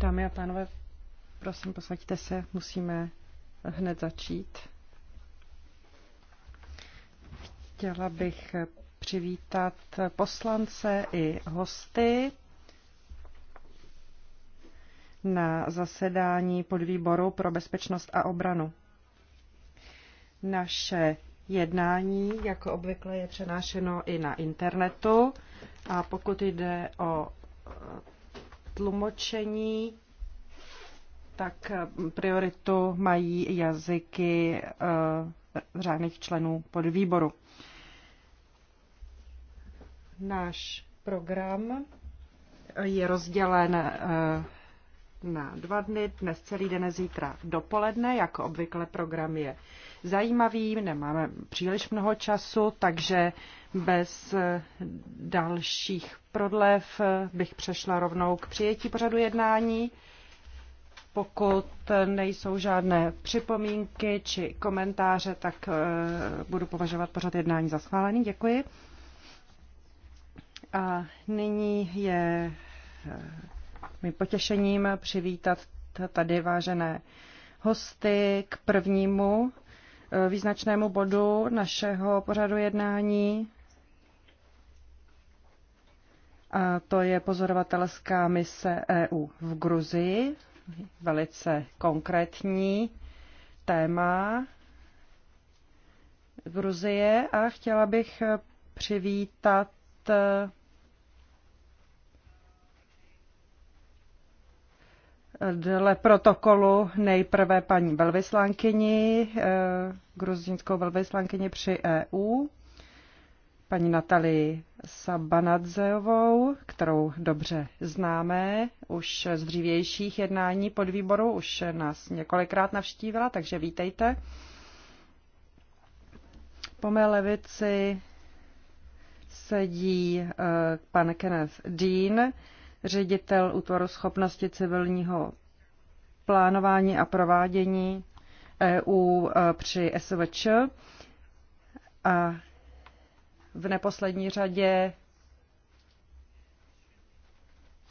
Dámy a pánové, prosím, posaďte se, musíme hned začít. Chtěla bych přivítat poslance i hosty na zasedání podvýboru pro bezpečnost a obranu. Naše jednání, jako obvykle, je přenášeno i na internetu. A pokud jde o tlumočení, tak eh, prioritu mají jazyky eh, řádných členů podvýboru. Náš program je rozdělen eh, na dva dny, dnes celý den, zítra dopoledne. Jako obvykle program je zajímavý, nemáme příliš mnoho času, takže bez dalších prodlev bych přešla rovnou k přijetí pořadu jednání. Pokud nejsou žádné připomínky či komentáře, tak eh, budu považovat pořad jednání za schválený. Děkuji. A nyní je eh, mi potěšením přivítat tady vážené hosty k prvnímu význačnému bodu našeho pořadu jednání. A to je pozorovatelská mise EU v Gruzii. Velice konkrétní téma Gruzie a chtěla bych přivítat dle protokolu nejprve paní velvyslankyni, eh, gruzínskou velvyslankyni při EU, paní Natalii Sabanadzeovou, kterou dobře známe už z dřívějších jednání pod výboru, už nás několikrát navštívila, takže vítejte. Po mé levici sedí eh, pan Kenneth Dean, ředitel útvaru schopnosti civilního plánování a provádění EU e, při SVČ a v neposlední řadě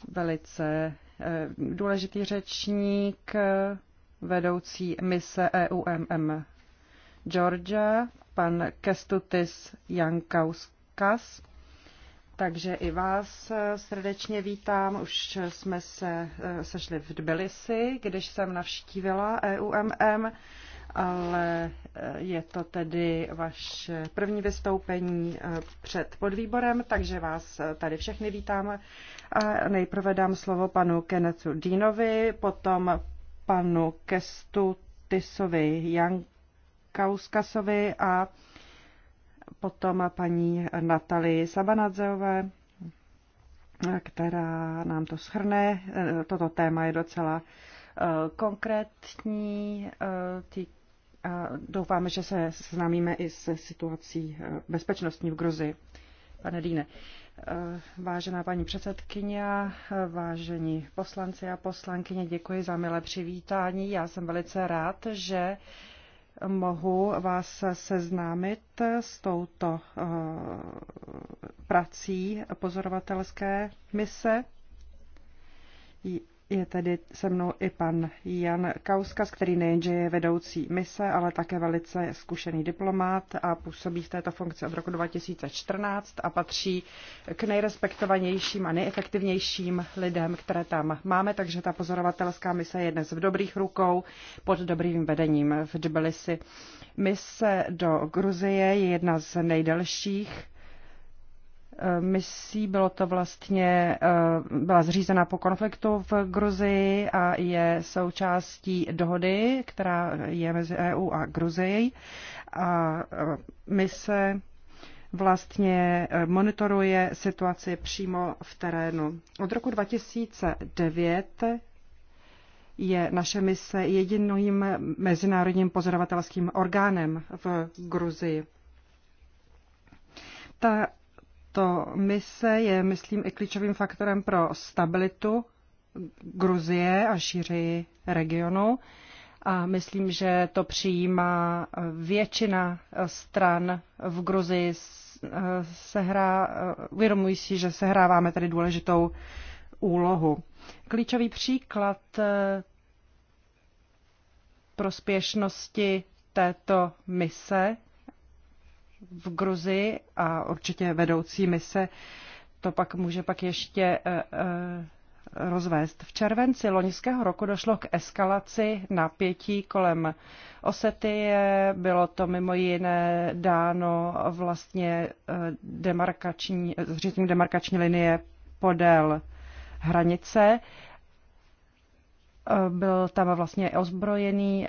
velice e, důležitý řečník vedoucí mise EUMM Georgia, pan Kestutis Jankauskas. Takže i vás eh, srdečně vítám. Už jsme se eh, sešli v Tbilisi, když jsem navštívila EUMM, ale eh, je to tedy vaše první vystoupení před podvýborem, takže vás tady všechny vítám. A nejprve dám slovo panu Kennethu Dínovi, potom panu Kestu Tisovi Jankauskasovi a potom paní Natalii Sabanadzeové, která nám to schrne. Toto téma je docela eh, konkrétní. Eh, doufáme, že se známíme i se situací eh, bezpečnostní v Gruzi. Pane Dýne, vážená paní předsedkyně, vážení poslanci a poslankyně, děkuji za milé přivítání. Já jsem velice rád, že mohu vás seznámit s touto eh, prací pozorovatelské mise. Je tedy se mnou i pan Jan Kauskas, který nejenže je vedoucí mise, ale také velice zkušený diplomát a působí v této funkci od roku 2014 a patří k nejrespektovanějším a nejefektivnějším lidem, které tam máme, takže ta pozorovatelská mise je dnes v dobrých rukou pod dobrým vedením v Džbelisi. Mise do Gruzie je jedna z nejdelších Eh, misí. Bylo to vlastně, eh, byla zřízena po konfliktu v Gruzii a je součástí dohody, která je mezi EU a Gruzií. A eh, mise vlastně monitoruje situaci přímo v terénu. Od roku 2009 je naše mise jediným mezinárodním pozorovatelským orgánem v Gruzii. Ta to mise je, myslím, i klíčovým faktorem pro stabilitu Gruzie a šíři regionu. A myslím, že to přijímá většina stran v Gruzii. Eh, sehrá, eh, uvědomují si, že sehráváme tady důležitou úlohu. Klíčový příklad eh, prospěšnosti této mise v Gruzi a určitě vedoucí mise to pak může pak ještě eh, eh, rozvést. V červenci loňského roku došlo k eskalaci napětí kolem Osetie. Bylo to mimo jiné dáno vlastně eh, demarkační, zřízením demarkační linie podél hranice. Byl tam vlastně ozbrojený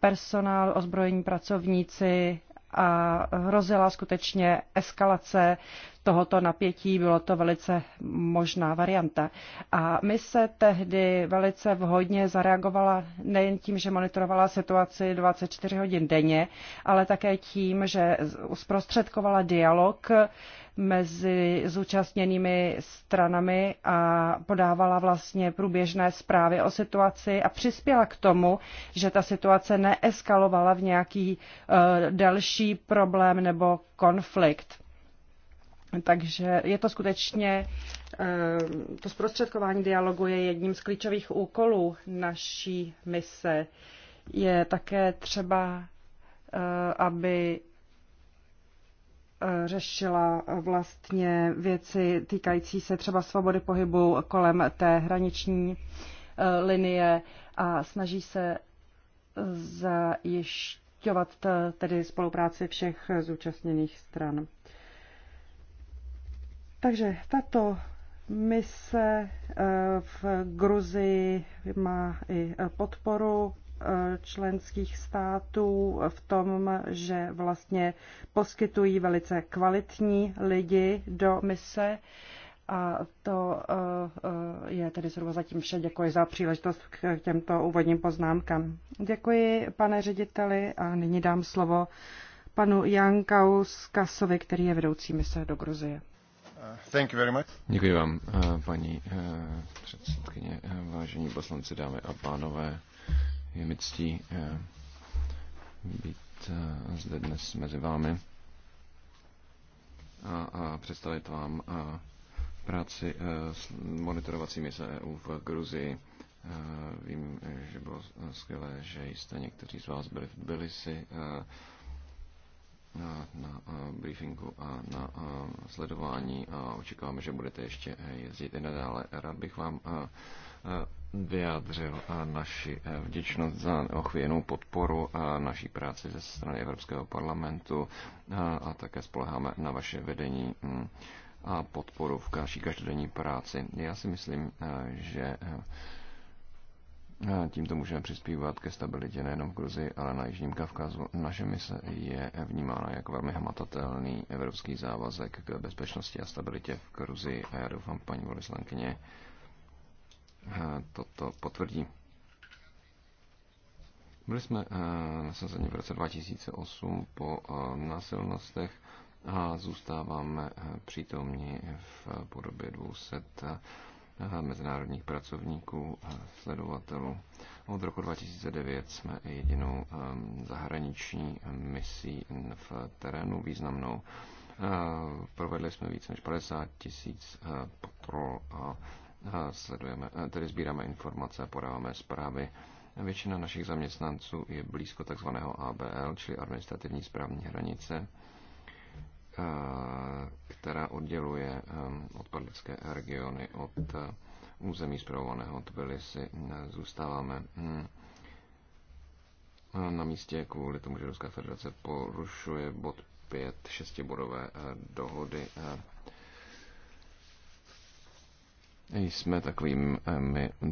personál, ozbrojení pracovníci, a hrozila skutečně eskalace tohoto napětí. Bylo to velice možná varianta. A my se tehdy velice vhodně zareagovala nejen tím, že monitorovala situaci 24 hodin denně, ale také tím, že zprostředkovala dialog mezi zúčastněnými stranami a podávala vlastně průběžné zprávy o situaci a přispěla k tomu, že ta situace neeskalovala v nějaký uh, eh, další problém nebo konflikt. Takže je to skutečně, eh, to zprostředkování dialogu je jedním z klíčových úkolů naší mise. Je také třeba, eh, aby eh, řešila vlastně věci týkající se třeba svobody pohybu kolem té hraniční linie a snaží se zajišťovat tedy spolupráci všech zúčastněných stran. Takže tato mise eh, v Gruzii má i eh, podporu eh, členských států v tom, že vlastně poskytují velice kvalitní lidi do mise. A to je tedy zhruba zatím vše. Děkuji za příležitost k těmto úvodním poznámkám. Děkuji, pane řediteli, a nyní dám slovo panu Jankauskasovi, který je vedoucí mise do Gruzie. Děkuji vám, eh, paní eh, předsedkyně, eh, vážení poslanci, dámy a pánové. Je mi ctí být zde dnes mezi vámi a, a představit vám práci s monitorovací mise EU v Gruzii. Vím, že bylo skvělé, že jste někteří z vás byli v Tbilisi na briefingu a na sledování a očekáváme, že budete ještě eh, jezdit i nadále. Rád bych vám vyjádřil naši eh, vděčnost za ochvěnou podporu naší práci ze strany Evropského parlamentu a také spoleháme na vaše vedení hm, a podporu v naší každodenní práci. Já si myslím, eh, že a tímto můžeme přispívat ke stabilitě nejenom v Gruzii, ale na Jižním Kavkazu. Naše mise je vnímána jako velmi hmatatelný evropský závazek k bezpečnosti a stabilitě v Gruzii a já doufám, paní Volislankyně toto potvrdí. Byli jsme nasazeni v roce 2008 po násilnostech a zůstáváme přítomní v podobě 200 mezinárodních pracovníků a sledovatelů. Od roku 2009 jsme jedinou um, zahraniční misí v terénu významnou. Provedli jsme více než 50 tisíc uh, patrol a sledujeme, uh, tedy sbíráme informace a podáváme zprávy. Většina našich zaměstnanců je blízko tzv. ABL, čili administrativní správní hranice která odděluje um, odpadlické regiony od uh, území zpravovaného Tbilisi. Zůstáváme hm, na místě kvůli tomu, že Ruská federace porušuje bod 5 šestibodové uh, dohody. Uh, jsme takovými,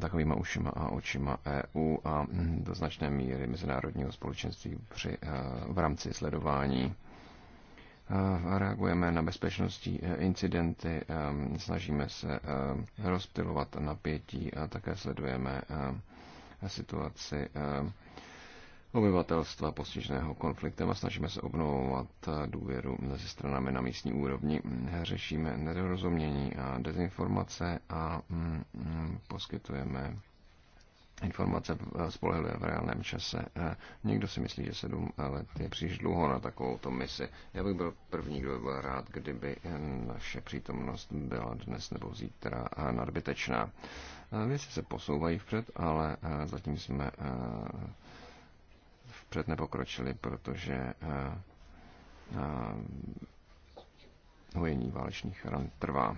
takovými ušima a očima EU a hm, do značné míry mezinárodního společenství při, v rámci sledování reagujeme na bezpečnostní eh, incidenty, ehm, snažíme se ehm, rozptilovat napětí a také sledujeme ehm, situaci obyvatelstva postiženého konfliktem a snažíme se obnovovat eh, důvěru mezi stranami na místní úrovni. Řešíme nedorozumění a dezinformace a mm, mm, poskytujeme informace eh, spolehlivé v reálném čase. Eh, někdo si myslí, že sedm let je příliš dlouho na takovou misi. Já bych byl první, kdo by byl rád, kdyby eh, naše přítomnost byla dnes nebo zítra nadbytečná. Věci se posouvají vpřed, ale zatím jsme vpřed nepokročili, protože hojení válečných ran trvá.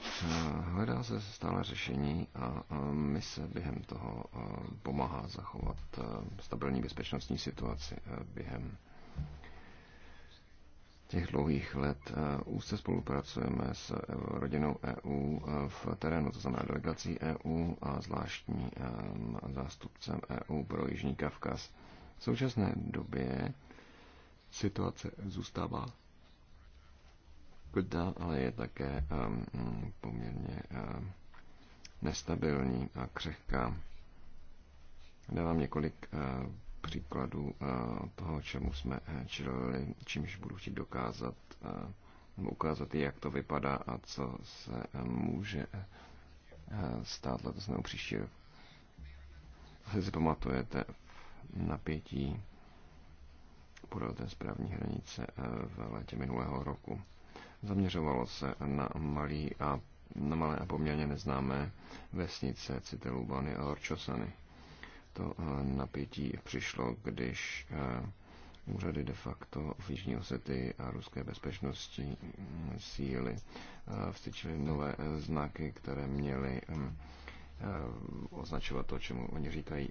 Eh, hledá se stále řešení a my se během toho eh, pomáhá zachovat eh, stabilní bezpečnostní situaci během těch dlouhých let. Úzce spolupracujeme s rodinou EU v terénu, to znamená delegací EU a zvláštní zástupcem EU pro Jižní Kavkaz. V současné době situace zůstává Kda ale je také um, poměrně um, nestabilní a křehká. Dávám několik uh, příkladů uh, toho, čemu jsme eh, čelili, čímž budu chtít dokázat, uh, ukázat, jak to vypadá a co se uh, může uh, stát letos nebo příští rok. Asi si pamatujete napětí podél té správní hranice v létě minulého roku. Zaměřovalo se na, malý a, na malé a poměrně neznámé vesnice Citelubany a Orčosany. To eh, napětí přišlo, když eh, úřady de facto v Jižní Osety a ruské bezpečnosti mm, síly eh, vstyčily nové znaky, které měly mm, označovat to, čemu oni říkají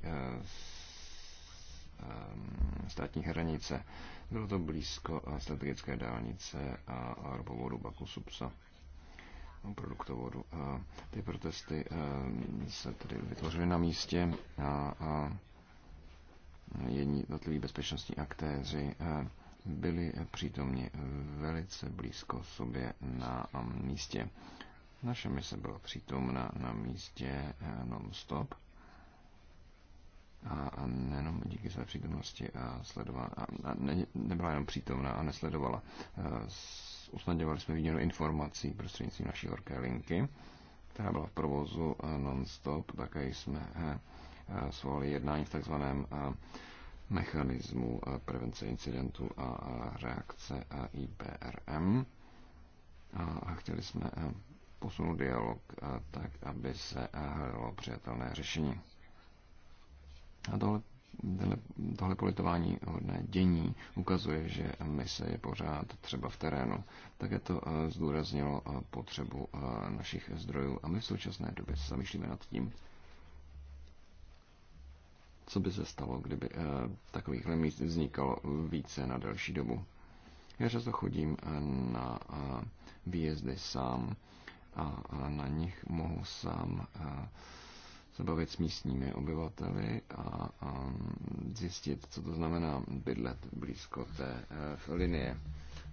Ehm, státní hranice. Bylo to blízko eh, strategické dálnice a ropovodu Baku produktovodu. Ty protesty ehm, se tedy vytvořily na místě a, jedni jednotliví bezpečnostní aktéři eh, byli přítomni velice blízko sobě na ehm, místě. Naše mise byla přítomna na místě eh, non-stop a, a nejenom díky své přítomnosti a sledovala, a, a ne, nebyla jenom přítomná a nesledovala. E, usnadňovali jsme výměnu informací prostřednictvím naší horké linky, která byla v provozu e, non-stop. Také jsme e, svolali jednání v takzvaném mechanismu prevence incidentů a reakce a IPRM. A chtěli jsme posunout dialog tak, aby se hledalo přijatelné řešení. A tohle, tohle, tohle politování hodné dění ukazuje, že mise je pořád třeba v terénu. Také to eh, zdůraznilo eh, potřebu eh, našich zdrojů a my v současné době se zamýšlíme nad tím, co by se stalo, kdyby takovýchhle míst vznikalo více na delší dobu. Já často chodím na výjezdy sám a na nich mohu sám se bavit s místními obyvateli a, a zjistit, co to znamená bydlet blízko té v eh, linie.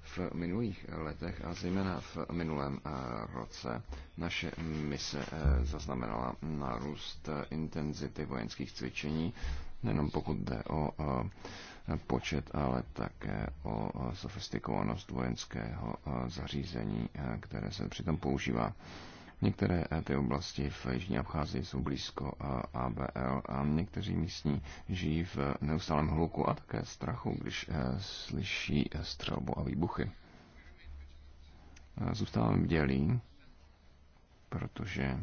V minulých letech a zejména v minulém eh, roce naše mise eh, zaznamenala nárůst intenzity vojenských cvičení, nejenom pokud jde o počet, ale také o sofistikovanost vojenského zařízení, které se přitom používá. Některé eh, ty oblasti v Jižní Abcházii jsou blízko eh, ABL a někteří místní žijí v eh, neustálém hluku a také strachu, když slyší střelbu a výbuchy. Zůstávám vdělý, protože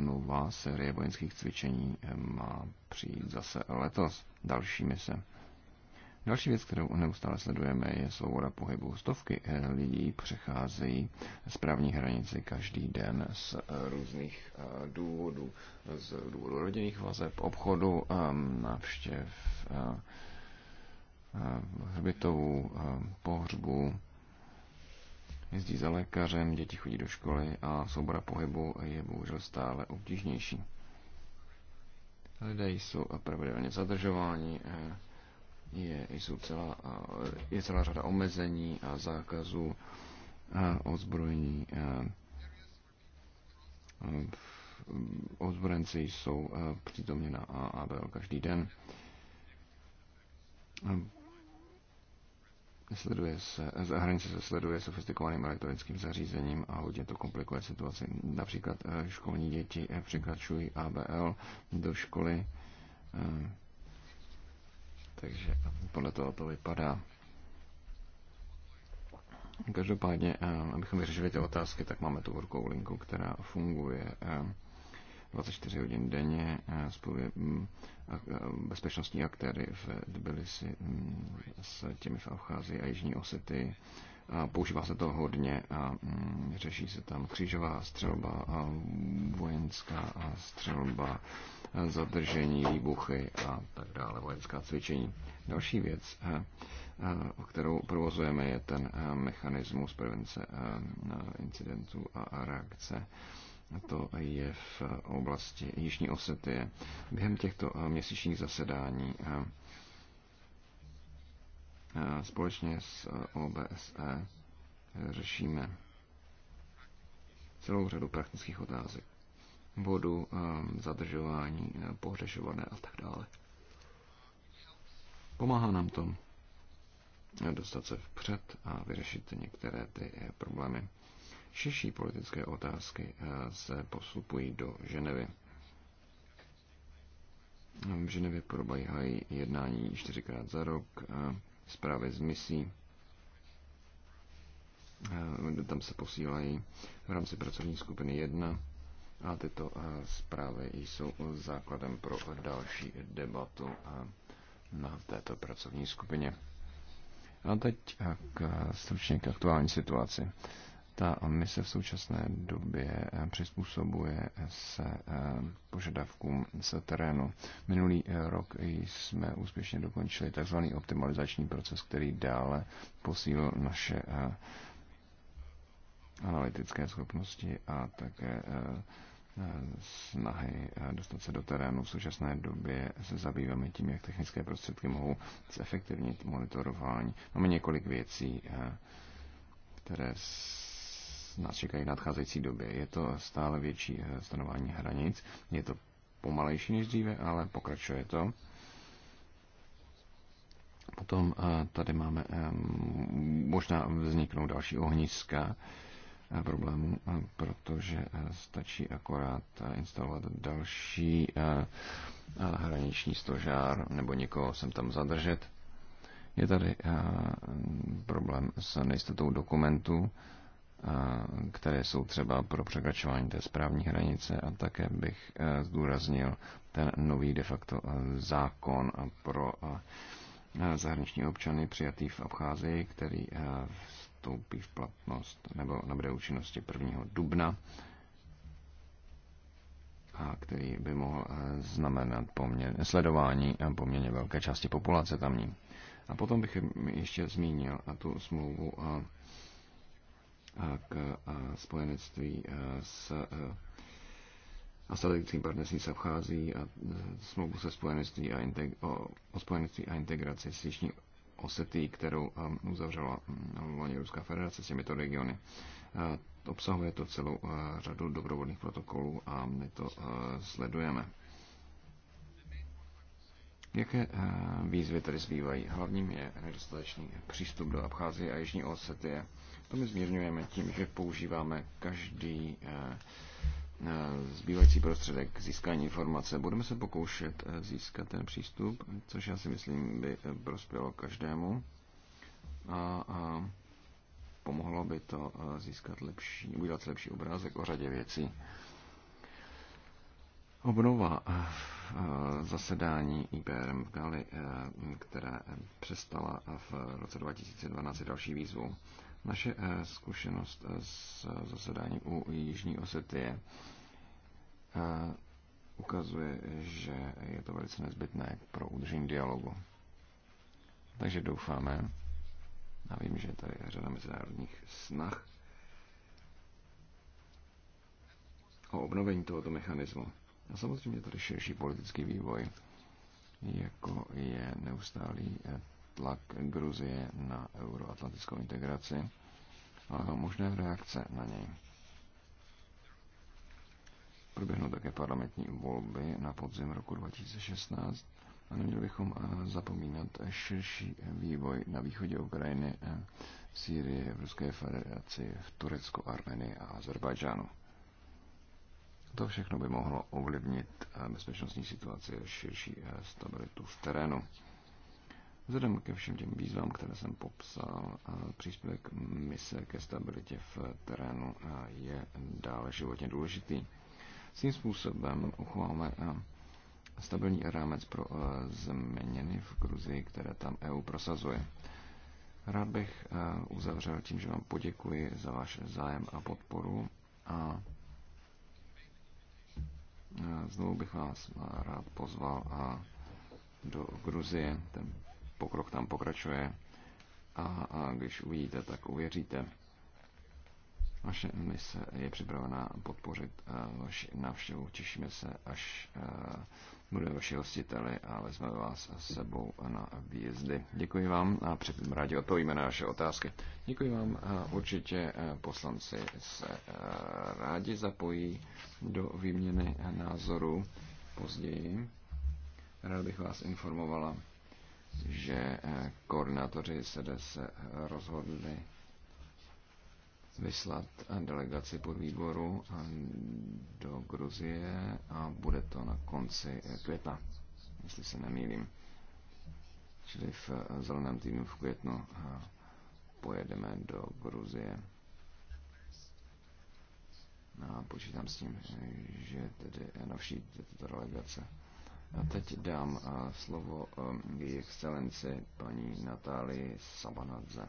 nová série vojenských cvičení má přijít zase letos. Další mise. Další věc, kterou neustále sledujeme, je svoboda pohybu. Stovky eh, lidí přecházejí správní hranici každý den z eh, různých eh, důvodů. Z důvodu rodinných vazeb, obchodu, ehm, návštěv, hřbitovů, pohřbů. Jezdí za lékařem, děti chodí do školy a svoboda pohybu je bohužel stále obtížnější. Lidé jsou pravidelně zadržováni, je, jsou celá, je celá řada omezení a zákazů a ozbrojení. Ozbrojenci jsou přítomně na ABL každý den. Sleduje se, za hranice se sleduje sofistikovaným elektronickým zařízením a hodně to komplikuje situaci. Například e, školní děti e, překračují ABL do školy e, takže podle toho to vypadá. Každopádně, eh, abychom vyřešili ty otázky, tak máme tu workou linku, která funguje 24 eh, hodin denně. Eh, Spojuje mm, bezpečnostní aktéry v Tbilisi mm, s těmi v Abcházii a Jižní Osety. používá se to hodně a mm, řeší se tam křížová střelba, a vojenská střelba, zadržení, výbuchy a tak dále, vojenská cvičení. Další věc, eh, eh, kterou provozujeme, je ten eh, mechanismus prevence incidentů a reakce to je v oblasti Jižní Osetie. Během těchto měsíčních zasedání společně s OBSE řešíme celou řadu praktických otázek vodu, ehm, zadržování, eh, pohřešované a tak dále. Pomáhá nám to eh, dostat se vpřed a vyřešit některé ty eh, problémy. Širší politické otázky se postupují do Ženevy. V Ženevě probíhají jednání čtyřikrát za rok, zprávy z misí, tam se posílají v rámci pracovní skupiny 1 a tyto eh, zprávy jsou základem pro další debatu eh, na této pracovní skupině. A teď eh, k, stručně k aktuální situaci. Ta mise v současné době přizpůsobuje se požadavkům z terénu. Minulý rok jsme úspěšně dokončili tzv. optimalizační proces, který dále posílil naše analytické schopnosti a také eh, eh, snahy eh, dostat se do terénu. V současné době se zabýváme tím, jak technické prostředky mohou zefektivnit monitorování. Máme několik věcí, které nás čekají v nadcházející době. Je to stále větší stanování hranic, je to pomalejší než dříve, ale pokračuje to. Potom tady máme možná vzniknou další ohniska Eh, problémů, eh, protože eh, stačí akorát instalovat další hraniční stožár nebo někoho sem tam zadržet. Je tady problém s nejistotou dokumentů, které jsou třeba pro překračování té správní hranice a také bych zdůraznil ten nový de facto zákon pro zahraniční občany přijatý v Abcházii, který vstoupí v platnost nebo nabude účinnosti 1. dubna a který by mohl eh, znamenat poměrně, sledování eh, poměrně velké části populace tamní. A potom bych ještě zmínil a tu smlouvu a, eh, a k a spojenectví s a strategickým partnerstvím se vchází, a smlouvu se spojenectví a integ- o, o a integraci s Jižní Osety, kterou eh, uzavřela hm, loni Ruská federace s těmito regiony. Eh, obsahuje to celou eh, řadu dobrovolných protokolů a my to sledujeme. Jaké výzvy tedy zbývají? Hlavním je nedostatečný přístup do Abcházie a Jižní Osety. To my zmírňujeme tím, že používáme každý Eh, zbývající prostředek k získání informace. Budeme se pokoušet eh, získat ten přístup, což já si myslím by eh, prospělo každému. A, a pomohlo by to získat lepší, udělat lepší obrázek o řadě věcí. Obnova zasedání IBM v Gali, která přestala v roce 2012 další výzvu. Naše eh, zkušenost s eh, zasedáním u Jižní Osetie eh, ukazuje, že je to velice nezbytné pro udržení dialogu. Takže doufáme, a vím, že tady je řada mezinárodních snah o obnovení tohoto mechanismu. A samozřejmě tady širší politický vývoj, jako je neustálý tlak Gruzie na euroatlantickou integraci, a možné reakce na něj. Proběhnou také parlamentní volby na podzim roku 2016 a neměli bychom eh, zapomínat širší vývoj na východě Ukrajiny, v eh, v Ruské federaci, v Turecku, Armenii a Azerbajdžánu. To všechno by mohlo ovlivnit eh, bezpečnostní situaci a širší stabilitu v terénu. Vzhledem ke všem těm výzvám, které jsem popsal, příspěvek mise ke stabilitě v terénu je dále životně důležitý. Tím způsobem uchováme stabilní rámec pro změny v Gruzii, které tam EU prosazuje. Rád bych uzavřel tím, že vám poděkuji za váš zájem a podporu a znovu bych vás rád pozval a do Gruzie. Ten pokrok tam pokračuje a, a když uvidíte, tak uvěříte. Naše mise je připravená podpořit e, vaši návštěvu. Těšíme se, až e, bude vaši hostiteli a vezmeme vás s sebou na výjezdy. Děkuji vám a předtím rádi odpovíme na vaše otázky. Děkuji vám. Určitě e, poslanci se rádi zapojí do výměny názorů později. Rád bych vás informovala že eh, koordinátoři SED se rozhodli vyslat delegaci podvýboru do Gruzie a bude to na konci eh, května, jestli se nemýlím. Čili v eh, zeleném týdnu v květnu pojedeme do Gruzie. No a počítám s tím, že tedy navštívíte tato delegace. A teď dám eh, slovo eh, její excelenci paní Natálii Sabanadze.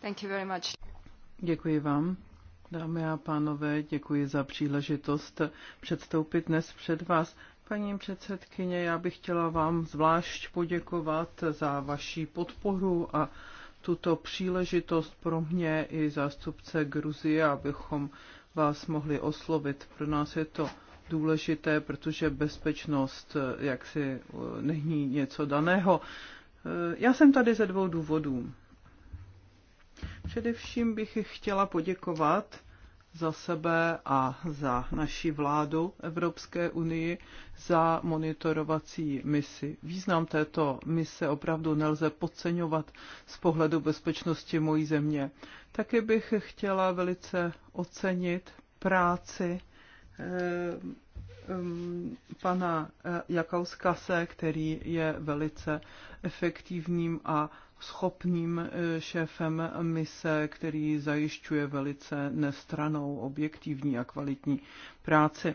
Thank you very much. Děkuji vám. Dámy a pánové, děkuji za příležitost předstoupit dnes před vás. Paní předsedkyně, já bych chtěla vám zvlášť poděkovat za vaši podporu a tuto příležitost pro mě i zástupce Gruzie, abychom vás mohli oslovit. Pro nás je to důležité, protože bezpečnost eh, jaksi eh, není něco daného. Eh, já jsem tady ze dvou důvodů. Především bych chtěla poděkovat za sebe a za naši vládu Evropské unii za monitorovací misi. Význam této mise opravdu nelze podceňovat z pohledu bezpečnosti mojí země. Taky bych chtěla velice ocenit práci eh, pana eh, Jakauskase, který je velice efektivním a schopným eh, šéfem mise, který zajišťuje velice nestranou, objektivní a kvalitní práci.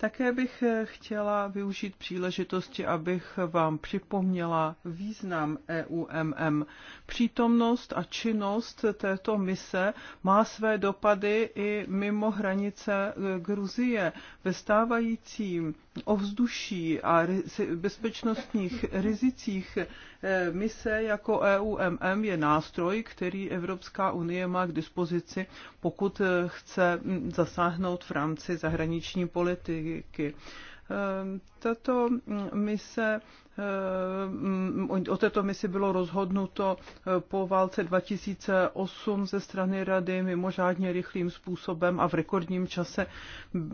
Také bych eh, chtěla využít příležitosti, abych vám připomněla význam EUMM. Přítomnost a činnost této mise má své dopady i mimo hranice eh, Gruzie. Ve stávajícím ovzduší a bezpečnostních rizicích eh, mise jako EUMM je nástroj, který Evropská unie má k dispozici, pokud eh, chce mm, zasáhnout v rámci zahraniční politiky. Ehm, tato mm, mise, ehm, mm, o této misi bylo rozhodnuto eh, po válce 2008 ze strany rady mimořádně rychlým způsobem a v rekordním čase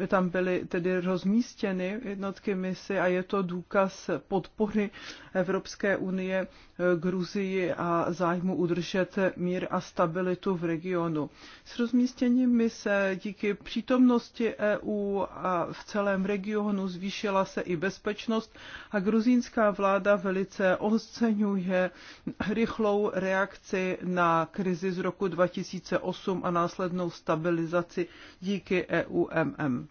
tam byly tedy rozmístěny jednotky misi a je to důkaz podpory Evropské unie eh, Gruzii a zájmu udržet mír a stabilitu v regionu. S rozmístěním mise díky přítomnosti EU a v celém regionu zvýšení zvýšila se i bezpečnost a gruzínská vláda velice oceňuje rychlou reakci na krizi z roku 2008 a následnou stabilizaci díky EUMM.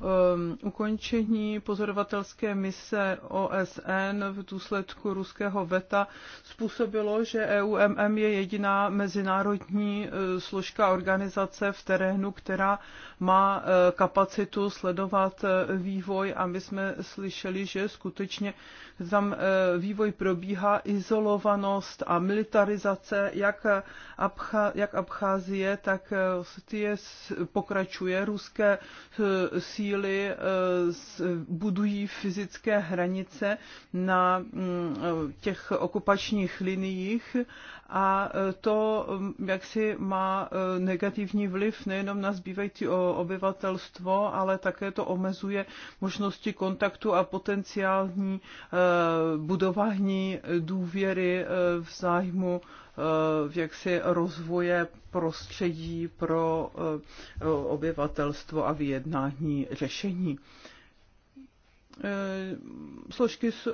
um, ukončení pozorovatelské mise OSN v důsledku ruského veta způsobilo, že EUMM je jediná mezinárodní uh, složka organizace v terénu, která má uh, kapacitu sledovat uh, vývoj a my jsme slyšeli, že skutečně tam uh, vývoj probíhá izolovanost a militarizace jak, uh, Abcha, jak Abcházie, tak uh, pokračuje ruské uh, síly eh, budují fyzické hranice na mm, eh, těch okupačních liniích a eh, to mm, jaksi má negativní vliv nejenom na zbývající obyvatelstvo, ale také to omezuje možnosti kontaktu a potenciální budování důvěry v zájmu Eh, v jaksi rozvoje prostředí pro eh, obyvatelstvo a vyjednání řešení. Eh, složky eh,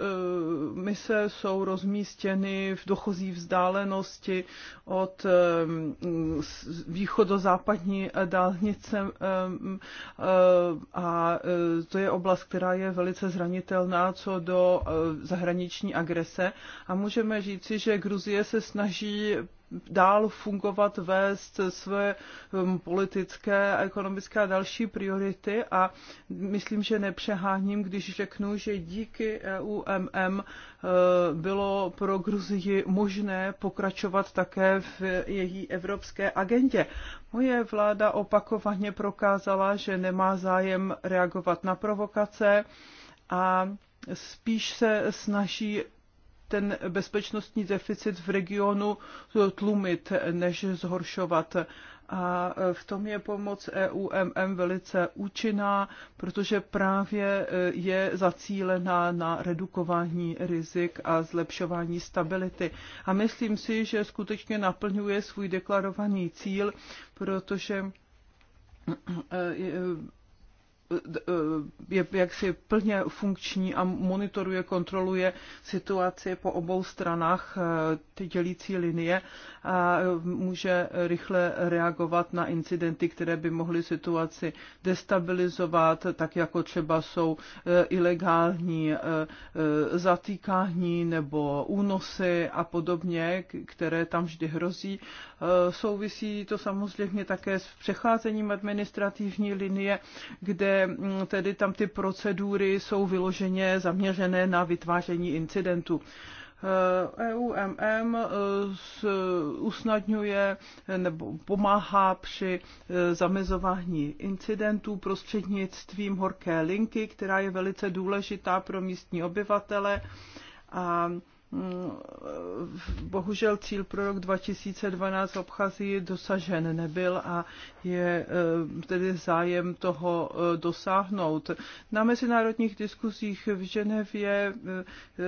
mise jsou rozmístěny v dochozí vzdálenosti od eh, východozápadní dálnice a to je oblast, která je velice zranitelná co do zahraniční agrese a můžeme říci, že Gruzie se snaží dál fungovat, vést své um, politické a ekonomické a další priority a myslím, že nepřeháním, když řeknu, že díky EUMM uh, bylo pro Gruzii možné pokračovat také v její evropské agendě. Moje vláda opakovaně prokázala, že nemá zájem reagovat na provokace a spíš se snaží ten bezpečnostní deficit v regionu tlumit, než zhoršovat. A v tom je pomoc EUMM velice účinná, protože právě eh, je zacílená na redukování rizik a zlepšování stability. A myslím si, že skutečně naplňuje svůj deklarovaný cíl, protože eh, je jaksi plně funkční a monitoruje, kontroluje situaci po obou stranách eh, ty dělící linie a může rychle reagovat na incidenty, které by mohly situaci destabilizovat, tak jako třeba jsou eh, ilegální eh, zatýkání nebo únosy a podobně, které tam vždy hrozí. Souvisí to samozřejmě také s přecházením administrativní linie, kde Mm, tedy tam ty procedury jsou vyloženě zaměřené na vytváření incidentu. EUMM eh, e eh, usnadňuje nebo pomáhá při eh, zamezování incidentů prostřednictvím horké linky, která je velice důležitá pro místní obyvatele. A Mm, bohužel cíl pro rok 2012 obchází dosažen nebyl a je eh, tedy zájem toho eh, dosáhnout. Na mezinárodních diskuzích v Ženevě eh,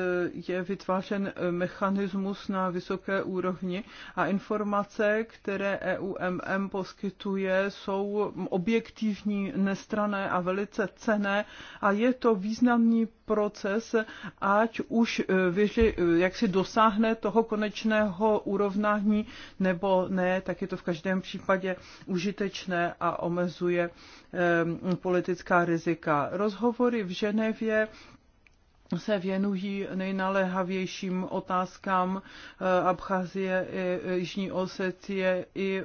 je vytvářen mechanismus na vysoké úrovni a informace, které EUMM poskytuje, jsou objektivní, nestrané a velice cené a je to významný proces, ať už eh, věři, eh, jak si dosáhne toho konečného urovnání nebo ne, tak je to v každém případě užitečné a omezuje eh, politická rizika. Rozhovory v Ženevě se věnují nejnaléhavějším otázkám Abcházie, Jižní Osetie i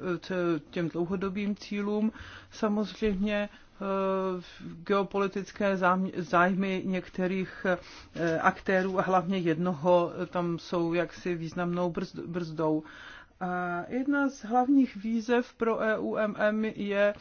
těm dlouhodobým cílům. Samozřejmě Eh, geopolitické zájmy některých eh, aktérů a hlavně jednoho eh, tam jsou jaksi významnou brzdou. A jedna z hlavních výzev pro EUMM je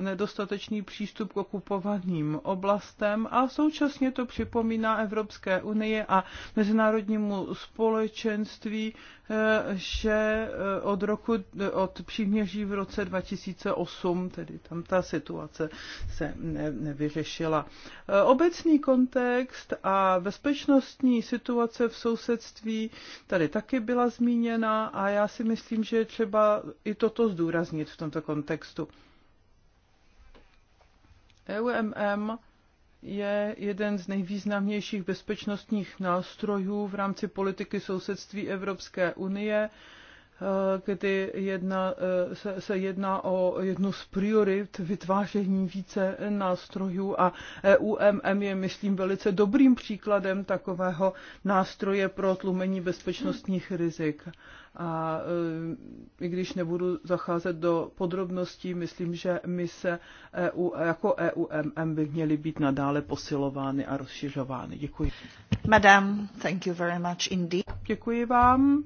nedostatečný přístup k okupovaným oblastem a současně to připomíná Evropské unie a mezinárodnímu společenství Eh, že eh, od roku, od příměří v roce 2008, tedy tam ta situace se ne, nevyřešila. Eh, obecný kontext a bezpečnostní situace v sousedství tady taky byla zmíněna a já si myslím, že je třeba i toto zdůraznit v tomto kontextu. EUMM je jeden z nejvýznamnějších bezpečnostních nástrojů v rámci politiky sousedství Evropské unie kdy jedna, eh, se, se jedná o jednu z priorit vytváření více nástrojů a EUMM je, myslím, velice dobrým příkladem takového nástroje pro tlumení bezpečnostních rizik. A eh, i když nebudu zacházet do podrobností, myslím, že mise EU, jako EUMM by měly být nadále posilovány a rozšiřovány. Děkuji. Madam, thank you very much indeed. Děkuji vám.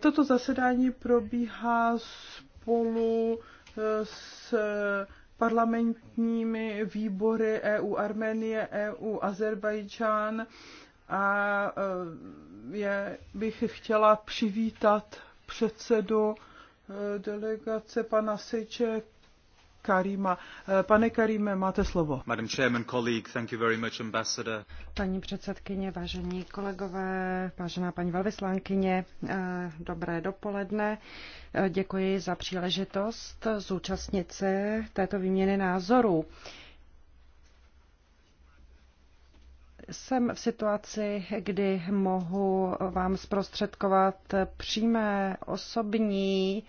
Toto zasedání probíhá spolu eh, s parlamentními výbory EU Arménie, EU Azerbajdžán a eh, je, bych chtěla přivítat předsedu eh, delegace pana Sejček, Karima. Eh, pane Karime, máte slovo. Madam Chairman, colleague, thank you very much, Ambassador. Paní předsedkyně, vážení kolegové, vážená paní velvyslankyně, eh, dobré dopoledne. Eh, děkuji za příležitost zúčastnit se této výměny názorů. jsem v situaci, kdy mohu vám zprostředkovat přímé osobní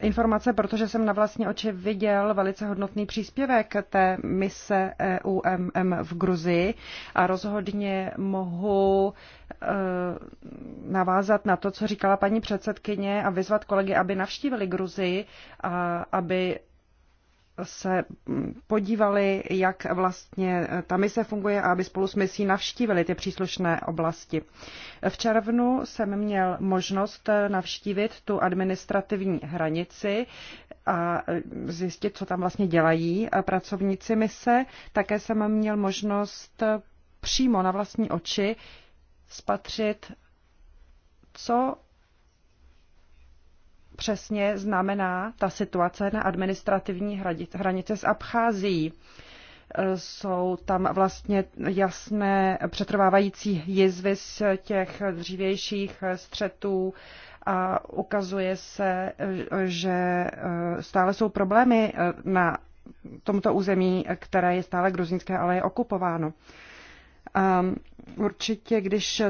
informace, protože jsem na vlastní oči viděl velice hodnotný příspěvek té mise EUMM v Gruzii a rozhodně mohu eh, navázat na to, co říkala paní předsedkyně a vyzvat kolegy, aby navštívili Gruzii a aby se podívali, jak vlastně ta mise funguje a aby spolu s misí navštívili ty příslušné oblasti. V červnu jsem měl možnost navštívit tu administrativní hranici a zjistit, co tam vlastně dělají pracovníci mise. Také jsem měl možnost přímo na vlastní oči spatřit, co přesně znamená ta situace na administrativní hranice s Abcházií. E, jsou tam vlastně jasné přetrvávající jizvy z těch dřívějších střetů a ukazuje se, že e, stále jsou problémy e, na tomto území, které je stále gruzínské, ale je okupováno. určitě, když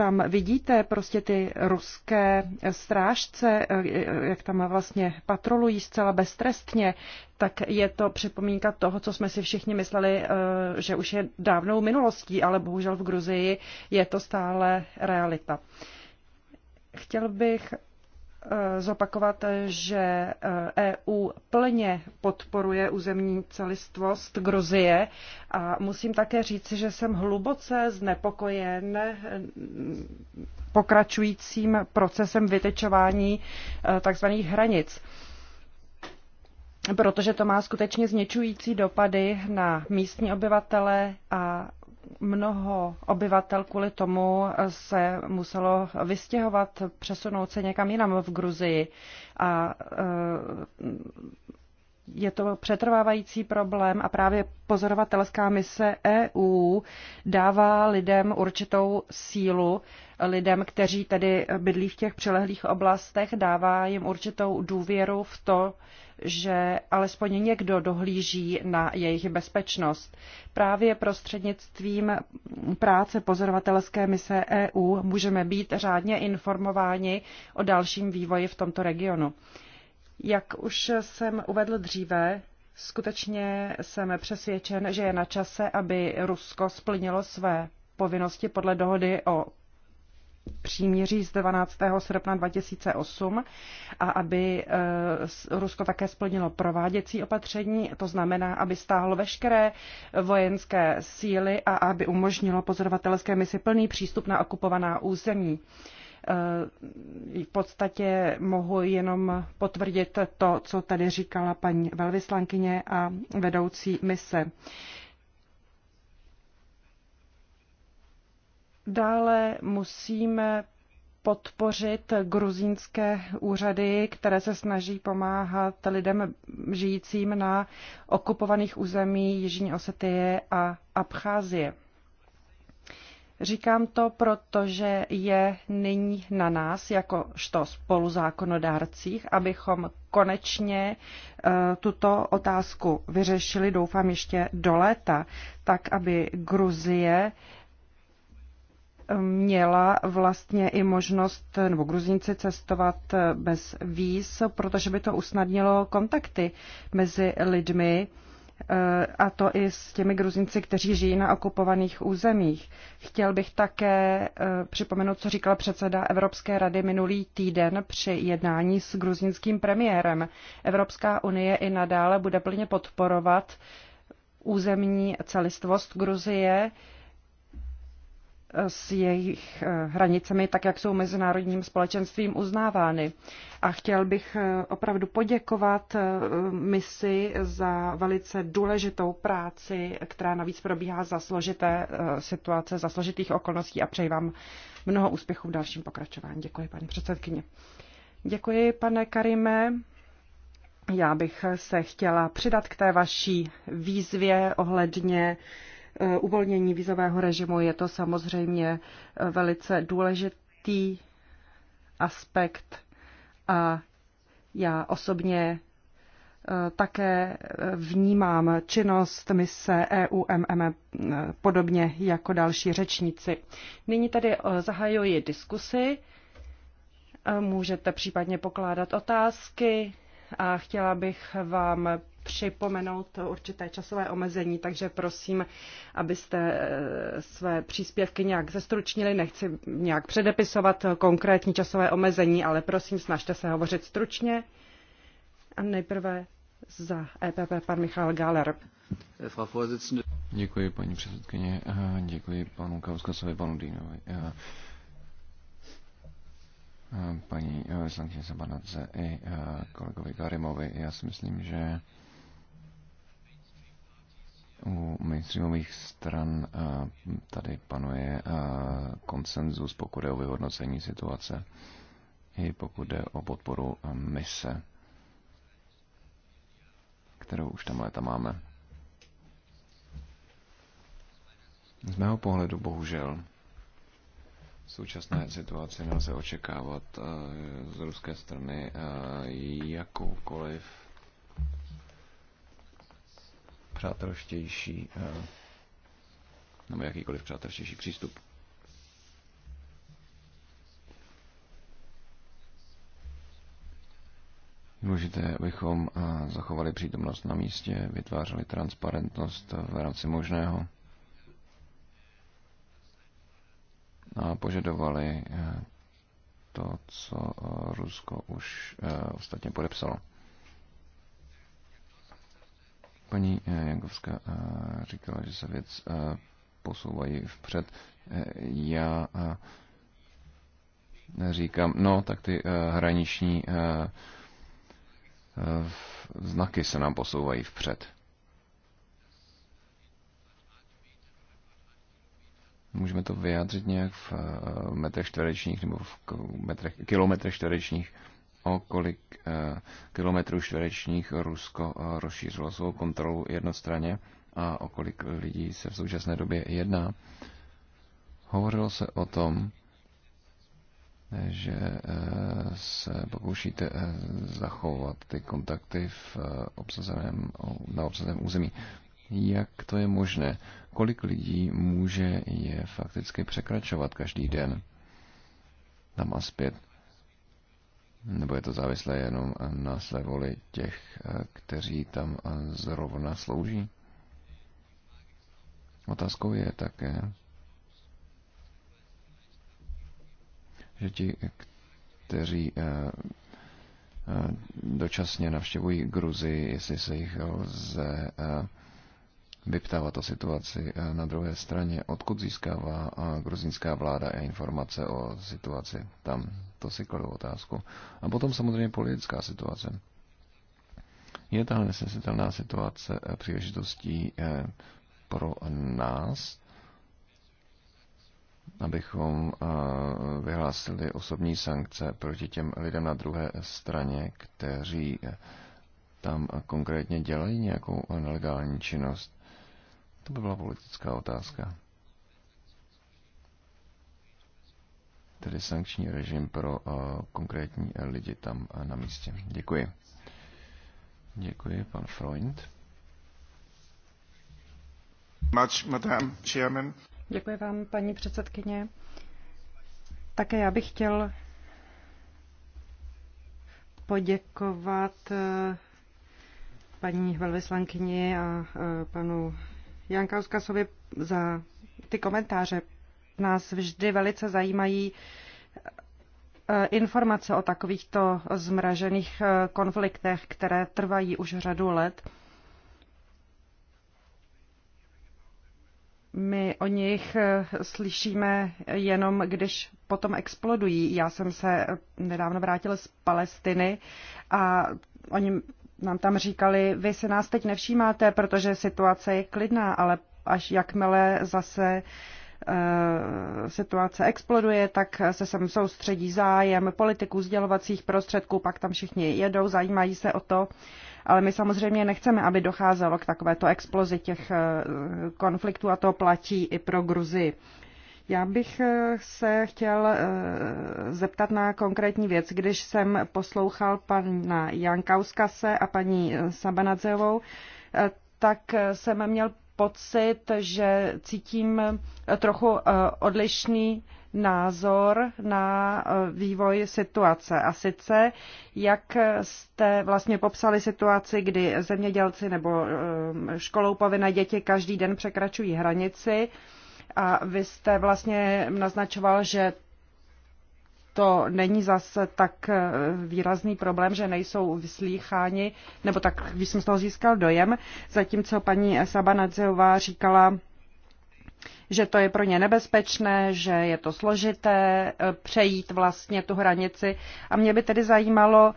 tam vidíte prostě ty ruské strážce, eh, jak tam vlastně patrolují zcela beztrestně, tak je to připomínka toho, co jsme si všichni mysleli, eh, že už je dávnou minulostí, ale bohužel v Gruzii je to stále realita. Chtěl bych Eh, zopakovat, že EU eh, e plně podporuje územní celistvost Gruzie a musím také říci, že jsem hluboce znepokojen eh, pokračujícím procesem vytečování tzv. hranic protože to má skutečně zničující dopady na místní obyvatele a mnoho obyvatel kvůli tomu se muselo vystěhovat, přesunout se někam jinam v Gruzii. A e, je to přetrvávající problém a právě pozorovatelská mise EU dává lidem určitou sílu, lidem, kteří tedy bydlí v těch přilehlých oblastech, dává jim určitou důvěru v to, že alespoň někdo dohlíží na jejich bezpečnost. Právě prostřednictvím práce pozorovatelské mise EU můžeme být řádně informováni o dalším vývoji v tomto regionu. Jak už jsem uvedl dříve, skutečně jsem přesvědčen, že je na čase, aby Rusko splnilo své povinnosti podle dohody o příměří z 12. srpna 2008 a aby eh, Rusko také splnilo prováděcí opatření, to znamená, aby stáhlo veškeré vojenské síly a aby umožnilo pozorovatelské misi plný přístup na okupovaná území. Eh, v podstatě mohu jenom potvrdit to, co tady říkala paní velvyslankyně a vedoucí mise. Dále musíme podpořit gruzínské úřady, které se snaží pomáhat lidem žijícím na okupovaných území Jižní Osetie a Abcházie. Říkám to, protože je nyní na nás, jakožto spoluzákonodárcích, abychom konečně eh, tuto otázku vyřešili, doufám ještě do léta, tak aby Gruzie měla vlastně i možnost, nebo Gruzínci cestovat bez víz, protože by to usnadnilo kontakty mezi lidmi eh, a to i s těmi Gruzinci, kteří žijí na okupovaných územích. Chtěl bych také eh, připomenout, co říkal předseda Evropské rady minulý týden při jednání s gruzinským premiérem. Evropská unie i nadále bude plně podporovat územní celistvost Gruzie, s jejich eh, hranicemi, tak jak jsou mezinárodním společenstvím uznávány. A chtěl bych eh, opravdu poděkovat eh, misi za velice důležitou práci, která navíc probíhá za složité situace, za složitých okolností a přeji vám mnoho úspěchů v dalším pokračování. Děkuji, paní předsedkyně. Děkuji, pane Karime. Já bych se chtěla přidat k té vaší výzvě ohledně uh, Eh, uvolnění vízového režimu. Je to samozřejmě eh, velice důležitý aspekt a já osobně eh, také vnímám činnost mise EUMM e, podobně jako další řečníci. Nyní tady zahajuji diskusy. Můžete případně pokládat otázky a chtěla bych vám připomenout určité časové omezení, takže prosím, abyste eh, své příspěvky nějak zestručnili. Nechci nějak předepisovat konkrétní časové omezení, ale prosím, snažte se hovořit stručně. A nejprve za EPP pan Michal Galer. Děkuji, paní předsedkyně. Eh, děkuji panu Kauskasovi, panu Dýnovi. Eh, paní Sankyně Sabanadze i kolegovi Karimovi. Já si myslím, že u mainstreamových stran eh, tady panuje eh, konsenzus, pokud je o vyhodnocení situace i pokud jde o podporu eh, mise, kterou už tam léta máme. Z mého pohledu bohužel v současné situaci nelze očekávat z ruské strany jakoukoliv přátelštější eh, nebo jakýkoliv přátelštější přístup. Důležité, abychom eh, zachovali přítomnost na místě, vytvářeli transparentnost v rámci možného a požadovali eh, to, co Rusko už ostatně podepsalo. Paní eh, Jankovská eh, říkala, že se věc eh, posouvají vpřed. Já říkám, no tak ty hraniční znaky se nám posouvají vpřed. Můžeme to vyjádřit nějak v metrech čtverečních nebo v metrech, kilometrech čtverečních o kolik eh, kilometrů čtverečních Rusko eh, rozšířilo svou kontrolu jednostranně a o kolik lidí se v současné době jedná. Hovořilo se o tom, že eh, se pokoušíte zachovat ty kontakty v obsazeném, na obsazeném území. Jak to je možné? Kolik lidí může je fakticky překračovat každý den tam a zpět? nebo je to závislé jenom na své voli těch, eh, kteří tam eh, zrovna slouží? Otázkou je také, že ti, kteří eh, dočasně navštěvují Gruzi, jestli se jich lze vyptávat o situaci na druhé straně, odkud získává Gruzinská vláda informace o situaci tam to si kladu otázku. A potom samozřejmě politická situace. Je tahle nesnesitelná situace eh, příležitostí eh, pro nás, abychom eh, vyhlásili osobní sankce proti těm lidem na druhé straně, kteří tam konkrétně dělají nějakou nelegální činnost? To by byla politická otázka. tedy sankční režim pro eh, konkrétní eh, lidi tam eh, na místě. Děkuji. Děkuji, pan Freund. Much, Madame Chairman. Děkuji vám, paní předsedkyně. Také já bych chtěl poděkovat paní velvyslankyni a panu Jankauskasovi za ty komentáře nás vždy velice zajímají eh, informace o takovýchto zmražených eh, konfliktech, které trvají už řadu let. My o nich eh, slyšíme jenom, když potom explodují. Já jsem se nedávno vrátila z Palestiny a oni nám tam říkali, vy se nás teď nevšímáte, protože situace je klidná, ale až jakmile zase uh, Eh, situace exploduje, tak se sem soustředí zájem politiků, sdělovacích prostředků, pak tam všichni jedou, zajímají se o to. Ale my samozřejmě nechceme, aby docházelo k takovéto explozi těch eh, konfliktů a to platí i pro Gruzii. Já bych eh, se chtěl zeptat na konkrétní věc. Když jsem poslouchal pana Jankauskase a paní Sabanadzevou, tak jsem měl pocit, že cítím eh, trochu eh, odlišný názor na eh, vývoj situace. A sice, jak jste vlastně popsali situaci, kdy zemědělci nebo školou povinné děti každý den překračují hranici, a vy jste vlastně naznačoval, že to není zase tak eh, výrazný problém, že nejsou vyslýcháni, nebo tak jsem z toho získal dojem, zatímco paní Nadzeová říkala, že to je pro ně nebezpečné, že je to složité eh, přejít vlastně tu hranici. A mě by tedy zajímalo,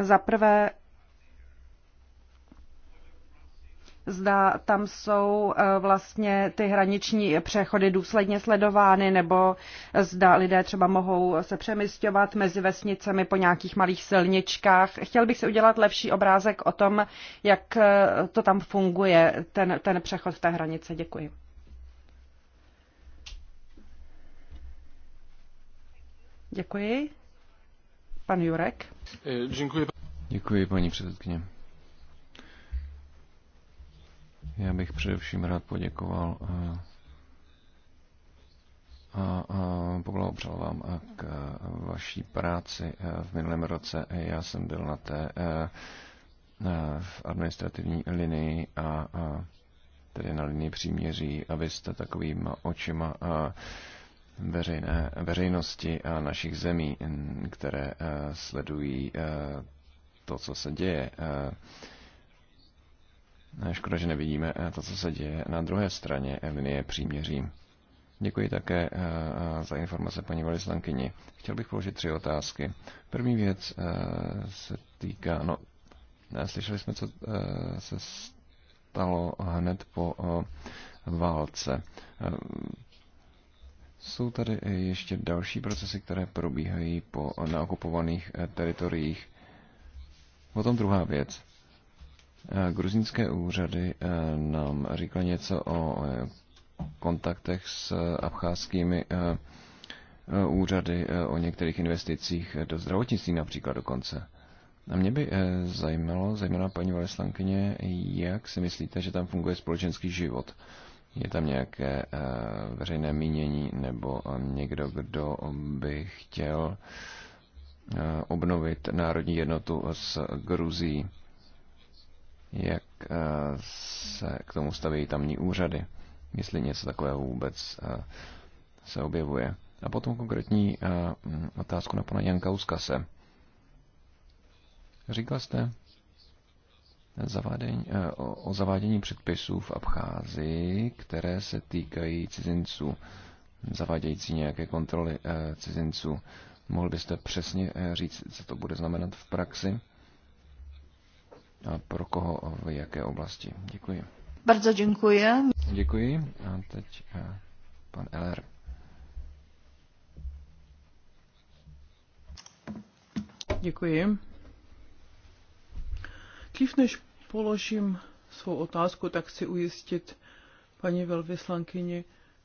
za prvé, zda tam jsou eh, vlastně ty hraniční přechody důsledně sledovány, nebo zda lidé třeba mohou se přemysťovat mezi vesnicemi po nějakých malých silničkách. Chtěl bych si udělat lepší obrázek o tom, jak eh, to tam funguje, ten, ten přechod té hranice. Děkuji. Děkuji. Pan Jurek. Eh, děkuji. Děkuji, paní předsedkyně. Já bych především rád poděkoval eh, a, a poblahopřál vám eh, k eh, vaší práci v minulém roce. Já jsem byl na té v administrativní linii a, a tedy na linii příměří a vy jste takovým očima a veřejné, veřejnosti a našich zemí, které sledují to, co se děje. No, škoda, že nevidíme eh, to, co se děje na druhé straně eh, linie příměří. Děkuji také eh, za informace paní Valislankyni. Chtěl bych položit tři otázky. První věc se týká, no, slyšeli jsme, co se stalo hned po válce. Jsou tady ještě další procesy, které probíhají po, na teritoriích. Potom druhá věc. Eh, gruzínské úřady eh, nám říkali něco o kontaktech s eh, abcházskými úřady, o některých investicích do zdravotnictví například dokonce. A mě by zajímalo, zejména paní Valeslankyně, jak si myslíte, že tam funguje společenský život? Je tam nějaké veřejné mínění nebo někdo, kdo by chtěl obnovit národní jednotu s Gruzí? jak eh, se k tomu staví tamní úřady, jestli něco takového vůbec eh, se objevuje. A potom konkrétní eh, mm, otázku na pana Janka Uskase. Říkal jste zavádění, o, zavádění předpisů v Abcházii, které se týkají cizinců, zavádějící nějaké kontroly cizinců. Mohl byste přesně říct, co to bude znamenat v praxi? a pro koho a v jaké oblasti. Děkuji. Bardzo děkuji. Děkuji. A teď eh, pan Eller. Děkuji. Dřív než položím svou otázku, tak chci ujistit paní velvyslankyni,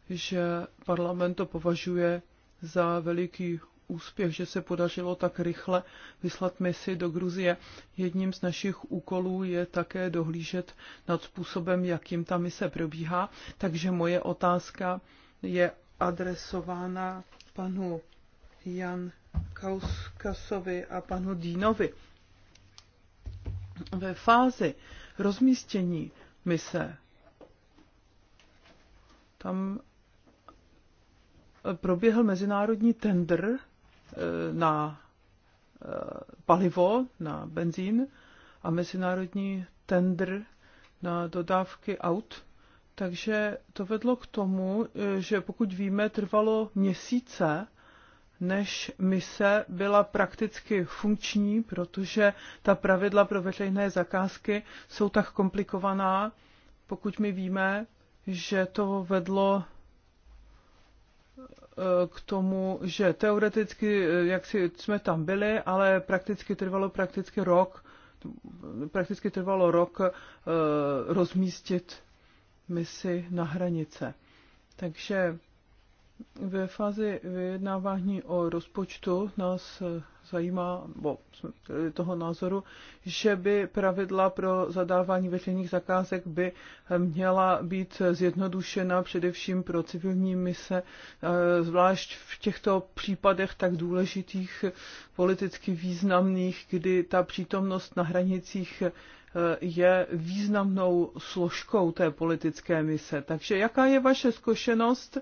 že parlament to považuje za veliký úspěch, že se podařilo tak rychle vyslat misi do Gruzie. Jedním z našich úkolů je také dohlížet nad způsobem, jakým ta mise probíhá. Takže moje otázka je adresována panu Jan Kauskasovi a panu Dínovi. Ve fázi rozmístění mise tam proběhl mezinárodní tender Eh, na eh, palivo, na benzín a mezinárodní tender na dodávky aut. Takže to vedlo k tomu, eh, že pokud víme, trvalo měsíce, než mise byla prakticky funkční, protože ta pravidla pro veřejné zakázky jsou tak komplikovaná, pokud my víme, že to vedlo Eh, k tomu, že teoreticky, eh, jak si jsme tam byli, ale prakticky trvalo prakticky rok, prakticky trvalo rok eh, rozmístit misi na hranice. Takže ve fázi vyjednávání o rozpočtu nás zajímá, bo jsme toho názoru, že by pravidla pro zadávání veřejných zakázek by eh, měla být zjednodušena především pro civilní mise, eh, zvlášť v těchto případech tak důležitých, politicky významných, kdy ta přítomnost na hranicích eh, je významnou složkou té politické mise. Takže jaká je vaše zkušenost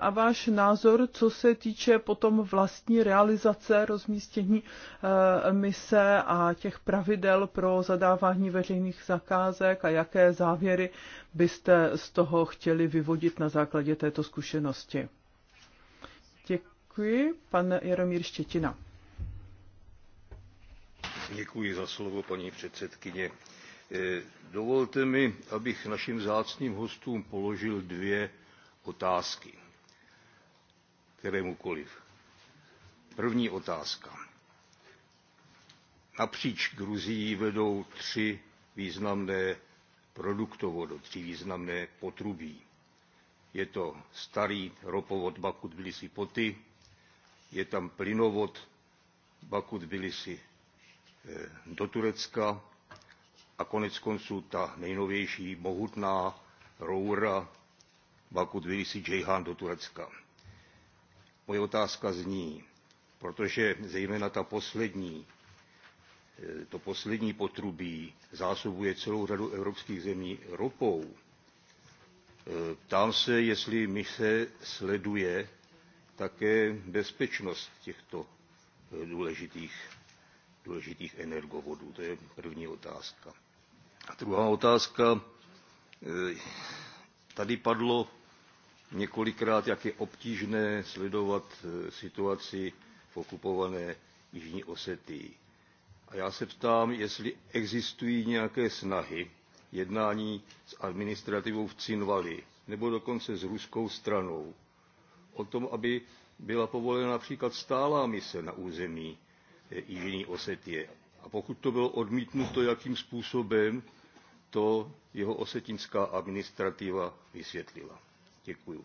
a váš názor, co se týče potom vlastní realizace rozmístění eh, mise a těch pravidel pro zadávání veřejných zakázek a jaké závěry byste z toho chtěli vyvodit na základě této zkušenosti. Děkuji. Pan Jaromír Štětina. Děkuji za slovo, paní předsedkyně. Eh, dovolte mi, abych našim zácným hostům položil dvě otázky kterémukoliv. První otázka. Napříč Gruzií vedou tři významné produktovodu, tři významné potrubí. Je to starý ropovod Bakut Bilisi Poty, je tam plynovod Bakut Bilisi e, do Turecka a konec konců ta nejnovější mohutná roura Bakut Bilisi Ceyhan do Turecka Moje otázka zní, protože zejména ta poslední, eh, to poslední potrubí zásobuje celou řadu evropských zemí ropou. Eh, ptám se, jestli mise sleduje také bezpečnost těchto eh, důležitých, důležitých energovodů. To je první otázka. A druhá otázka. Tady padlo několikrát, jak je obtížné sledovat eh, situaci v okupované Jižní Osetii. A já se ptám, jestli existují nějaké snahy jednání s administrativou v Cinvali, nebo dokonce s ruskou stranou, o tom, aby byla povolena například stálá mise na území eh, Jižní Osetie. A pokud to bylo odmítnuto, jakým způsobem to jeho osetinská administrativa vysvětlila. Děkuju.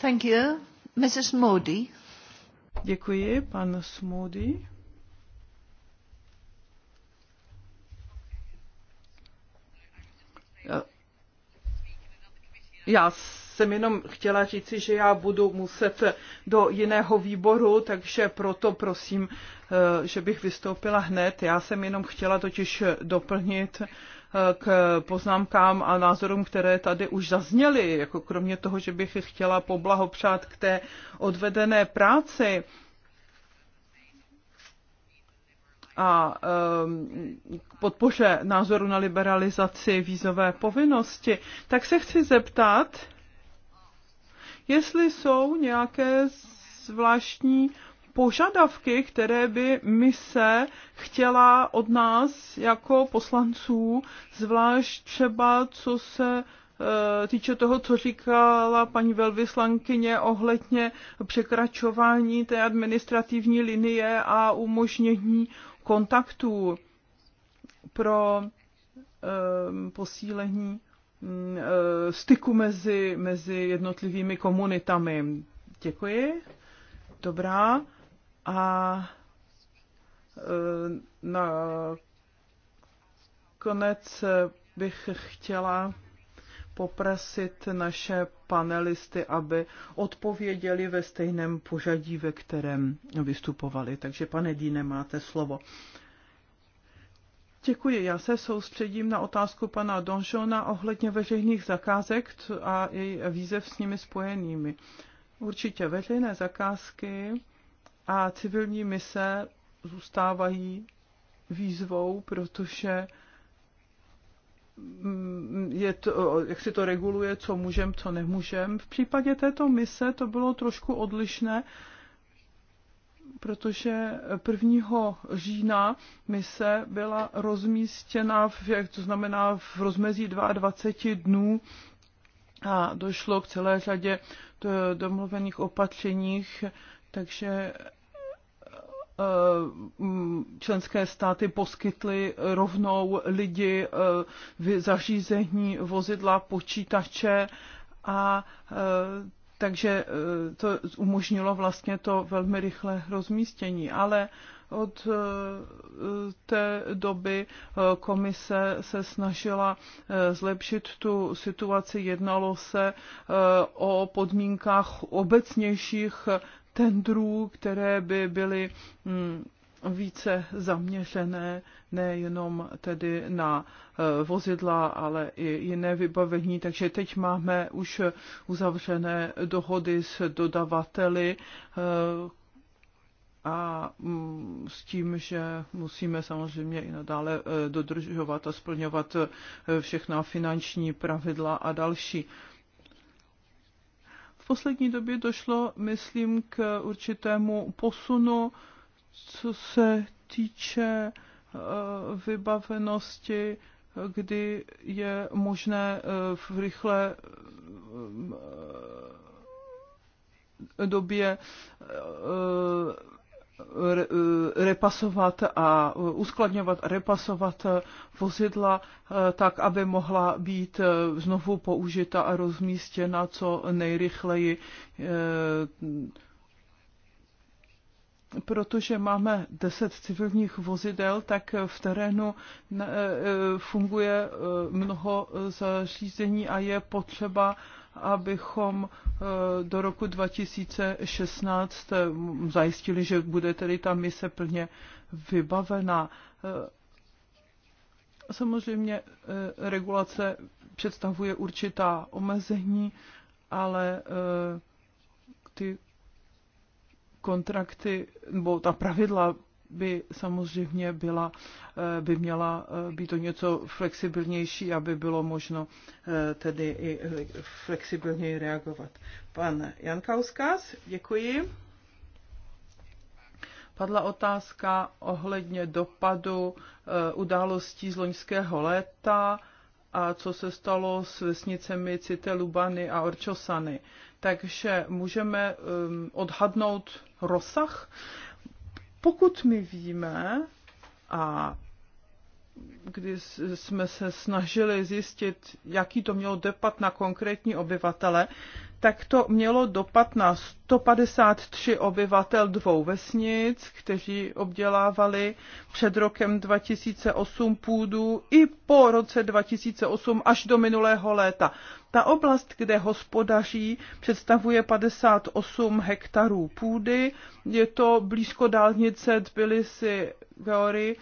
Thank you. Mrs. Modi. Děkuji, pan Smody. Já jsem jenom chtěla říci, že já budu muset do jiného výboru, takže proto prosím, eh, že bych vystoupila hned. Já jsem jenom chtěla totiž doplnit eh, k poznámkám a názorům, které tady už zazněly, jako kromě toho, že bych chtěla poblahopřát k té odvedené práci, a ehm, k podpoře názoru na liberalizaci vízové povinnosti, tak se chci zeptat, jestli jsou nějaké zvláštní požadavky, které by mise chtěla od nás jako poslanců, zvlášť třeba co se eh, týče toho, co říkala paní velvyslankyně ohledně překračování té administrativní linie a umožnění kontaktů pro eh, posílení Mm, eh, styku mezi, mezi jednotlivými komunitami. Děkuji. Dobrá. A eh, na konec bych chtěla poprosit naše panelisty, aby odpověděli ve stejném pořadí, ve kterém vystupovali. Takže pane Díne, máte slovo. Děkuji. Já se soustředím na otázku pana Donžona ohledně veřejných zakázek a její výzev s nimi spojenými. Určitě veřejné zakázky a civilní mise zůstávají výzvou, protože mm, je to, jak si to reguluje, co můžem, co nemůžem. V případě této mise to bylo trošku odlišné, protože 1. října mise byla rozmístěna, v, jak to znamená v rozmezí 22 dnů a došlo k celé řadě eh, domluvených opatřeních, takže eh, členské státy poskytly rovnou lidi eh, zařízení, vozidla, počítače a takže e, to umožnilo vlastně to velmi rychlé rozmístění. Ale od e, té doby e, komise se snažila zlepšit tu situaci. Jednalo se o podmínkách obecnějších tendrů, které by byly mm, více zaměřené nejenom tedy na eh, vozidla, ale i jiné vybavení. Takže teď máme už uzavřené dohody s dodavateli eh, a mm, s tím, že musíme samozřejmě i nadále eh, dodržovat a splňovat všechna finanční pravidla a další V poslední době došlo, myslím, k určitému posunu co se týče eh, vybavenosti, kdy je možné eh, v rychle eh, době repasovat a uskladňovat a repasovat vozidla tak, aby mohla být znovu použita a rozmístěna co nejrychleji protože máme 10 civilních vozidel, tak v terénu e, funguje e, mnoho zařízení a je potřeba, abychom e, do roku 2016 zajistili, že bude tedy ta mise plně vybavená. Samozřejmě regulace představuje určitá omezení, ale ty kontrakty nebo ta pravidla by samozřejmě byla, eh, by měla eh, být o něco flexibilnější, aby bylo možno eh, tedy i flexibilněji reagovat. Pan Jan Kauskas, děkuji. Padla otázka ohledně dopadu událostí z loňského léta a co se stalo s vesnicemi Cite, Lubany a Orčosany. Takže můžeme odhadnout rozsah. Pokud my víme, a když jsme se snažili zjistit, jaký to mělo dopad na konkrétní obyvatele, tak to mělo dopad na 153 obyvatel dvou vesnic, kteří obdělávali před rokem 2008 půdu i po roce 2008 až do minulého léta. Ta oblast, kde hospodaří, představuje 58 hektarů půdy. Je to blízko dálnice Tbilisi Gory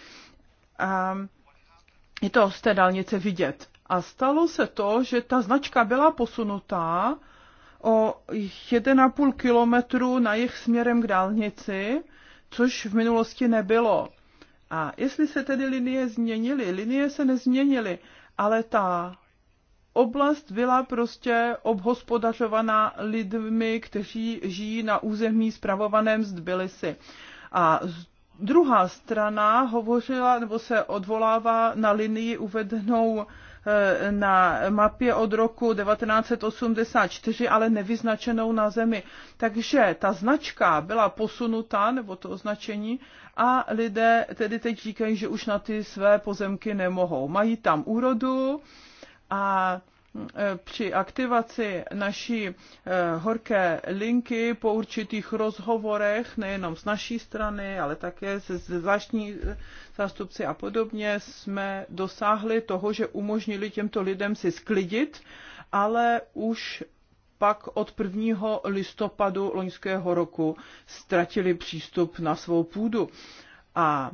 a je to z té dálnice vidět. A stalo se to, že ta značka byla posunutá o 1,5 kilometru na jich směrem k dálnici, což v minulosti nebylo. A jestli se tedy linie změnily, linie se nezměnily, ale ta oblast byla prostě obhospodařovaná lidmi, kteří žijí na území spravovaném z Tbilisi. A druhá strana hovořila nebo se odvolává na linii uvedenou Eh, na mapě od roku 1984, ale nevyznačenou na zemi. Takže ta značka byla posunuta, nebo to označení, a lidé tedy teď říkají, že už na ty své pozemky nemohou. Mají tam úrodu a Eh, při aktivaci naší eh, horké linky po určitých rozhovorech, nejenom z naší strany, ale také se zvláštní eh, zástupci a podobně, jsme dosáhli toho, že umožnili těmto lidem si sklidit, ale už pak od 1. listopadu loňského roku ztratili přístup na svou půdu. A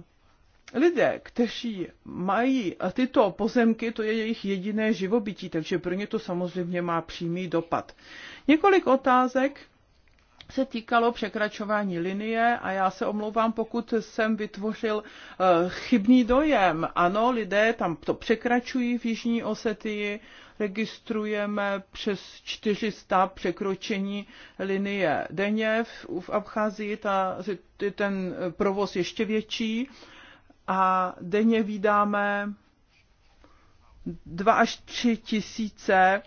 lidé, kteří mají tyto pozemky, to je jejich jediné živobytí, takže pro ně to samozřejmě má přímý dopad. Několik otázek se týkalo překračování linie a já se omlouvám, pokud jsem vytvořil eh, chybný dojem. Ano, lidé tam to překračují v Jižní Osetii, registrujeme přes 400 překročení linie denně, v, v Abcházii ta, ten provoz ještě větší a denně vydáme 2 až 3 tisíce eh,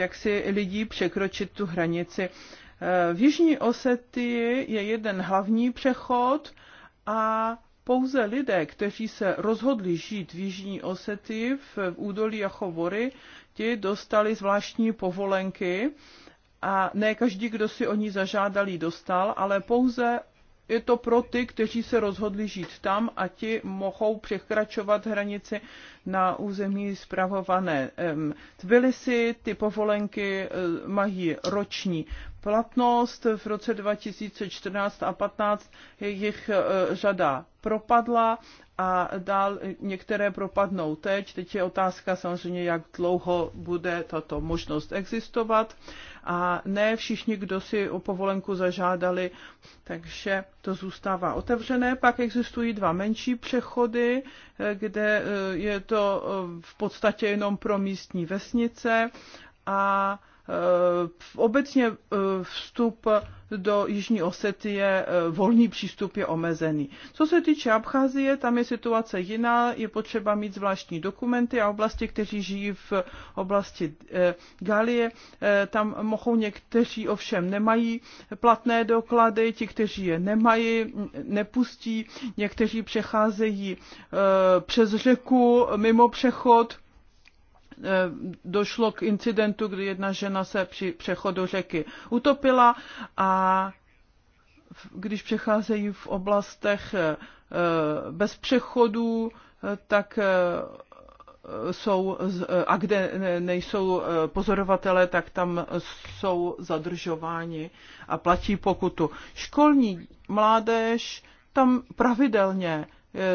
jak si lidí překročit tu hranici. Eh, v Jižní Osety je jeden hlavní přechod a pouze lidé, kteří se rozhodli žít v Jižní Osety v, v údolí Chovory, jako ti dostali zvláštní povolenky a ne každý, kdo si o ní zažádali, dostal, ale pouze je to pro ty, kteří se rozhodli žít tam a ti mohou překračovat hranici na území zpravované. Tbilisi ty povolenky eh, mají roční platnost. V roce 2014 a 15 jejich eh, řada propadla a dál některé propadnou teď. Teď je otázka samozřejmě, jak dlouho bude tato možnost existovat a ne všichni, kdo si o povolenku zažádali, takže to zůstává otevřené. Pak existují dva menší přechody, eh, kde eh, je to eh, v podstatě jenom pro místní vesnice a Eh, obecně eh, vstup do Jižní Osety je eh, volný přístup je omezený. Co se týče Abcházie, tam je situace jiná, je potřeba mít zvláštní dokumenty a oblasti, kteří žijí v oblasti Galie, tam mohou někteří ovšem nemají platné doklady, ti, kteří je nemají, nepustí, někteří přecházejí přes řeku mimo přechod, Eh, došlo k incidentu, kdy jedna žena se při přechodu řeky utopila a když přecházejí v oblastech eh, bez přechodů, eh, tak jsou, a kde nejsou pozorovatele, tak tam jsou zadržováni a platí pokutu. Školní mládež tam pravidelně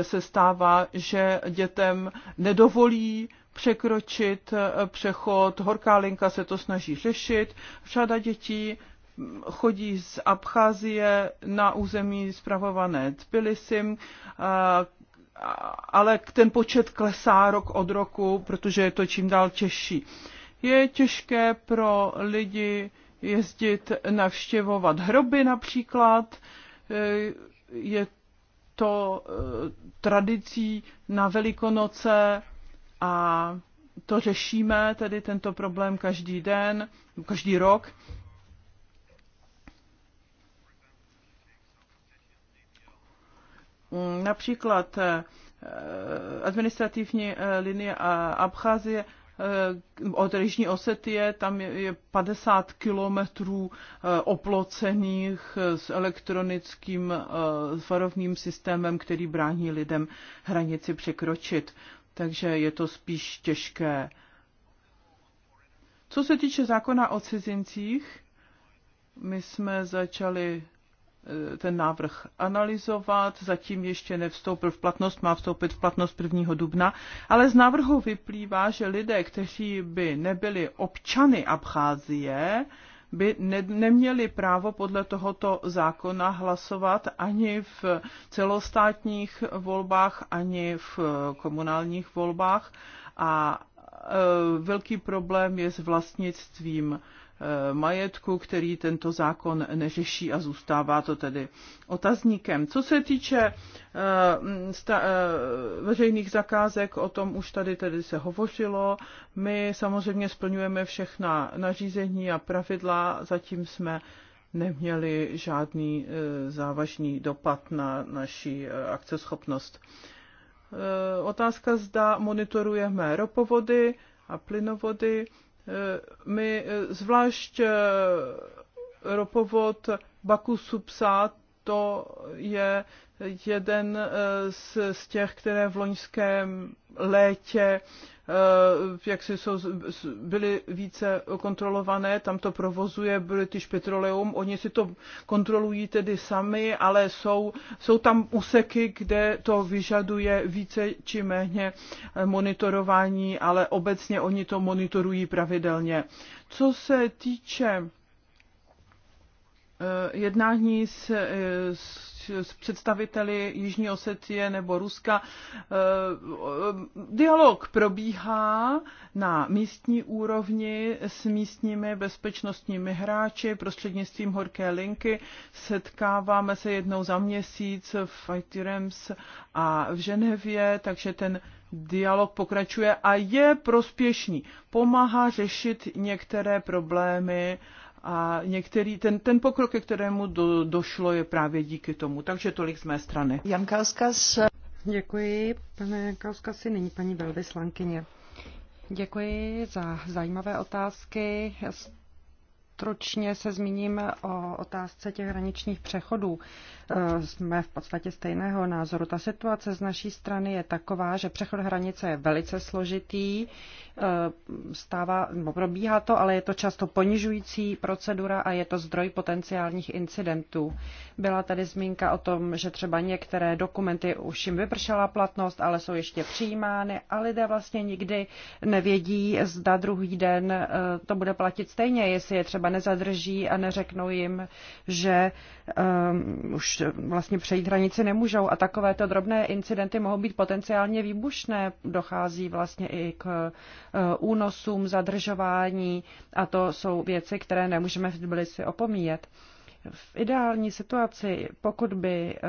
se stává, že dětem nedovolí překročit eh, přechod. Horká linka se to snaží řešit. Řada dětí mm, chodí z Abcházie na území zpravované Tbilisim, eh, ale ten počet klesá rok od roku, protože je to čím dál těžší. Je těžké pro lidi jezdit navštěvovat hroby například. Eh, je to tradicí na Velikonoce a to řešíme, tedy tento problém každý den, každý rok. Například eh, administrativní eh, linie Abcházie eh, od Osety Osetie, tam je 50 kilometrů oplocených s elektronickým varovným systémem, který brání lidem hranici překročit takže je to spíš těžké. Co se týče zákona o cizincích, my jsme začali e, ten návrh analyzovat, zatím ještě nevstoupil v platnost, má vstoupit v platnost 1. dubna, ale z návrhu vyplývá, že lidé, kteří by nebyli občany Abcházie, by ne, neměli právo podle tohoto zákona hlasovat ani v celostátních volbách, ani v eh, komunálních volbách. A eh, velký problém je s vlastnictvím Eh, majetku, který tento zákon neřeší a zůstává to tedy otazníkem. Co se týče eh, eh, veřejných zakázek, o tom už tady tedy se hovořilo. My samozřejmě splňujeme všechna nařízení a pravidla, zatím jsme neměli žádný závažný dopad na naši akceschopnost. Otázka, zda monitorujeme ropovody a plynovody. Eh, my eh, zvlášť eh, ropovod Baku Subsa, to je jeden z, z těch, které v loňském létě Eh, jak si jsou, byly více kontrolované, tam to provozuje British Petroleum, oni si to kontrolují tedy sami, ale jsou, jsou tam úseky, kde to vyžaduje více či méně eh, monitorování, ale obecně oni to monitorují pravidelně. Co se týče eh, jednání s, s s představiteli Jižní Osetie nebo Ruska. Eh, dialog probíhá na místní úrovni s místními bezpečnostními hráči prostřednictvím horké linky. Setkáváme se jednou za měsíc v ITREMS a v Ženevě, takže ten dialog pokračuje a je prospěšný. Pomáhá řešit některé problémy, a některý, ten, ten pokrok, ke kterému do, došlo, je právě díky tomu. Takže tolik z mé strany. Jan Kalskas. Děkuji, pane si Nyní paní velvyslankyně. Děkuji za zajímavé otázky. Stručně se zmíním o otázce těch hraničních přechodů. E, jsme v podstatě stejného názoru. Ta situace z naší strany je taková, že přechod hranice je velice složitý, e, stává, nebo probíhá to, ale je to často ponižující procedura a je to zdroj potenciálních incidentů. Byla tady zmínka o tom, že třeba některé dokumenty už jim vypršela platnost, ale jsou ještě přijímány a lidé vlastně nikdy nevědí, zda druhý den e, to bude platit stejně, jestli je třeba nezadrží a neřeknou jim, že um, už vlastně přejít hranici nemůžou. A takovéto drobné incidenty mohou být potenciálně výbušné. Dochází vlastně i k uh, únosům, zadržování a to jsou věci, které nemůžeme v Tbilisi opomíjet. V ideální situaci, pokud by eh,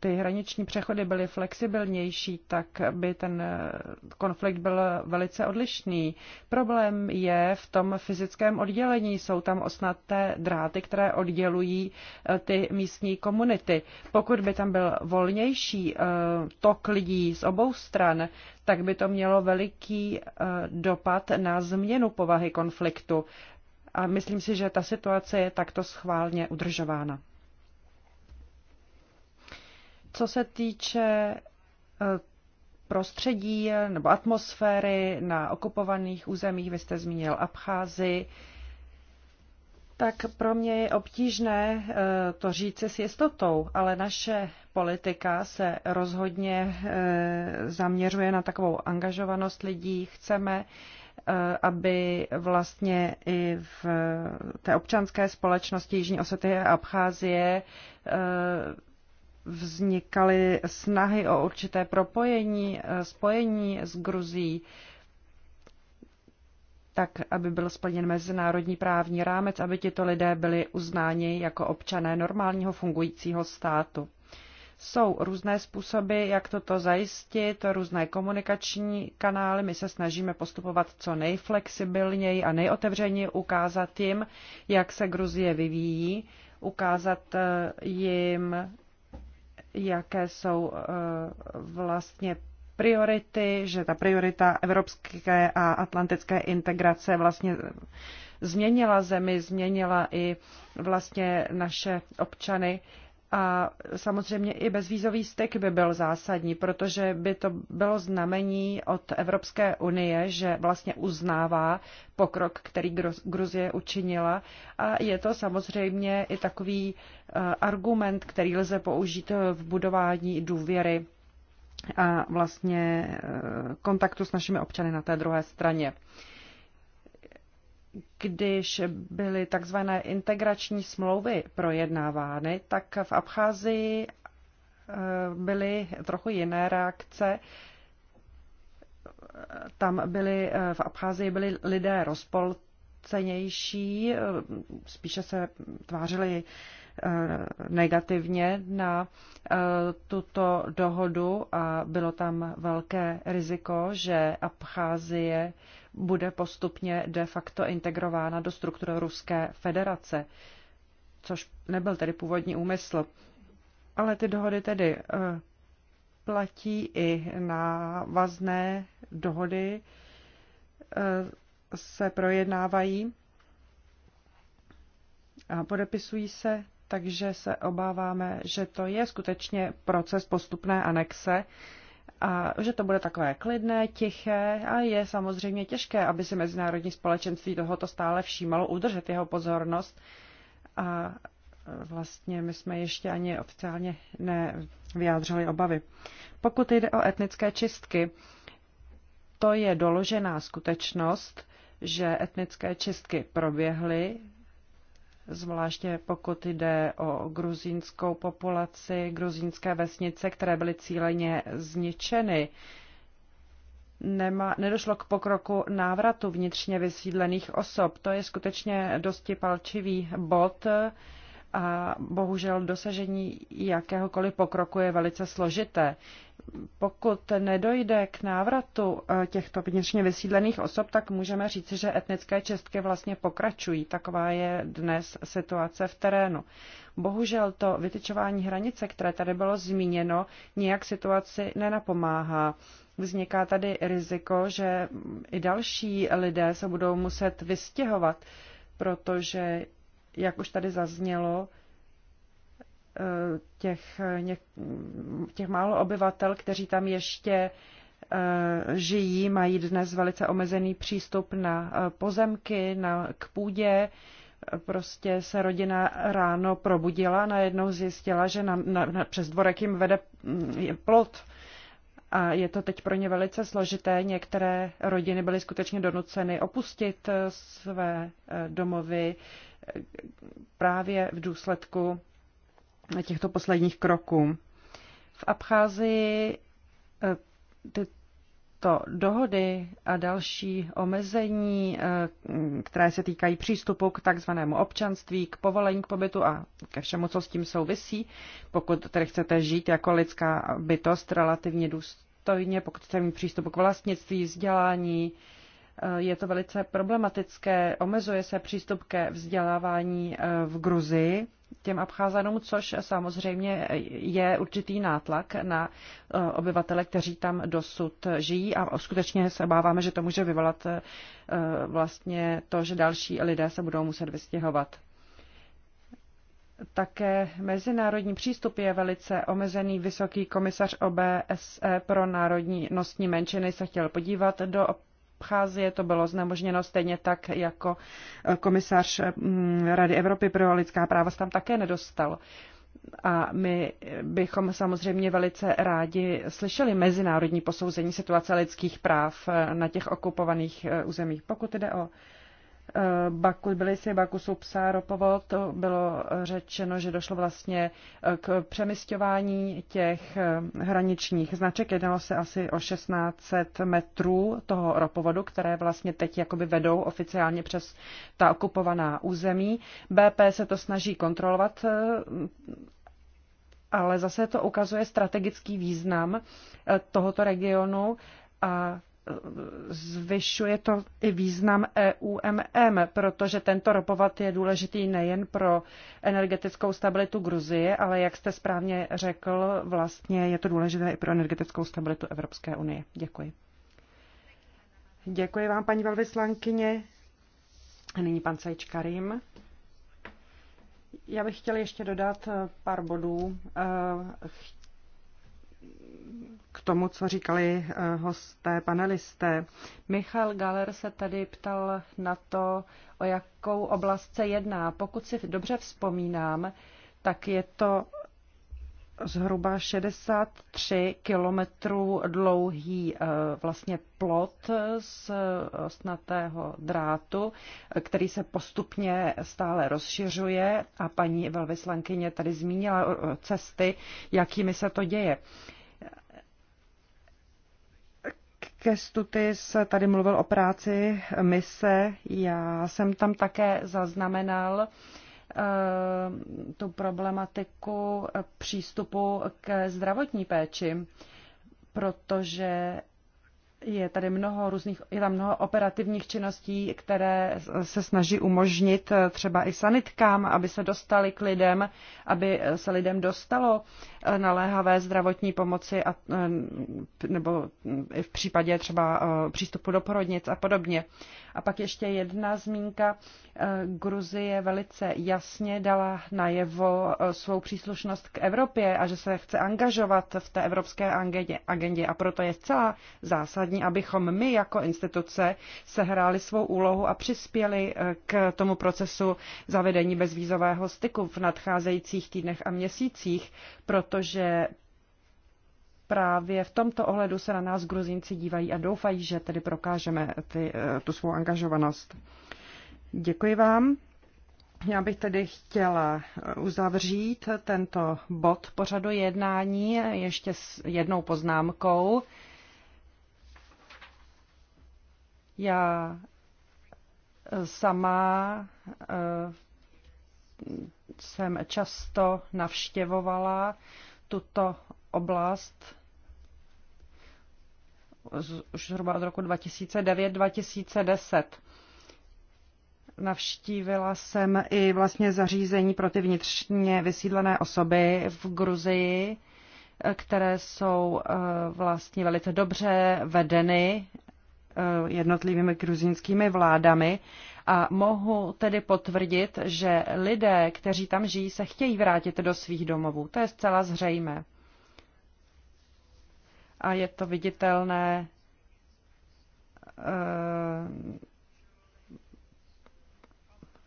ty hraniční přechody byly flexibilnější, tak by ten eh, konflikt byl velice odlišný. Problém je v tom fyzickém oddělení. Jsou tam osnaté dráty, které oddělují eh, ty místní komunity. Pokud by tam byl volnější tok lidí z obou stran, tak by to mělo veliký dopad na změnu povahy konfliktu a myslím si, že ta situace je takto schválně udržována. Co se týče eh, prostředí eh, nebo atmosféry na okupovaných územích, vy jste zmínil Abcházy, tak pro mě je obtížné eh, to říci s jistotou, ale naše politika se rozhodně zaměřuje na takovou angažovanost lidí. Chceme, Eh, aby vlastně i v té občanské společnosti Jižní Osety a Abcházie eh, vznikaly snahy o určité propojení, eh, spojení s Gruzí, tak aby byl splněn mezinárodní právní rámec, aby tito lidé byli uznáni jako občané normálního fungujícího státu. Jsou různé způsoby, jak toto zajistit, různé komunikační kanály. My se snažíme postupovat co nejflexibilněji a nejotevřeněji ukázat jim, jak se Gruzie vyvíjí, ukázat eh, jim, jaké jsou eh, vlastně priority, že ta priorita evropské a atlantické integrace vlastně změnila zemi, změnila i vlastně naše občany a samozřejmě i bezvízový styk by byl zásadní, protože by to bylo znamení od Evropské unie, že vlastně uznává pokrok, který Gruzie učinila. A je to samozřejmě i takový eh, argument, který lze použít v budování důvěry a vlastně eh, kontaktu s našimi občany na té druhé straně když byly takzvané integrační smlouvy projednávány, tak v Abcházii eh, byly trochu jiné reakce. Tam byly, eh, v Abcházii byli lidé rozpolcenější, eh, spíše se tvářili negativně na tuto dohodu a bylo tam velké riziko, že Abcházie bude postupně de facto integrována do struktury Ruské federace, což nebyl tedy původní úmysl. Ale ty dohody tedy eh, platí i na vazné dohody eh, se projednávají a podepisují se, takže se obáváme, že to je skutečně proces postupné anexe, a že to bude takové klidné, tiché a je samozřejmě těžké, aby si mezinárodní společenství tohoto stále všímalo, udržet jeho pozornost. A e, vlastně my jsme ještě ani oficiálně nevyjádřili obavy. Pokud jde o etnické čistky, to je doložená skutečnost, že etnické čistky proběhly zvláště pokud jde o gruzínskou populaci, gruzínské vesnice, které byly cíleně zničeny. Nema, nedošlo k pokroku návratu vnitřně vysídlených osob. To je skutečně dosti palčivý bod, a bohužel dosažení jakéhokoliv pokroku je velice složité. Pokud nedojde k návratu eh, těchto vnitřně vysídlených osob, tak můžeme říci, že etnické čestky vlastně pokračují. Taková je dnes situace v terénu. Bohužel to vytyčování hranice, které tady bylo zmíněno, nijak situaci nenapomáhá. Vzniká tady riziko, že i další lidé se budou muset vystěhovat, protože jak už tady zaznělo, eh, těch, něk, těch málo obyvatel, kteří tam ještě eh, žijí, mají dnes velice omezený přístup na eh, pozemky, na, k půdě. Prostě se rodina ráno probudila, najednou zjistila, že na, na, na, přes dvorek jim vede hm, plot a je to teď pro ně velice složité. Některé rodiny byly skutečně donuceny opustit eh, své eh, domovy eh, právě v důsledku těchto posledních kroků. V Abcházii tyto dohody a další omezení, které se týkají přístupu k takzvanému občanství, k povolení k pobytu a ke všemu, co s tím souvisí, pokud tedy chcete žít jako lidská bytost relativně důst důstojně, pokud chceme mít přístup k vlastnictví, vzdělání. Eh, je to velice problematické. Omezuje se přístup ke vzdělávání eh, v Gruzii těm Abcházanům, což samozřejmě je určitý nátlak na eh, obyvatele, kteří tam dosud žijí a skutečně se obáváme, že to může vyvolat vlastně to, že další lidé se budou muset vystěhovat. Také mezinárodní přístup je velice omezený. Vysoký komisař OBSE pro národní nosní menšiny se chtěl podívat do Abcházie, to bylo znemožněno stejně tak, jako komisař mm, Rady Evropy pro lidská práva se tam také nedostal. A my bychom samozřejmě velice rádi slyšeli mezinárodní posouzení situace lidských práv na těch okupovaných eh, územích. Pokud jde o Eh, Baku, byli si Baku Supsa ropovod, to bylo řečeno, že došlo vlastně eh, k přemysťování těch eh, hraničních značek. Jednalo se asi o 1600 metrů toho ropovodu, které vlastně teď jakoby vedou oficiálně přes ta okupovaná území. BP se to snaží kontrolovat ale zase to ukazuje strategický význam tohoto regionu a zvyšuje to i význam EUMM, protože tento ropovat je důležitý nejen pro energetickou stabilitu Gruzie, ale jak jste správně řekl, vlastně je to důležité i pro energetickou stabilitu Evropské unie. Děkuji. Děkuji vám, paní velvyslankyně. A nyní pan Sajč Karim. Já bych chtěl ještě dodat pár bodů. Eh, k tomu, co říkali eh, hosté, panelisté. Michal Galer se tady ptal na to, o jakou oblast se jedná. Pokud si dobře vzpomínám, tak je to zhruba 63 kilometrů dlouhý eh, vlastně plot z osnatého drátu, který se postupně stále rozšiřuje a paní velvyslankyně tady zmínila cesty, jakými se to děje stutis tady mluvil o práci mise. Já jsem tam také zaznamenal eh, tu problematiku přístupu k zdravotní péči, protože je tady mnoho různých, je tam mnoho operativních činností, které se snaží umožnit třeba i sanitkám, aby se dostali k lidem, aby se lidem dostalo eh, naléhavé zdravotní pomoci a, eh, nebo i v případě třeba eh, přístupu do porodnic a podobně. A pak ještě jedna zmínka. Eh, Gruzie velice jasně dala najevo eh, svou příslušnost k Evropě a že se chce angažovat v té evropské agendě. A proto je zcela zásadní, abychom my jako instituce sehráli svou úlohu a přispěli eh, k tomu procesu zavedení bezvízového styku v nadcházejících týdnech a měsících, protože právě v tomto ohledu se na nás gruzinci dívají a doufají, že tedy prokážeme ty, eh, tu svou angažovanost. Děkuji vám. Já bych tedy chtěla eh, uzavřít tento bod pořadu jednání ještě s jednou poznámkou. Já eh, sama jsem často navštěvovala tuto oblast už zhruba od roku 2009-2010. Navštívila jsem i vlastně zařízení pro ty vnitřně vysídlené osoby v Gruzii, které jsou eh, vlastně velice dobře vedeny eh, jednotlivými gruzínskými vládami a mohu tedy potvrdit, že lidé, kteří tam žijí, se chtějí vrátit do svých domovů. To je zcela zřejmé a je to viditelné eh,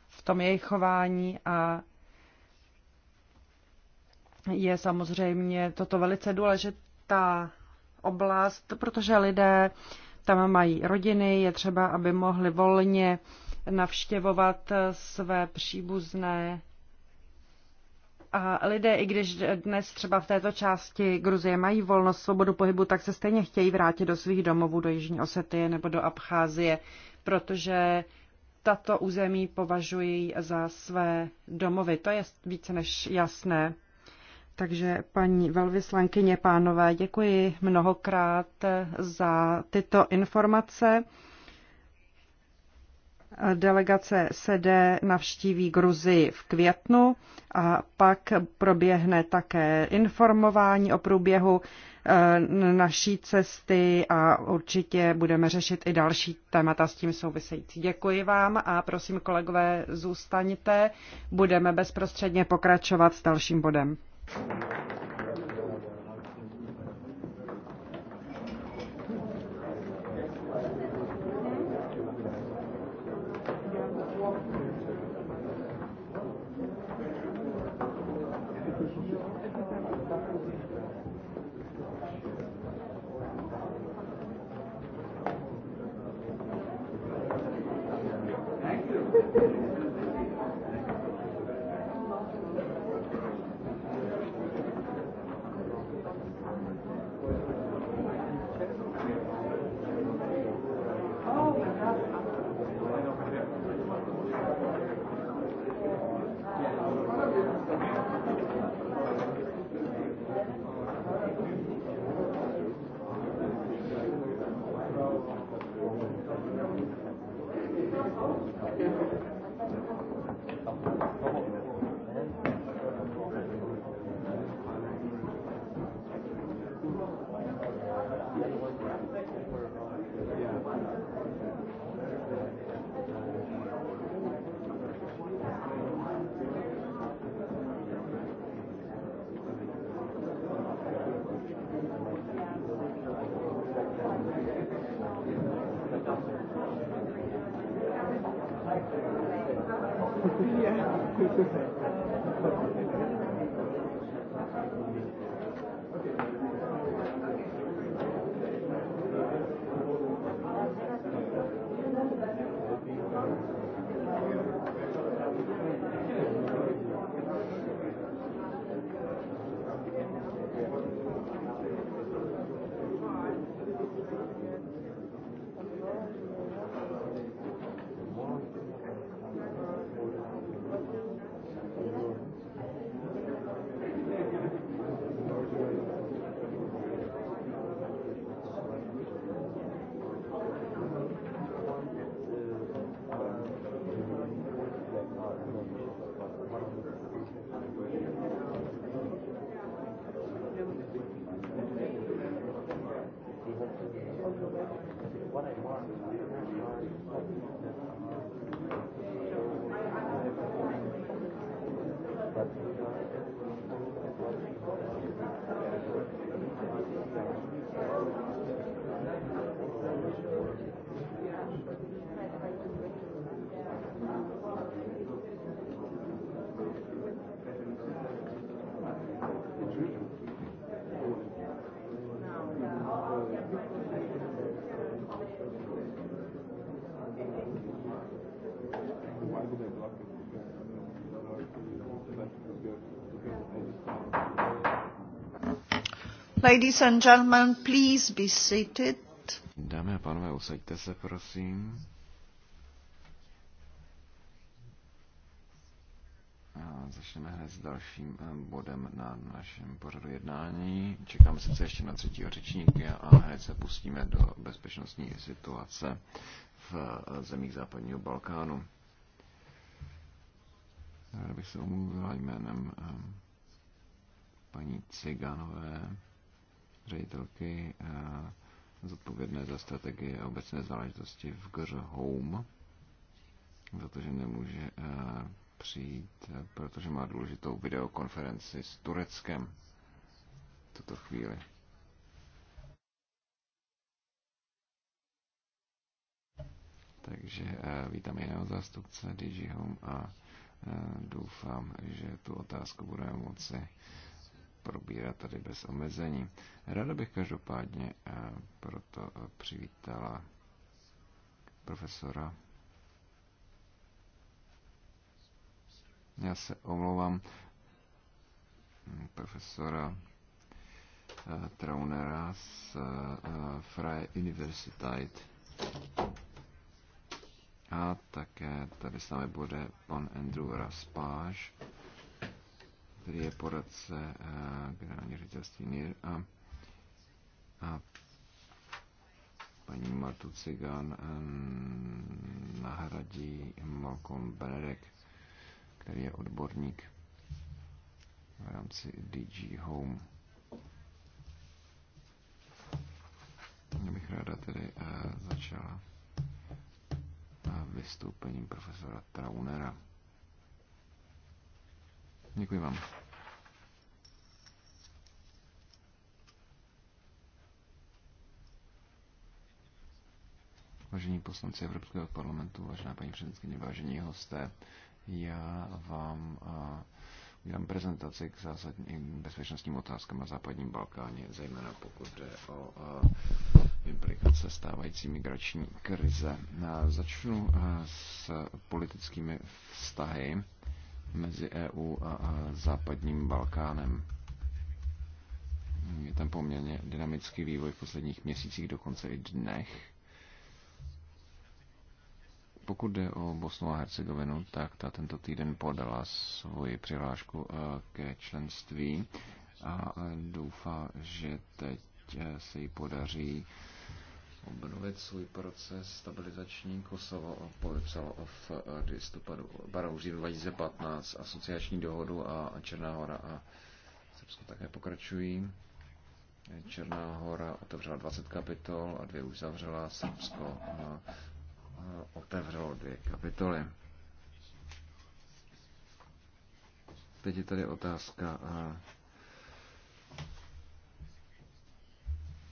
v tom jejich chování a je samozřejmě toto velice důležitá oblast, protože lidé tam mají rodiny, je třeba, aby mohli volně navštěvovat své příbuzné a lidé, i když dnes třeba v této části Gruzie mají volnost, svobodu pohybu, tak se stejně chtějí vrátit do svých domovů, do Jižní Osety nebo do Abcházie, protože tato území považují za své domovy. To je více než jasné. Takže paní velvyslankyně, pánové, děkuji mnohokrát za tyto informace. Delegace SED navštíví Gruzii v květnu a pak proběhne také informování o průběhu eh, naší cesty a určitě budeme řešit i další témata s tím související. Děkuji vám a prosím kolegové, zůstaňte. Budeme bezprostředně pokračovat s dalším bodem. yeah. Ladies and gentlemen, please be seated. Dámy a pánové, usaďte se, prosím. A začneme hned s dalším eh, bodem na našem pořadu jednání. Čekáme sice ještě na třetího řečníka a hned se pustíme do bezpečnostní situace v eh, zemích západního Balkánu. Já bych se omluvila jménem eh, paní Ciganové, ředitelky eh, zodpovědné za strategie a obecné záležitosti v GR Home, za to, že nemůže eh, přijít, eh, protože má důležitou videokonferenci s Tureckem v tuto chvíli. Takže vítám jiného zástupce DG Home a doufám, že tu otázku budeme moci probírat tady bez omezení. Ráda bych každopádně eh, proto eh, přivítala profesora. Já se omlouvám profesora eh, Traunera z Freie Universität. A také tady s námi bude pan Andrew Raspáš, který je poradce eh, generální ředitelství NIR a, a paní Martu Cigan eh, nahradí Malcolm Benedek, který je odborník v rámci DG Home. Já bych ráda tedy eh, začala vystoupením profesora Traunera. Děkuji vám. Vážení poslanci Evropského parlamentu, vážená paní předsedkyně, vážení hosté, já vám udělám prezentaci k zásadním bezpečnostním otázkám na západním Balkáně, zejména pokud jde o a, implikace stávající migrační krize. začnu s politickými vztahy mezi EU a západním Balkánem. Je tam poměrně dynamický vývoj v posledních měsících, dokonce i dnech. Pokud jde o Bosnu a Hercegovinu, tak ta tento týden podala svoji přihlášku e, ke členství a e, doufá, že teď e, se jí podaří obnovit svůj proces stabilizační. Kosovo podepsalo v listopadu, Barouří 2015 asociační dohodu a Černá hora a Srbsko také pokračují. Černá hora otevřela 20 kapitol a dvě už zavřela. Srbsko a no, otevřelo dvě kapitoly. Teď je tady otázka a,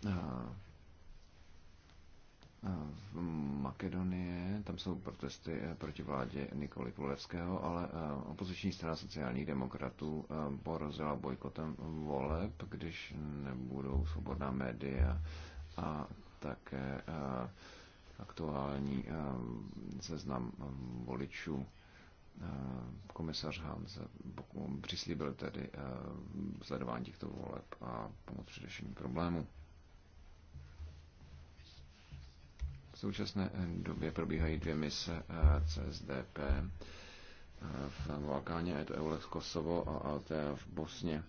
a v Makedonie, tam jsou protesty eh, proti vládě Nikoli Kulevského, ale eh, opoziční strana sociálních demokratů eh, porozila bojkotem voleb, když nebudou svobodná média a také aktuální seznam voličů. Komisař Hans přislíbil tedy sledování těchto voleb a pomoc při řešení problému. V současné eh, době probíhají dvě mise eh, CSDP eh, v Balkáně, je to Eulex Kosovo a Altea v Bosně.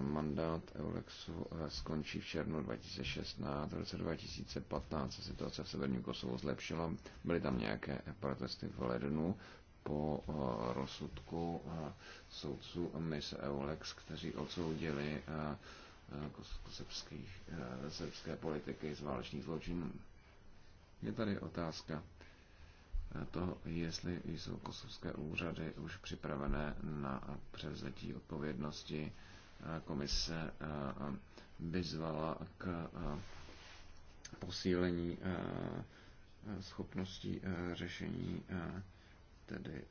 Mandát Eulexu skončí v červnu 2016. V roce 2015 se situace v severním Kosovu zlepšila. Byly tam nějaké protesty v lednu po rozsudku soudců mise Eulex, kteří odsoudili srbských, srbské politiky z válečných zločinů. Je tady otázka toho, jestli jsou kosovské úřady už připravené na převzetí odpovědnosti. Komise eh, eh, vyzvala k eh, posílení schopností řešení tedy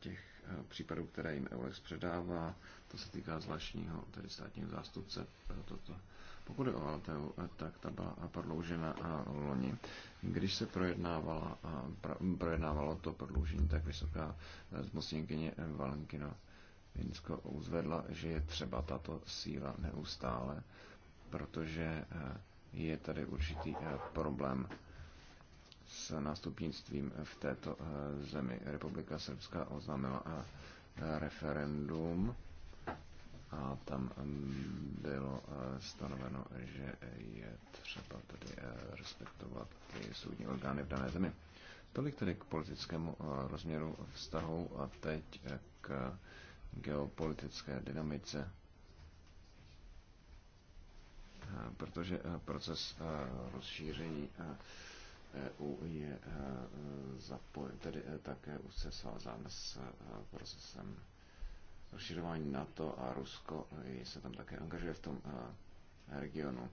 těch případů, které jim Eulex předává. To se týká zvláštního, tedy státního zástupce pro toto pokud je o LTU, tak ta byla prodloužena loni. Když se projednávala, projednávalo to prodloužení, tak vysoká zmocněnkyně Valentina Vinsko uzvedla, že je třeba tato síla neustále, protože eh, je tady určitý eh, problém s nástupnictvím v této eh, zemi. Republika Srbská oznámila referendum a tam bylo eh, stanoveno, že je třeba tedy eh, respektovat ty soudní orgány v dané zemi. Tolik tedy k politickému eh, rozměru vztahu a teď k geopolitické dynamice protože proces rozšíření EU e je zapojen, tedy také už se svázán s procesem rozširování NATO a Rusko se tam také angažuje v tom eh, regionu.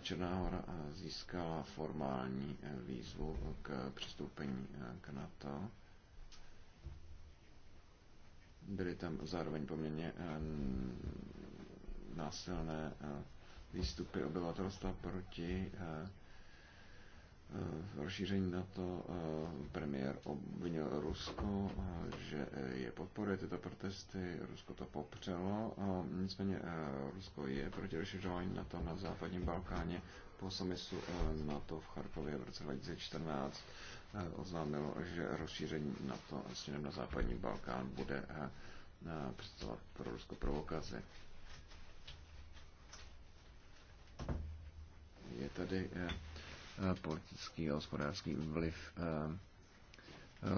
Černá hora eh, získala formální eh, výzvu k přistoupení k NATO. Byly tam zároveň poměrně násilné výstupy obyvatelstva proti Eh, rozšíření na to eh, premiér obvinil Rusko, eh, že je podporuje tyto protesty, Rusko to popřelo, nicméně Rusko je proti rozšiřování na to na západním Balkáně po na NATO v Charkově v roce 2014 oznámilo, že rozšíření NATO směrem na západní Balkán bude představovat pro Rusko provokaci. Je tady Eh, politický a hospodářský vliv eh,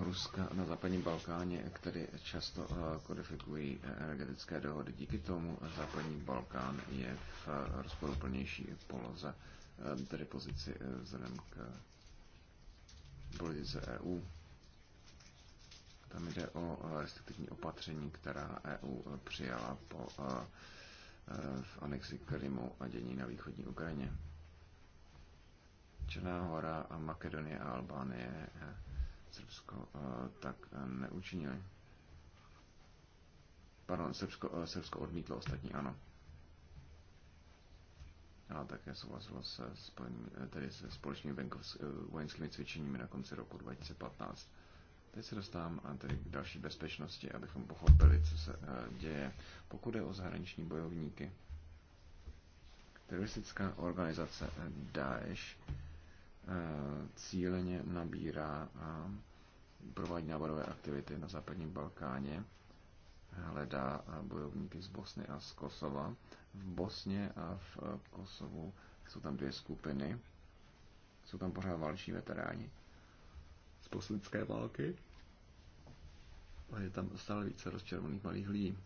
Ruska na západním Balkáně, který často eh, kodifikují energetické dohody. Díky tomu západní Balkán je v rozporuplnější poloze, tedy pozici vzhledem k politice EU. Tam jde o restriktivní opatření, která EU přijala po v anexi Krymu a dění na východní Ukrajině. Černá hora, Makedonie a Albánie, eh, Srbsko, eh, tak eh, neučinili. Pardon, Srbsko, Srbsko odmítlo, ostatní ano. A také souhlasilo se, spojen, tedy se společnými vojenskými cvičeními na konci roku 2015. Teď se dostávám tedy k další bezpečnosti, abychom pochopili, co se děje. Pokud je o zahraniční bojovníky, teroristická organizace Daesh Eh, cíleně nabírá a provádí náborové aktivity na západním Balkáně, hledá eh, bojovníky z Bosny a z Kosova. V Bosně a v eh, Kosovu jsou tam dvě skupiny. Jsou tam pořád válčí veteráni z poslické války. A je tam stále více rozčervených malých lidí.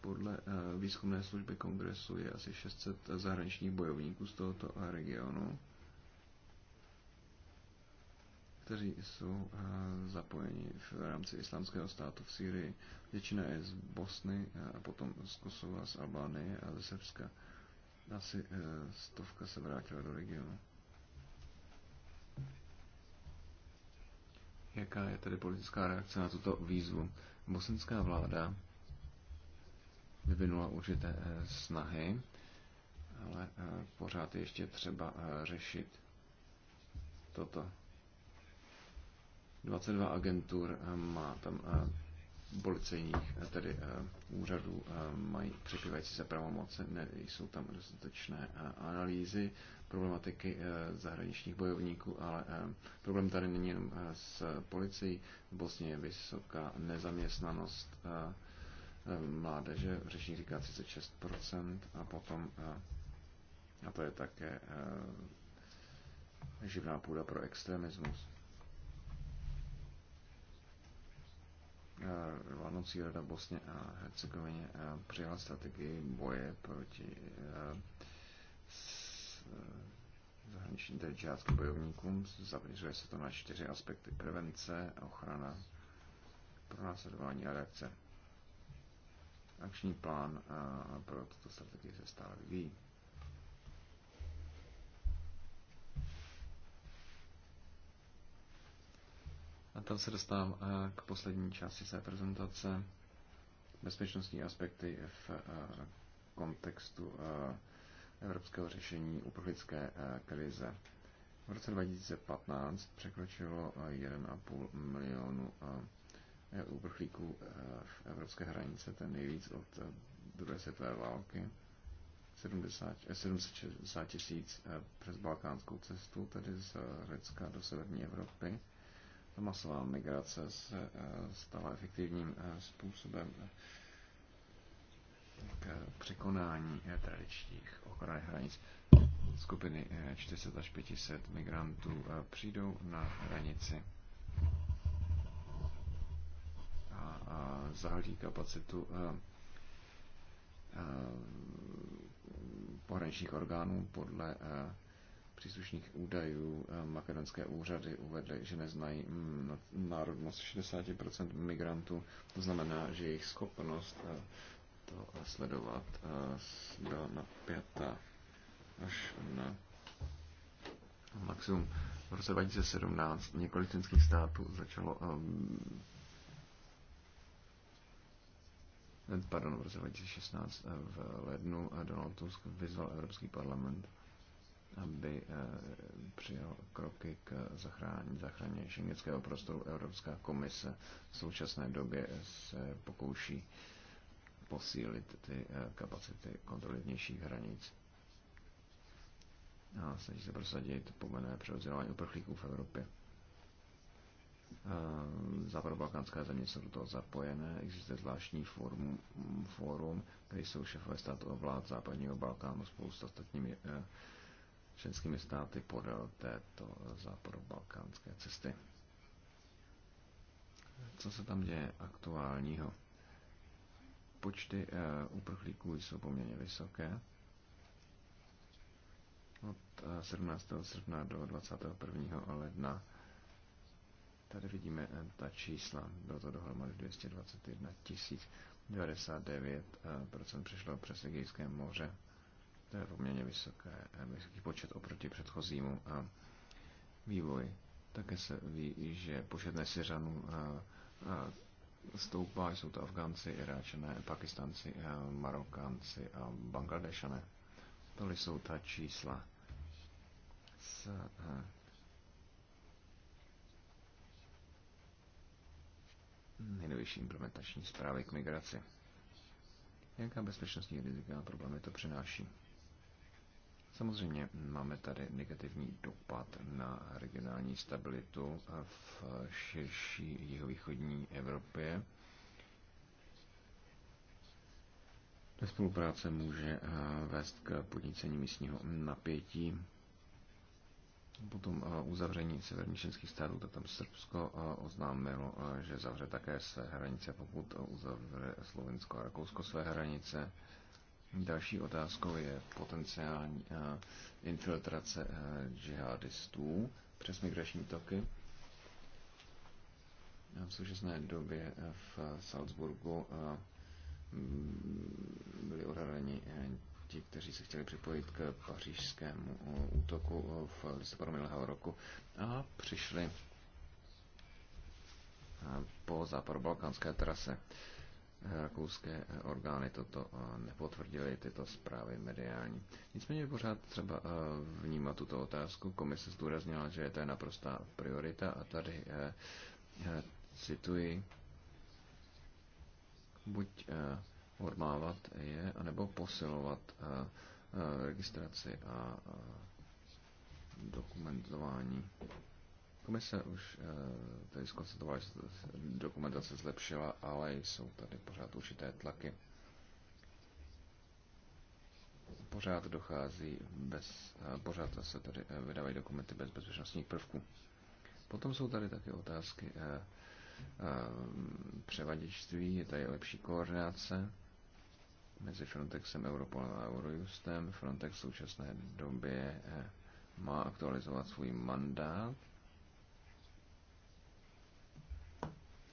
Podle eh, výzkumné služby kongresu je asi 600 zahraničních bojovníků z tohoto regionu, kteří jsou eh, zapojeni v rámci islámského státu v Sýrii. Většina je z Bosny eh, a potom z Kosova, z Albánie a ze Srbska. Asi stovka se vrátila do regionu. Jaká je tedy politická reakce na tuto výzvu? Bosenská vláda vyvinula určité eh, snahy, ale eh, pořád ještě třeba eh, řešit toto. 22 agentur má tam policejních, tedy úřadů, mají překrývající se pravomoce, ne, jsou tam dostatečné analýzy problematiky zahraničních bojovníků, ale problém tady není jenom s policií. V Bosně je vysoká nezaměstnanost mládeže v řešení říká 36% a potom, eh, a to je také eh, živná půda pro extremismus. Eh, vládnoucí rada Bosně a Hercegovině přijala strategii boje proti zahraničním terčáckým bojovníkům. Zaměřuje se to na čtyři aspekty prevence, ochrana, pronásledování a reakce. Akční plán pro tuto strategii se stále vyvíjí. A tam se dostávám k poslední části své prezentace. Bezpečnostní aspekty v kontextu evropského řešení uprchlické krize. V roce 2015 překročilo 1,5 milionu Eh, uprchlíků eh, v evropské hranice, ten nejvíc od eh, druhé světové války. 70, 760 tisíc přes balkánskou cestu, tedy z Řecka do severní Evropy. Ta masová migrace se stala efektivním způsobem k překonání tradičních okraj hranic. Skupiny 400 až 500 migrantů přijdou na hranici a zahltí kapacitu pohraničních orgánů podle příslušných údajů makedonské úřady uvedly, že neznají mm, národnost 60% migrantů. To znamená, že jejich schopnost to sledovat byla pěta až na maximum. V roce 2017 několik členských států začalo Eh, pardon, v roce 2016 eh, v lednu eh, Donald Tusk vyzval Evropský parlament, aby přijal kroky k zachrání, záchraně šengenského prostoru. Evropská komise v současné době se pokouší posílit ty kapacity kontroly vnějších hranic a snaží se prosadit povinné přerozdělování uprchlíků v Evropě. Eh, západobalkánské země jsou do toho zapojené, existuje zvláštní fórum, kde jsou šefové států a vlád západního Balkánu spolu s ostatními eh, členskými státy podél této eh, západobalkánské cesty. Co se tam děje aktuálního? Počty uprchlíků jsou poměrně vysoké. Od 17. srpna do 21. ledna Tady vidíme eh, ta čísla, bylo to dohromady 221 tisíc, 99% eh, přišlo přes Egejské moře. To je poměrně vysoké, eh, vysoký počet oproti předchozímu a vývoji. Také se ví, že počet nesiřanů stoupá, jsou to Afgánci, Iráčané, Pakistanci, Marokánci a Bangladešané. Tohle jsou ta čísla z nejnovější implementační zprávy k migraci. Jaká bezpečnostní rizika a problémy to přináší? Samozřejmě máme tady negativní dopad na regionální stabilitu v širší jihovýchodní Evropě. Spolupráce může eh, vést k podnícení místního napětí Potom eh, uzavření severních členských států, to tam Srbsko eh, oznámilo, eh, že zavře také své hranice, pokud uzavře Slovensko a Rakousko své hranice. Další otázkou je potenciální infiltrace džihadistů přes migrační toky. V současné době v Salzburgu byly odhaleni ti, kteří se chtěli připojit k pařížskému eh, útoku eh, v listopadu minulého roku a přišli eh, po západobalkánské trase. Rakouské orgány toto nepotvrdily, tyto zprávy mediální. Nicméně pořád třeba vnímat tuto otázku. Komise zdůraznila, že je to naprostá priorita a tady cituji, buď odmávat je, anebo posilovat eh, eh, registraci a eh, dokumentování. Komise už tady zkonstatovala, že dokumentace zlepšila, ale jsou tady pořád určité tlaky. Pořád dochází bez, pořád se tady vydávají dokumenty bez bezpečnostních prvků. Potom jsou tady také otázky převaděčství, je tady lepší koordinace mezi Frontexem, Europol a Eurojustem. Frontex v současné době eh, má aktualizovat svůj mandát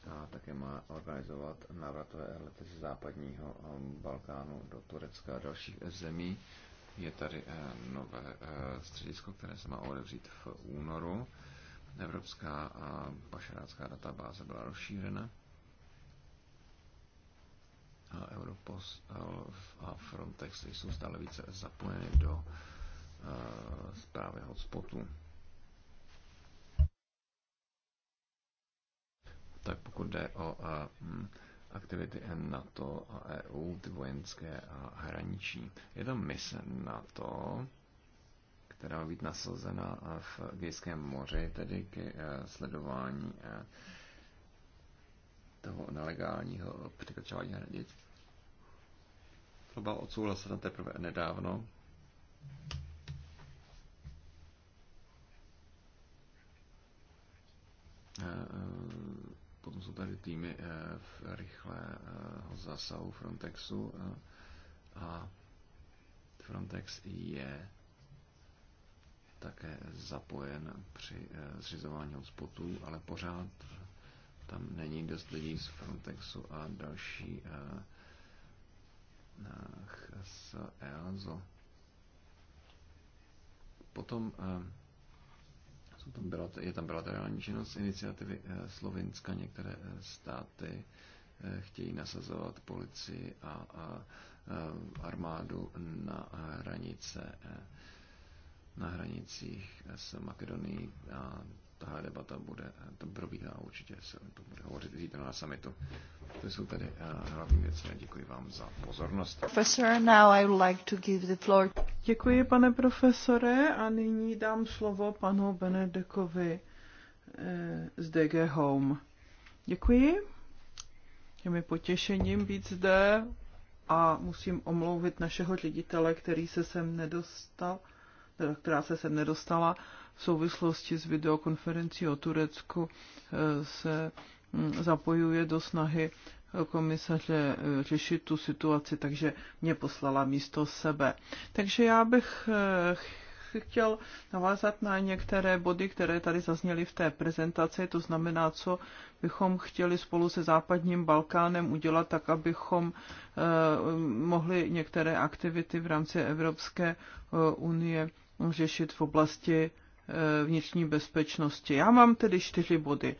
a také má organizovat návratové lety z západního eh, Balkánu do Turecka a dalších zemí. Je tady eh, nové středisko, které se má odevřít v únoru. Evropská a pašerácká databáze byla rozšířena a Europos a Frontex jsou stále více zapojeny do eh, zprávy hotspotu. Tak pokud jde o eh, hm, aktivity NATO a EU, ty vojenské a hraniční, je tam mise NATO, která má být nasazena eh, v Gejském moři, tedy k sledování toho nelegálního překračování hranic. To byla odsouhlasena teprve nedávno. E, e, potom jsou tady týmy e, v rychlého zasahu Frontexu a Frontex je také zapojen při zřizování hotspotů, ale pořád tam není dost lidí z Frontexu a další z eh, EASO. Eh, Potom eh, jsou tam byla, je tam bilaterální činnost iniciativy Slovinska. Některé státy chtějí nasazovat policii a, a armádu na hranice na hranicích s Makedonií a tahle debata bude, tam probíhá určitě, se to bude hovořit zítra na summitu. To jsou tedy eh, hlavní věci a děkuji vám za pozornost. Professor, now I would like to give the floor. Děkuji, pane profesore, a nyní dám slovo panu Benedekovi eh, z DG Home. Děkuji. Je mi potěšením být zde a musím omlouvit našeho ředitele, který se sem nedostal, která se sem nedostala v souvislosti s videokonferencí o Turecku eh, se hm, zapojuje do snahy eh, komisaře eh, řešit tu situaci, takže mě poslala místo sebe. Takže já bych chtěl navázat na některé body, které tady zazněly v té prezentaci, to znamená, co bychom chtěli spolu se západním Balkánem udělat, tak abychom mohli některé aktivity v rámci Evropské unie řešit v oblasti Eh, vnitřní bezpečnosti. Já mám tedy čtyři body.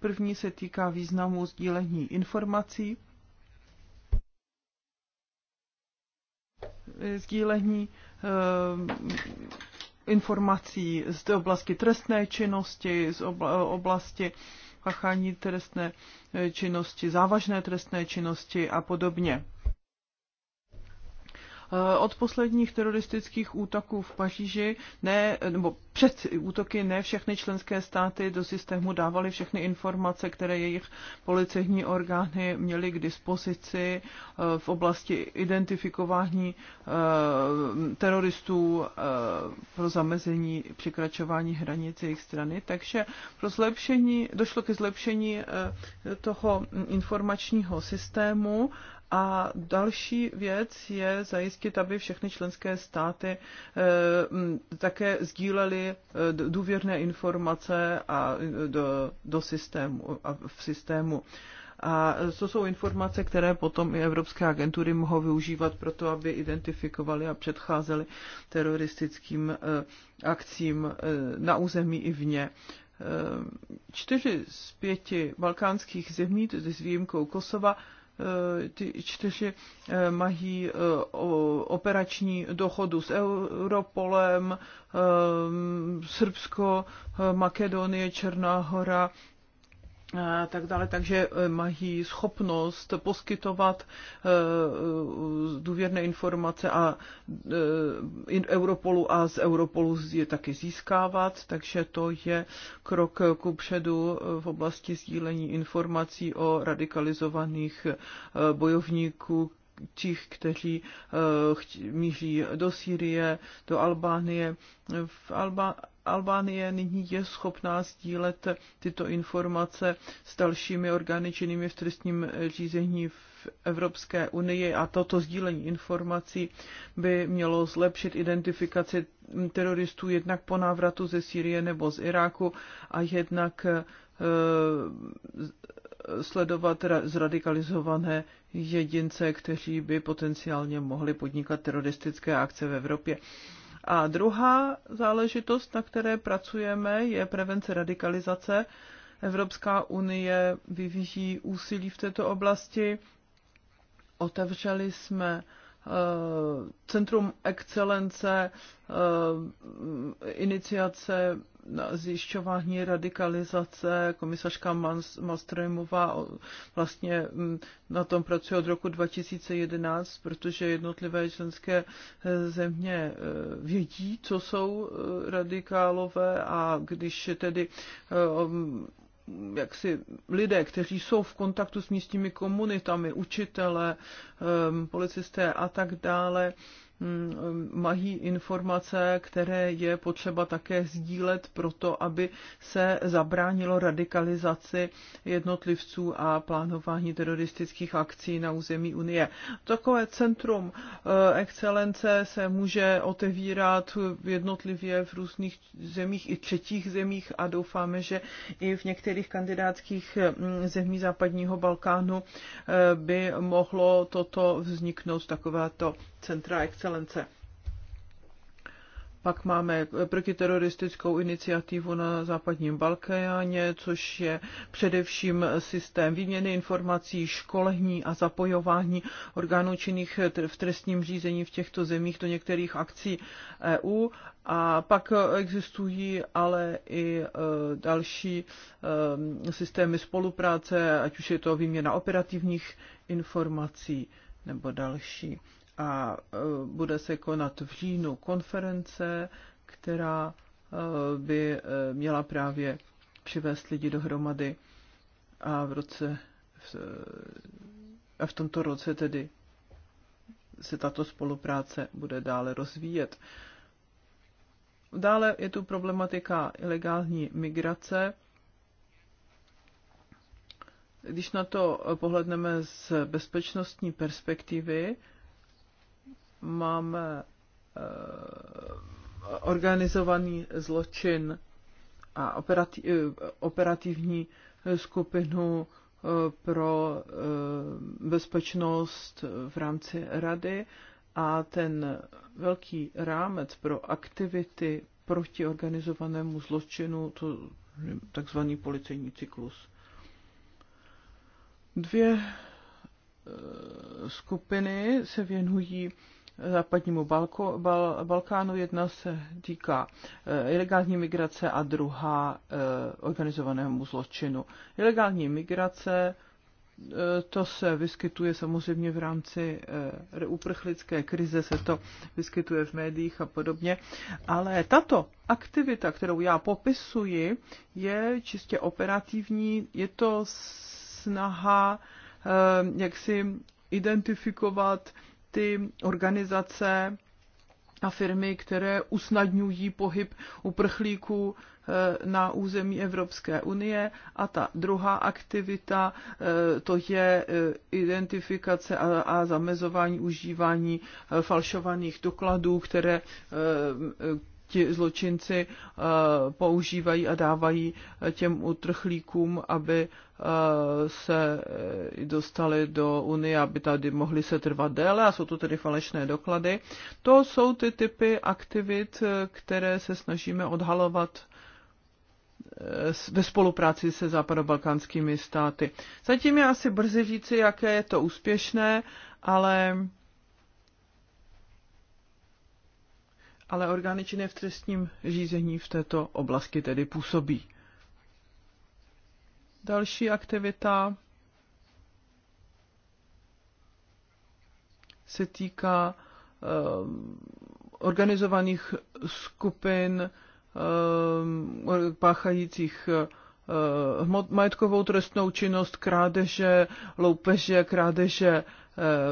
První se týká významu sdílení informací, eh, sdílení eh, informací z oblasti trestné činnosti, z oblasti pachání trestné činnosti, závažné trestné činnosti a podobně. Eh, od posledních teroristických útoků v Paříži, ne, nebo před útoky ne všechny členské státy do systému dávaly všechny informace, které jejich policejní orgány měly k dispozici eh, v oblasti identifikování eh, teroristů pro zamezení překračování hranic jejich strany. Takže pro zlepšení, došlo ke zlepšení toho informačního systému a další věc je zajistit, aby všechny členské státy eh, také sdílely eh, důvěrné informace a eh, do, do systému, a v systému. A to jsou informace, které potom i evropské agentury mohou využívat pro to, aby identifikovali a předcházeli teroristickým akcím na území i vně. Čtyři z pěti balkánských zemí, tedy s výjimkou Kosova, Eh, ty čtyři eh, mají eh, operační dohodu s Europolem, Srbsko, Makedonie, Černá hora tak dále, takže e, mají schopnost poskytovat e, e, důvěrné informace a Europolu a z Europolu je taky získávat, takže to je krok ku předu v oblasti sdílení informací o radikalizovaných bojovníků, těch, kteří míří do Sýrie, do Albánie. V Alba- Albánie nyní je schopná sdílet tyto informace s dalšími orgány činnými v trestním řízení v Evropské unii a toto sdílení informací by mělo zlepšit identifikaci teroristů jednak po návratu ze Sýrie nebo z Iráku a jednak eh, sledovat zradikalizované jedince, kteří by potenciálně mohli podnikat teroristické akce v Evropě. A druhá záležitost, na které pracujeme, je prevence radikalizace. Evropská unie vyvíjí úsilí v této oblasti. Otevřeli jsme Eh, Centrum excelence eh, iniciace zjišťování radikalizace. Komisařka Malmströmová vlastně mm, na tom pracuje od roku 2011, protože jednotlivé členské eh, země vědí, co jsou radikálové a když tedy jaksi lidé, kteří jsou v kontaktu s místními komunitami, učitele, um, policisté a tak dále, Mm, mají informace, které je potřeba také sdílet proto, aby se zabránilo radikalizaci jednotlivců a plánování teroristických akcí na území Unie. Takové centrum eh, excelence se může otevírat jednotlivě v různých zemích i třetích zemích a doufáme, že i v některých kandidátských mm, zemí západního Balkánu eh, by mohlo toto vzniknout takovéto centra excelence. Pak máme protiteroristickou iniciativu na západním Balkáně, což je především systém výměny informací, školení a zapojování orgánů činných v trestním řízení v těchto zemích do některých akcí EU. A pak existují ale i e, další e, systémy spolupráce, ať už je to výměna operativních informací nebo další a e, bude se konat v říjnu konference, která e, by e, měla právě přivést lidi dohromady a v roce a v tomto roce tedy se tato spolupráce bude dále rozvíjet. Dále je tu problematika ilegální migrace. Když na to pohledneme z bezpečnostní perspektivy, máme eh, organizovaný zločin a eh, operativní skupinu eh, pro bezpečnost v rámci rady a ten velký rámec pro aktivity proti organizovanému zločinu, to takzvaný policejní cyklus. Dvě skupiny se věnují západnímu Balko, Bal, Balkánu. Jedna se týká eh, ilegální migrace a druhá eh, organizovanému zločinu. Ilegální migrace eh, to se vyskytuje samozřejmě v rámci uprchlické krize, se to vyskytuje v médiích a podobně, ale tato aktivita, kterou já popisuji, je čistě operativní, je to snaha jak si identifikovat ty organizace a firmy, které usnadňují pohyb uprchlíků eh, na území Evropské unie. A ta druhá aktivita, eh, to je eh, identifikace a zamezování užívání falšovaných dokladů, které ti zločinci eh, používají a dávají eh, těm utrchlíkům, aby eh, se dostali do Unie, aby tady mohli se trvat déle a jsou to tedy falešné doklady. To jsou ty typy aktivit, které se snažíme odhalovat ve spolupráci se západobalkánskými státy. Zatím je asi brzy říci, jaké je to úspěšné, ale ale orgány činné v trestním řízení v této oblasti tedy působí. Další aktivita se týká eh, organizovaných skupin eh, páchajících eh, majetkovou trestnou činnost, krádeže, loupeže, krádeže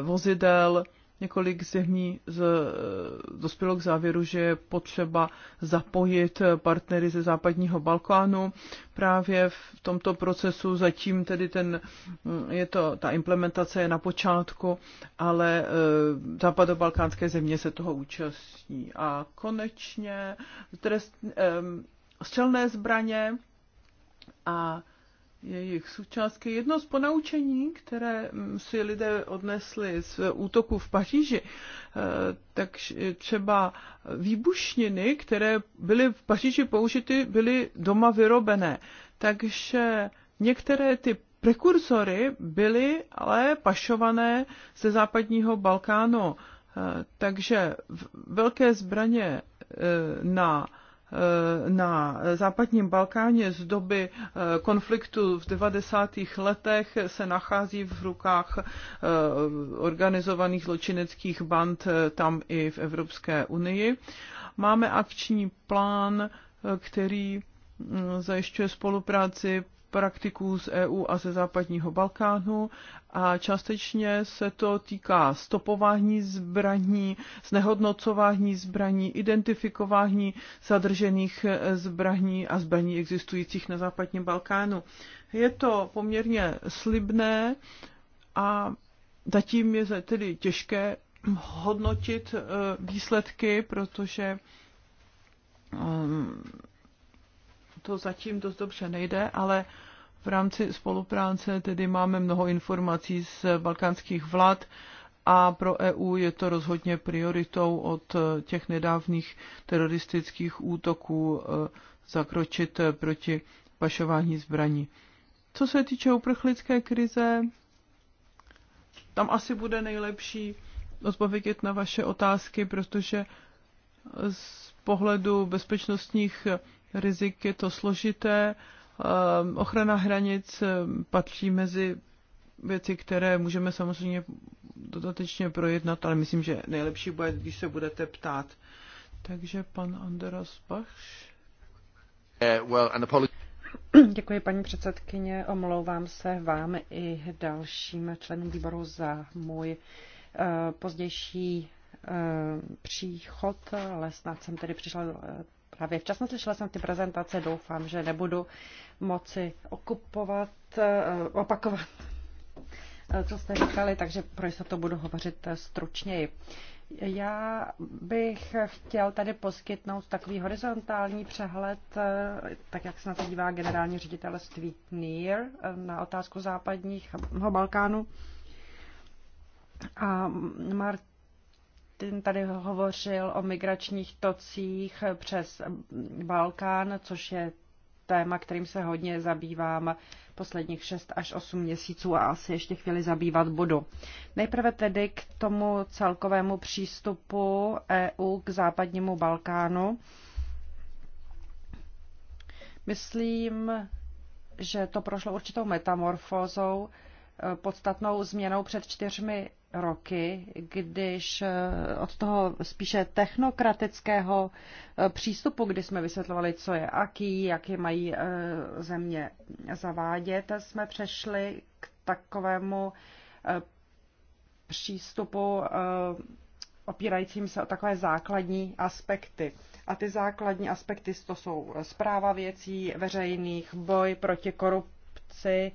vozidel. Několik zemí z, eh, dospělo k závěru, že je potřeba zapojit partnery ze západního Balkánu. Právě v tomto procesu zatím tedy ten, eh, je to, ta implementace je na počátku, ale eh, západobalkánské země se toho účastní. A konečně trest, střelné zbraně a jejich součástky. Jedno z ponaučení, které mm, si lidé odnesli z útoku v Paříži, eh, tak třeba výbušniny, které byly v Paříži použity, byly doma vyrobené. Takže některé ty prekursory byly ale pašované ze západního Balkánu. Eh, takže velké zbraně eh, na Eh, na západním Balkáně z doby eh, konfliktu v 90. letech se nachází v rukách eh, organizovaných zločineckých band tam i v Evropské unii. Máme akční plán, který mm, zajišťuje spolupráci praktiků z EU a ze západního Balkánu a částečně se to týká stopování zbraní, znehodnocování zbraní, identifikování zadržených eh, zbraní a zbraní existujících na západním Balkánu. Je to poměrně slibné a zatím je tedy těžké hodnotit eh, výsledky, protože ehm, to zatím dost dobře nejde, ale v rámci spolupráce tedy máme mnoho informací z balkánských vlád a pro EU je to rozhodně prioritou od těch nedávných teroristických útoků e, zakročit e, proti pašování zbraní. Co se týče uprchlické krize, tam asi bude nejlepší odpovědět na vaše otázky, protože z pohledu bezpečnostních rizik je to složité. Ehm, ochrana hranic ehm, patří mezi věci, které můžeme samozřejmě dodatečně projednat, ale myslím, že nejlepší bude, když se budete ptát. Takže pan Andras Bach. Eh, Děkuji, paní předsedkyně. Omlouvám se vám i dalším členům výboru za můj eh, pozdější eh, příchod, ale snad jsem tedy přišla právě včasně no, slyšela jsem ty prezentace, doufám, že nebudu moci okupovat, eh, opakovat, eh, co jste říkali, takže pro jistotu budu hovořit eh, stručněji. Já bych chtěl tady poskytnout takový horizontální přehled, tak jak se na to dívá generální ředitelství NIR na otázku západního Balkánu. A Mart ten tady hovořil o migračních tocích přes Balkán, což je téma, kterým se hodně zabývám posledních 6 až 8 měsíců a asi ještě chvíli zabývat budu. Nejprve tedy k tomu celkovému přístupu EU k západnímu Balkánu. Myslím, že to prošlo určitou metamorfózou, podstatnou změnou před čtyřmi roky, když eh, od toho spíše technokratického eh, přístupu, kdy jsme vysvětlovali, co je aký, jak je mají eh, země zavádět, jsme přešli k takovému přístupu opírajícím se o takové základní aspekty. A ty základní aspekty to jsou zpráva věcí veřejných, boj proti korupci,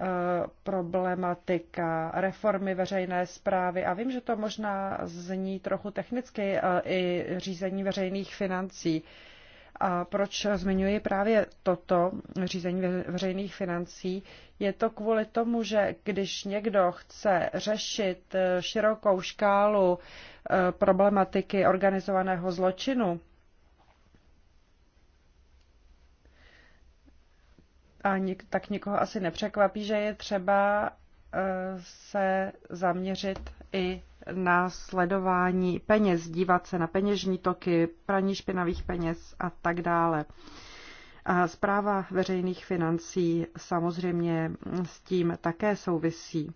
Eh, problematika reformy veřejné zprávy. A vím, že to možná zní trochu technicky eh, i řízení veřejných financí. A proč zmiňuji právě toto řízení veřejných financí? Je to kvůli tomu, že když někdo chce řešit eh, širokou škálu problematiky organizovaného zločinu, A něk- tak nikoho asi nepřekvapí, že je třeba eh, se zaměřit i na sledování peněz, dívat se na peněžní toky, praní špinavých peněz a tak dále. A zpráva veřejných financí samozřejmě s tím také souvisí.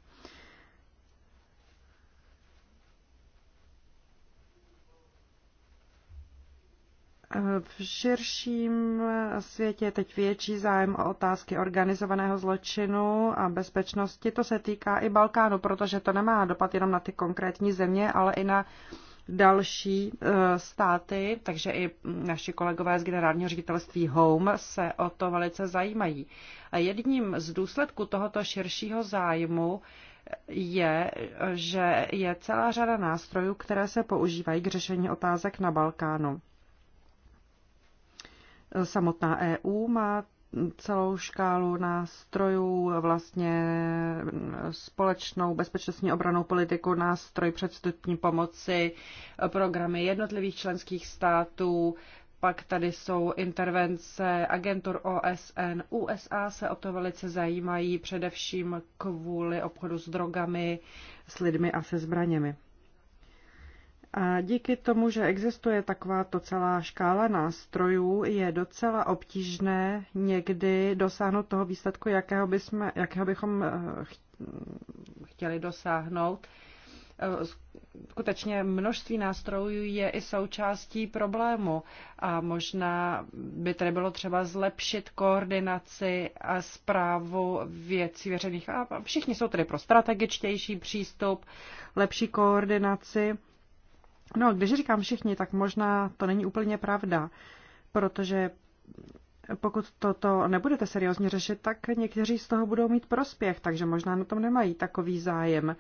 V širším světě je teď větší zájem o otázky organizovaného zločinu a bezpečnosti. To se týká i Balkánu, protože to nemá dopad jenom na ty konkrétní země, ale i na další e, státy, takže i naši kolegové z generálního ředitelství Home se o to velice zajímají. A jedním z důsledků tohoto širšího zájmu je, že je celá řada nástrojů, které se používají k řešení otázek na Balkánu. Samotná EU má celou škálu nástrojů, vlastně společnou bezpečnostní obranou politiku, nástroj předstupní pomoci, programy jednotlivých členských států, pak tady jsou intervence agentur OSN. USA se o to velice zajímají především kvůli obchodu s drogami, s lidmi a se zbraněmi. A díky tomu, že existuje takováto celá škála nástrojů, je docela obtížné někdy dosáhnout toho výsledku, jakého, bychom, jakého bychom eh, chtěli dosáhnout. Eh, skutečně množství nástrojů je i součástí problému a možná by tedy bylo třeba zlepšit koordinaci a zprávu věcí veřejných. A všichni jsou tedy pro strategičtější přístup, lepší koordinaci No, když říkám všichni, tak možná to není úplně pravda, protože pokud toto nebudete seriózně řešit, tak někteří z toho budou mít prospěch, takže možná na tom nemají takový zájem.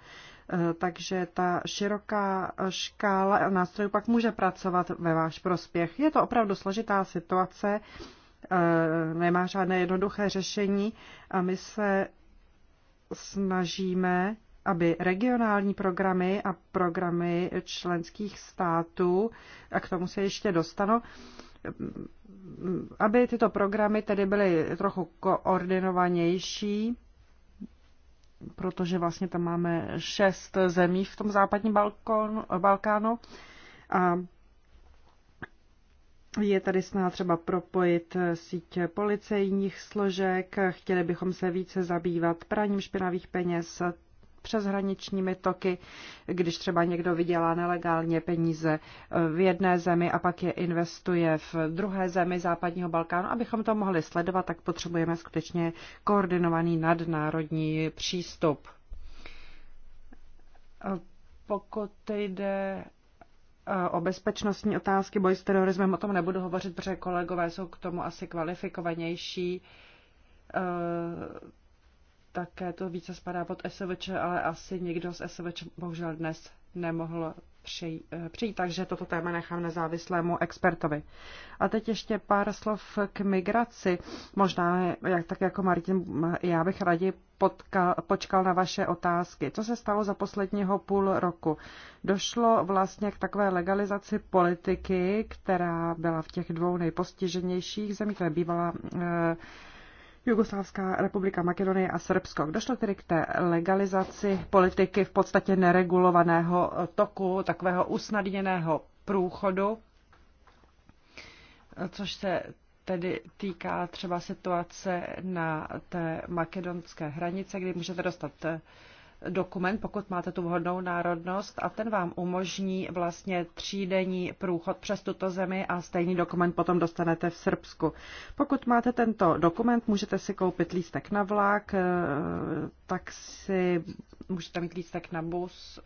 Eh, takže ta široká škála nástrojů pak může pracovat ve váš prospěch. Je to opravdu složitá situace, eh, nemá žádné jednoduché řešení a my se snažíme aby regionální programy a programy členských států, a k tomu se ještě dostanu, aby tyto programy tedy byly trochu koordinovanější, protože vlastně tam máme šest zemí v tom západním Balkánu a je tady snaha třeba propojit síť policejních složek, chtěli bychom se více zabývat praním špinavých peněz, hraničními toky, když třeba někdo vydělá nelegálně peníze eh, v jedné zemi a pak je investuje v druhé zemi západního Balkánu. Abychom to mohli sledovat, tak potřebujeme skutečně koordinovaný nadnárodní přístup. Eh, pokud jde eh, o bezpečnostní otázky, boj s terorismem, o tom nebudu hovořit, protože kolegové jsou k tomu asi kvalifikovanější také to více spadá pod SVČ, ale asi někdo z SVČ bohužel dnes nemohl eh, přijít, takže toto téma nechám nezávislému expertovi. A teď ještě pár slov k migraci. Možná, jak, tak jako Martin, já bych raději potkal, počkal na vaše otázky. Co se stalo za posledního půl roku? Došlo vlastně k takové legalizaci politiky, která byla v těch dvou nejpostiženějších zemích, je bývala eh, Jugoslávská republika Makedonie a Srbsko. Došlo tedy k té legalizaci politiky v podstatě neregulovaného toku, takového usnadněného průchodu, což se tedy týká třeba situace na té makedonské hranice, kdy můžete dostat dokument, pokud máte tu vhodnou národnost a ten vám umožní vlastně třídenní průchod přes tuto zemi a stejný dokument potom dostanete v Srbsku. Pokud máte tento dokument, můžete si koupit lístek na vlak, eh, tak si můžete mít lístek na bus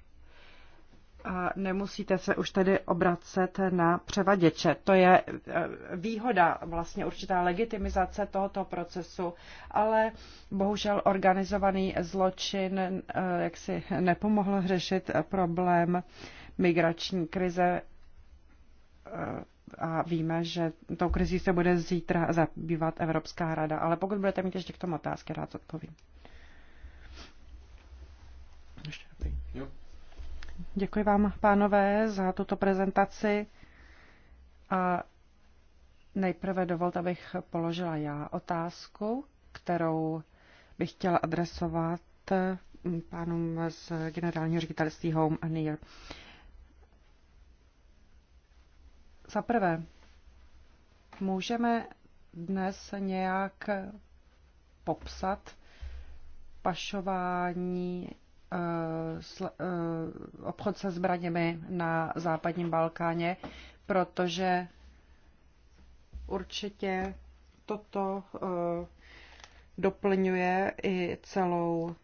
a nemusíte se už tedy obracet na převaděče. To je e, výhoda, vlastně určitá legitimizace tohoto procesu, ale bohužel organizovaný zločin e, jak si nepomohl řešit problém migrační krize e, a víme, že tou krizí se bude zítra zabývat Evropská rada. Ale pokud budete mít ještě k tomu otázky, rád odpovím. Děkuji vám, pánové, za tuto prezentaci. A nejprve dovolte, abych položila já otázku, kterou bych chtěla adresovat pánům z generálního ředitelství Home a Near. Za prvé, můžeme dnes nějak popsat pašování Eh, eh, obchod se zbraněmi na západním Balkáně, protože určitě toto eh, doplňuje i celou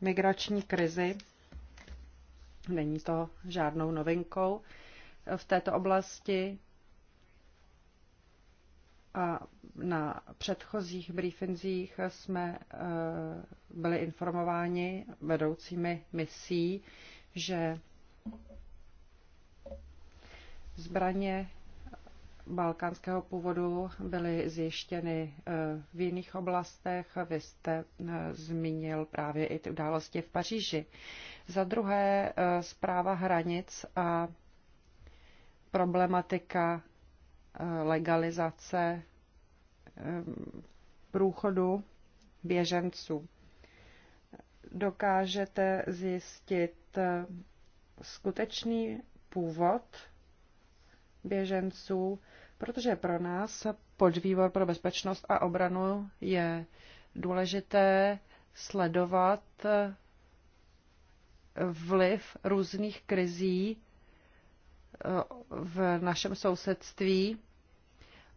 migrační krizi. Není to žádnou novinkou v této oblasti a na předchozích briefinzích jsme eh, byli informováni vedoucími misí, že zbraně balkánského původu byly zjištěny eh, v jiných oblastech. Vy jste eh, zmínil právě i ty události v Paříži. Za druhé zpráva hranic a problematika legalizace eh, průchodu běženců. Dokážete zjistit eh, skutečný původ běženců, protože pro nás podvýbor pro bezpečnost a obranu je důležité sledovat eh, vliv různých krizí v našem sousedství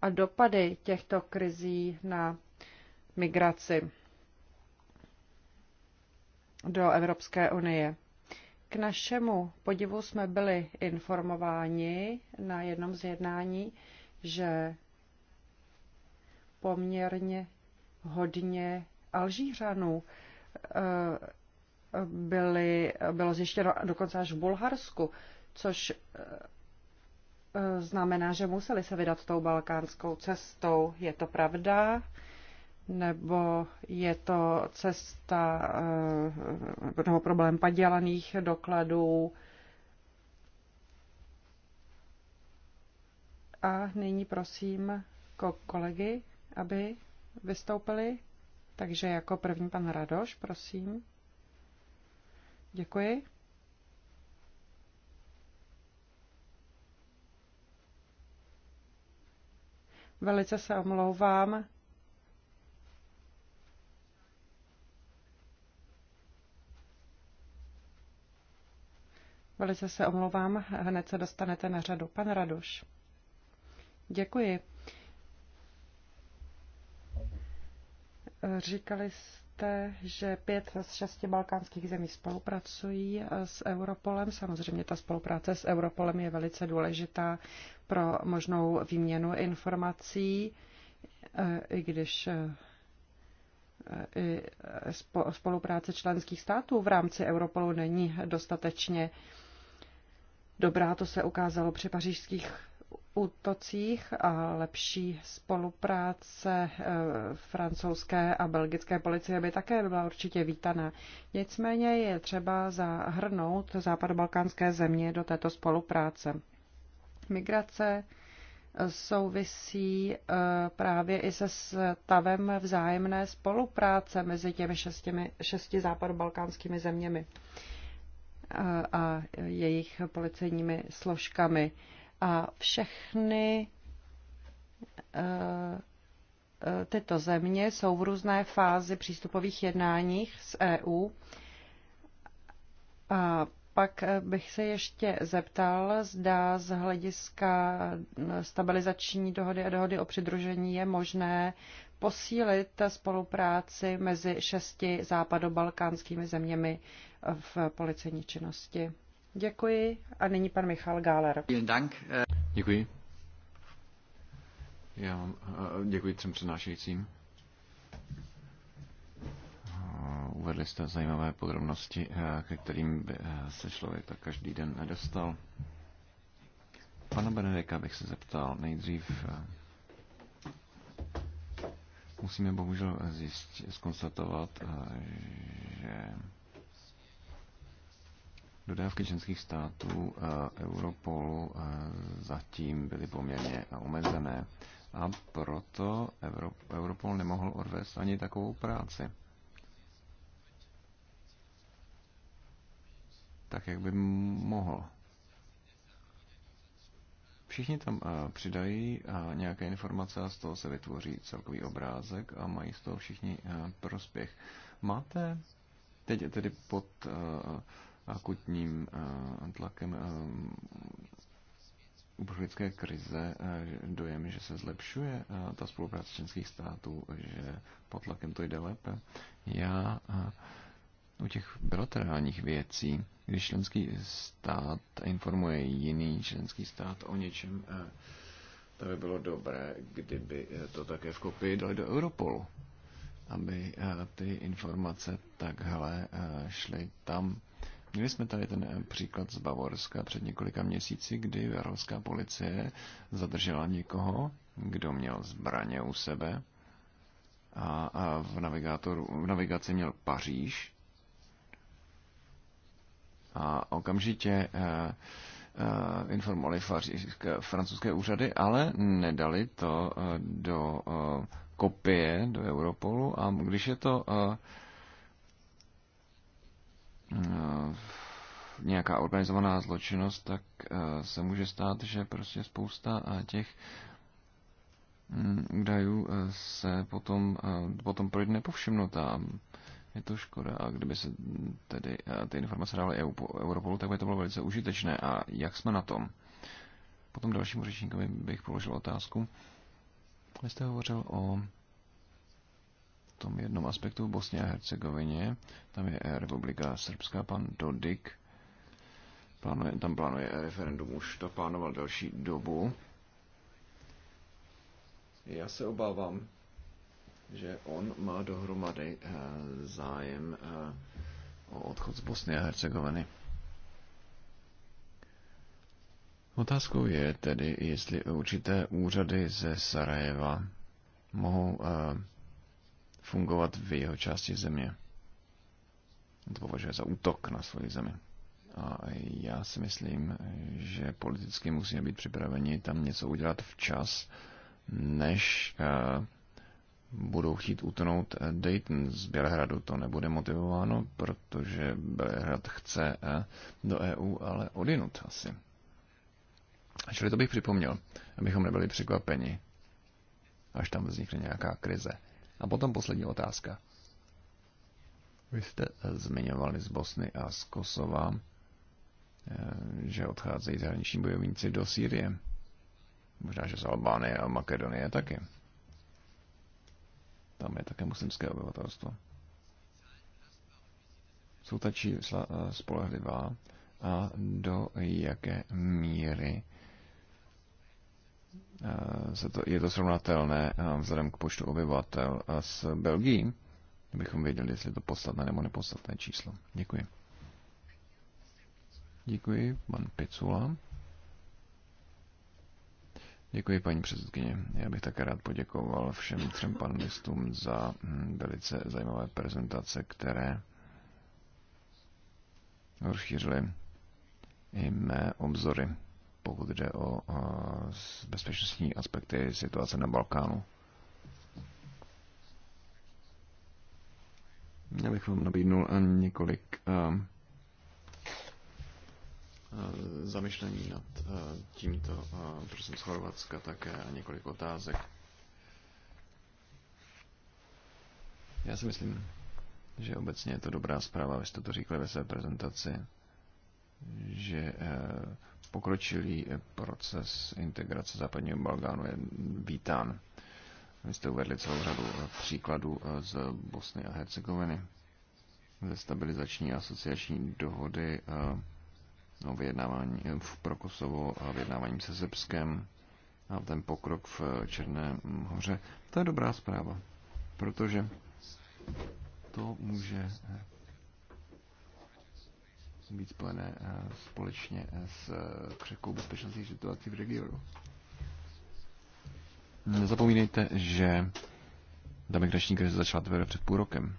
a dopady těchto krizí na migraci do Evropské unie. K našemu podivu jsme byli informováni na jednom z jednání, že poměrně hodně Alžířanů eh, byly, bylo zjištěno dokonce až v Bulharsku, což eh, E, znamená, že museli se vydat tou balkánskou cestou. Je to pravda? Nebo je to cesta e, nebo problém padělaných dokladů? A nyní prosím kolegy, aby vystoupili. Takže jako první pan Radoš, prosím. Děkuji. Velice se omlouvám. Velice se omlouvám, hned se dostanete na řadu. Pan Raduš. Děkuji. Říkali jste, víte, že pět z šesti balkánských zemí spolupracují eh, s Europolem. Samozřejmě ta spolupráce s Europolem je velice důležitá pro možnou výměnu informací, eh, i když eh, i spolupráce členských států v rámci Europolu není dostatečně dobrá. To se ukázalo při pařížských útocích a lepší spolupráce eh, francouzské a belgické policie by také byla určitě vítaná. Nicméně je třeba zahrnout západobalkánské země do této spolupráce. Migrace eh, souvisí eh, právě i se stavem vzájemné spolupráce mezi těmi šestimi, šesti západobalkánskými zeměmi a jejich policejními složkami. A všechny eh, eh, tyto země jsou v různé fázi přístupových jednáních s EU. A pak eh, bych se ještě zeptal, zda z hlediska stabilizační dohody a dohody o přidružení je možné posílit spolupráci mezi šesti západobalkánskými zeměmi v policejní činnosti. Děkuji a nyní pan Michal Gáler. Děkuji. Já vám eh, děkuji třem přednášejícím. Eh, uvedli jste zajímavé podrobnosti, eh, ke kterým by se člověk tak každý den nedostal. Pana Benedeka bych se zeptal nejdřív. Musíme bohužel zjistit, zkonstatovat, že Dodávky členských států eh, Europolu eh, zatím byly poměrně omezené a proto Europol nemohl odvést ani takovou práci. Tak, jak by mohl. Všichni tam eh, přidají a nějaké informace a z toho se vytvoří celkový obrázek a mají z toho všichni prospěch. Máte teď tedy pod akutním eh, tlakem eh, uprchlické krize eh, dojem, že se zlepšuje ta spolupráce členských států, že pod tlakem to jde lépe. Já u těch bilaterálních věcí, když členský stát informuje jiný členský stát o něčem, to by bylo dobré, kdyby to také v kopii dali do Europolu, aby ty informace takhle šly tam Měli jsme tady ten eh, příklad z Bavorska před několika měsíci, kdy varalská policie zadržela někoho, kdo měl zbraně u sebe a, a v, navigátoru, v navigaci měl Paříž. A okamžitě eh, eh informovali francouzské úřady, ale nedali to eh, do kopie do Europolu a když je to Eh, nějaká organizovaná zločinnost, tak eh, se může stát, že prostě spousta eh, těch mm, údajů se potom, potom projde nepovšimnutá. Je to škoda. A kdyby se mm, tedy ty informace dávaly EU, Europolu, tak by to bylo velice užitečné. A jak jsme na tom? Potom dalšímu řečníkovi bych položil otázku. Vy jste hovořil o tom jednom aspektu v Bosně a Hercegovině. Tam je Republika Srbská, pan Dodik. Plánuje, tam plánuje referendum, už to plánoval další dobu. Já se obávám, že on má dohromady eh, zájem eh, o odchod z Bosny a Hercegoviny. Otázkou je tedy, jestli určité úřady ze Sarajeva mohou eh, fungovat v jeho části země. On to považuje za útok na svoji zemi. A já si myslím, že politicky musíme být připraveni tam něco udělat včas, než eh, budou chtít utnout eh, Dayton z Bělehradu. To nebude motivováno, protože Bělehrad chce eh, do EU, ale odinut asi. Čili to bych připomněl, abychom nebyli překvapeni, až tam vznikne nějaká krize. A potom poslední otázka. Vy jste eh, zmiňovali z Bosny a z Kosova, eh, že odcházejí zahraniční bojovníci do Sýrie. Možná, že z Albánie a Makedonie taky. Tam je také muslimské obyvatelstvo. Jsou ta čísla eh, spolehlivá a do jaké míry Eh, se to, je to srovnatelné eh, vzhledem k počtu obyvatel eh, s Belgií, abychom věděli, jestli je to podstatné nebo nepodstatné číslo. Děkuji. Děkuji, pan Picula. Děkuji, paní předsedkyně. Já bych také rád poděkoval všem třem panelistům za hm, velice zajímavé prezentace, které rozšířily i mé obzory pokud jde o bezpečnostní aspekty situace na Balkánu. Já bych vám nabídnul několik zamyšlení nad tímto, protože jsem z Chorvatska také a několik otázek. Já si myslím, že obecně je to dobrá zpráva, vy jste to říkali ve své prezentaci že eh, pokročilý eh, proces integrace západního Balkánu je vítán. Vy jste uvedli celou řadu eh, příkladů z Bosny a Hercegoviny, ze stabilizační a asociační dohody o vyjednávání v Prokosovo a vyjednávání se Zepskem a ten pokrok v Černé hoře. To je dobrá zpráva, protože to může být spojené eh, společně eh, s eh, křehkou bezpečnostní situací v regionu. Nezapomínejte, že ta migrační krize začala teprve před půl rokem.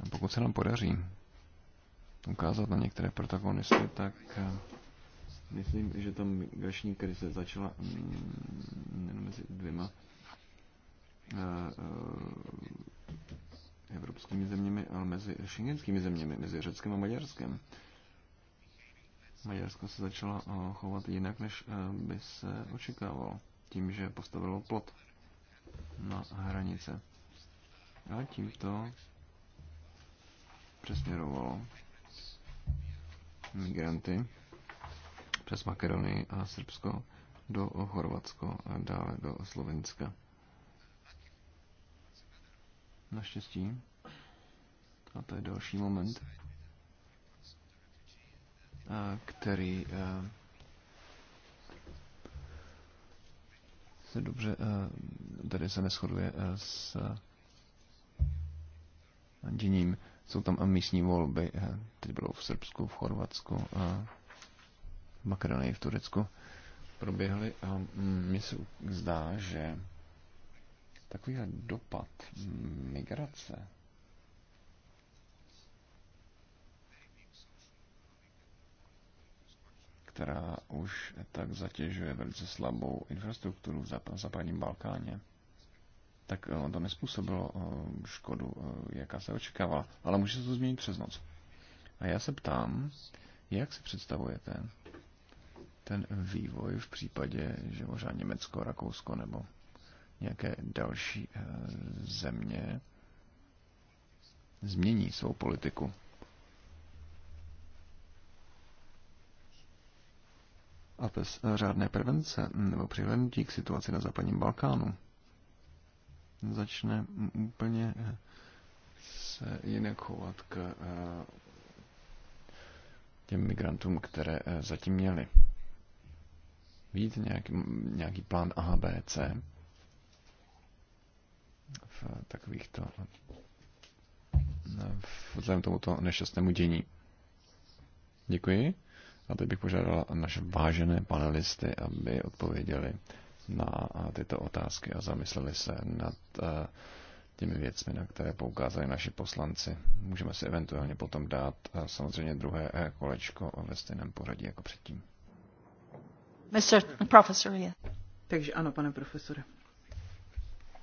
A pokud se nám podaří ukázat na některé protagonisty, tak myslím, že ta migrační krize začala mm, jenom mezi dvěma evropskými zeměmi, ale mezi šengenskými zeměmi, mezi Řeckem a Maďarskem. Maďarsko se začalo eh, chovat jinak, než eh, by se očekávalo, tím, že postavilo plot na hranice. A tím to přesměrovalo migranty přes Makedonii a Srbsko do Chorvatsko a dále do Slovenska. Naštěstí. A to je další moment, eh, který eh, se dobře, eh, tady se neschoduje s děním. Jsou tam místní volby, teď bylo v Srbsku, v Chorvatsku, v Makedonii, v Turecku proběhly a mm, mně se zdá, že takovýhle dopad migrace která už tak zatěžuje velice slabou infrastrukturu v západním Balkáně, tak eh, on to nespůsobilo eh, škodu, eh, jaká se očekávala. Ale může se to změnit přes noc. A já se ptám, jak si představujete ten vývoj v případě, že možná Německo, Rakousko nebo nějaké další eh, země změní svou politiku. A bez řádné prevence nebo přihlednutí k situaci na západním Balkánu začne úplně eh, se jinak chovat k eh, těm migrantům, které zatím měli. Vidíte nějaký, nějaký plán A, B, C? v takovýchto vzhledem tomuto nešťastnému dění. Děkuji. A teď bych požádala naše vážené panelisty, aby odpověděli na tyto otázky a zamysleli se nad eh, těmi věcmi, na které poukázali naši poslanci. Můžeme si eventuálně potom dát eh, samozřejmě druhé eh, kolečko ve stejném pořadí jako předtím. Mr. Professor, yeah. Takže ano, pane profesore.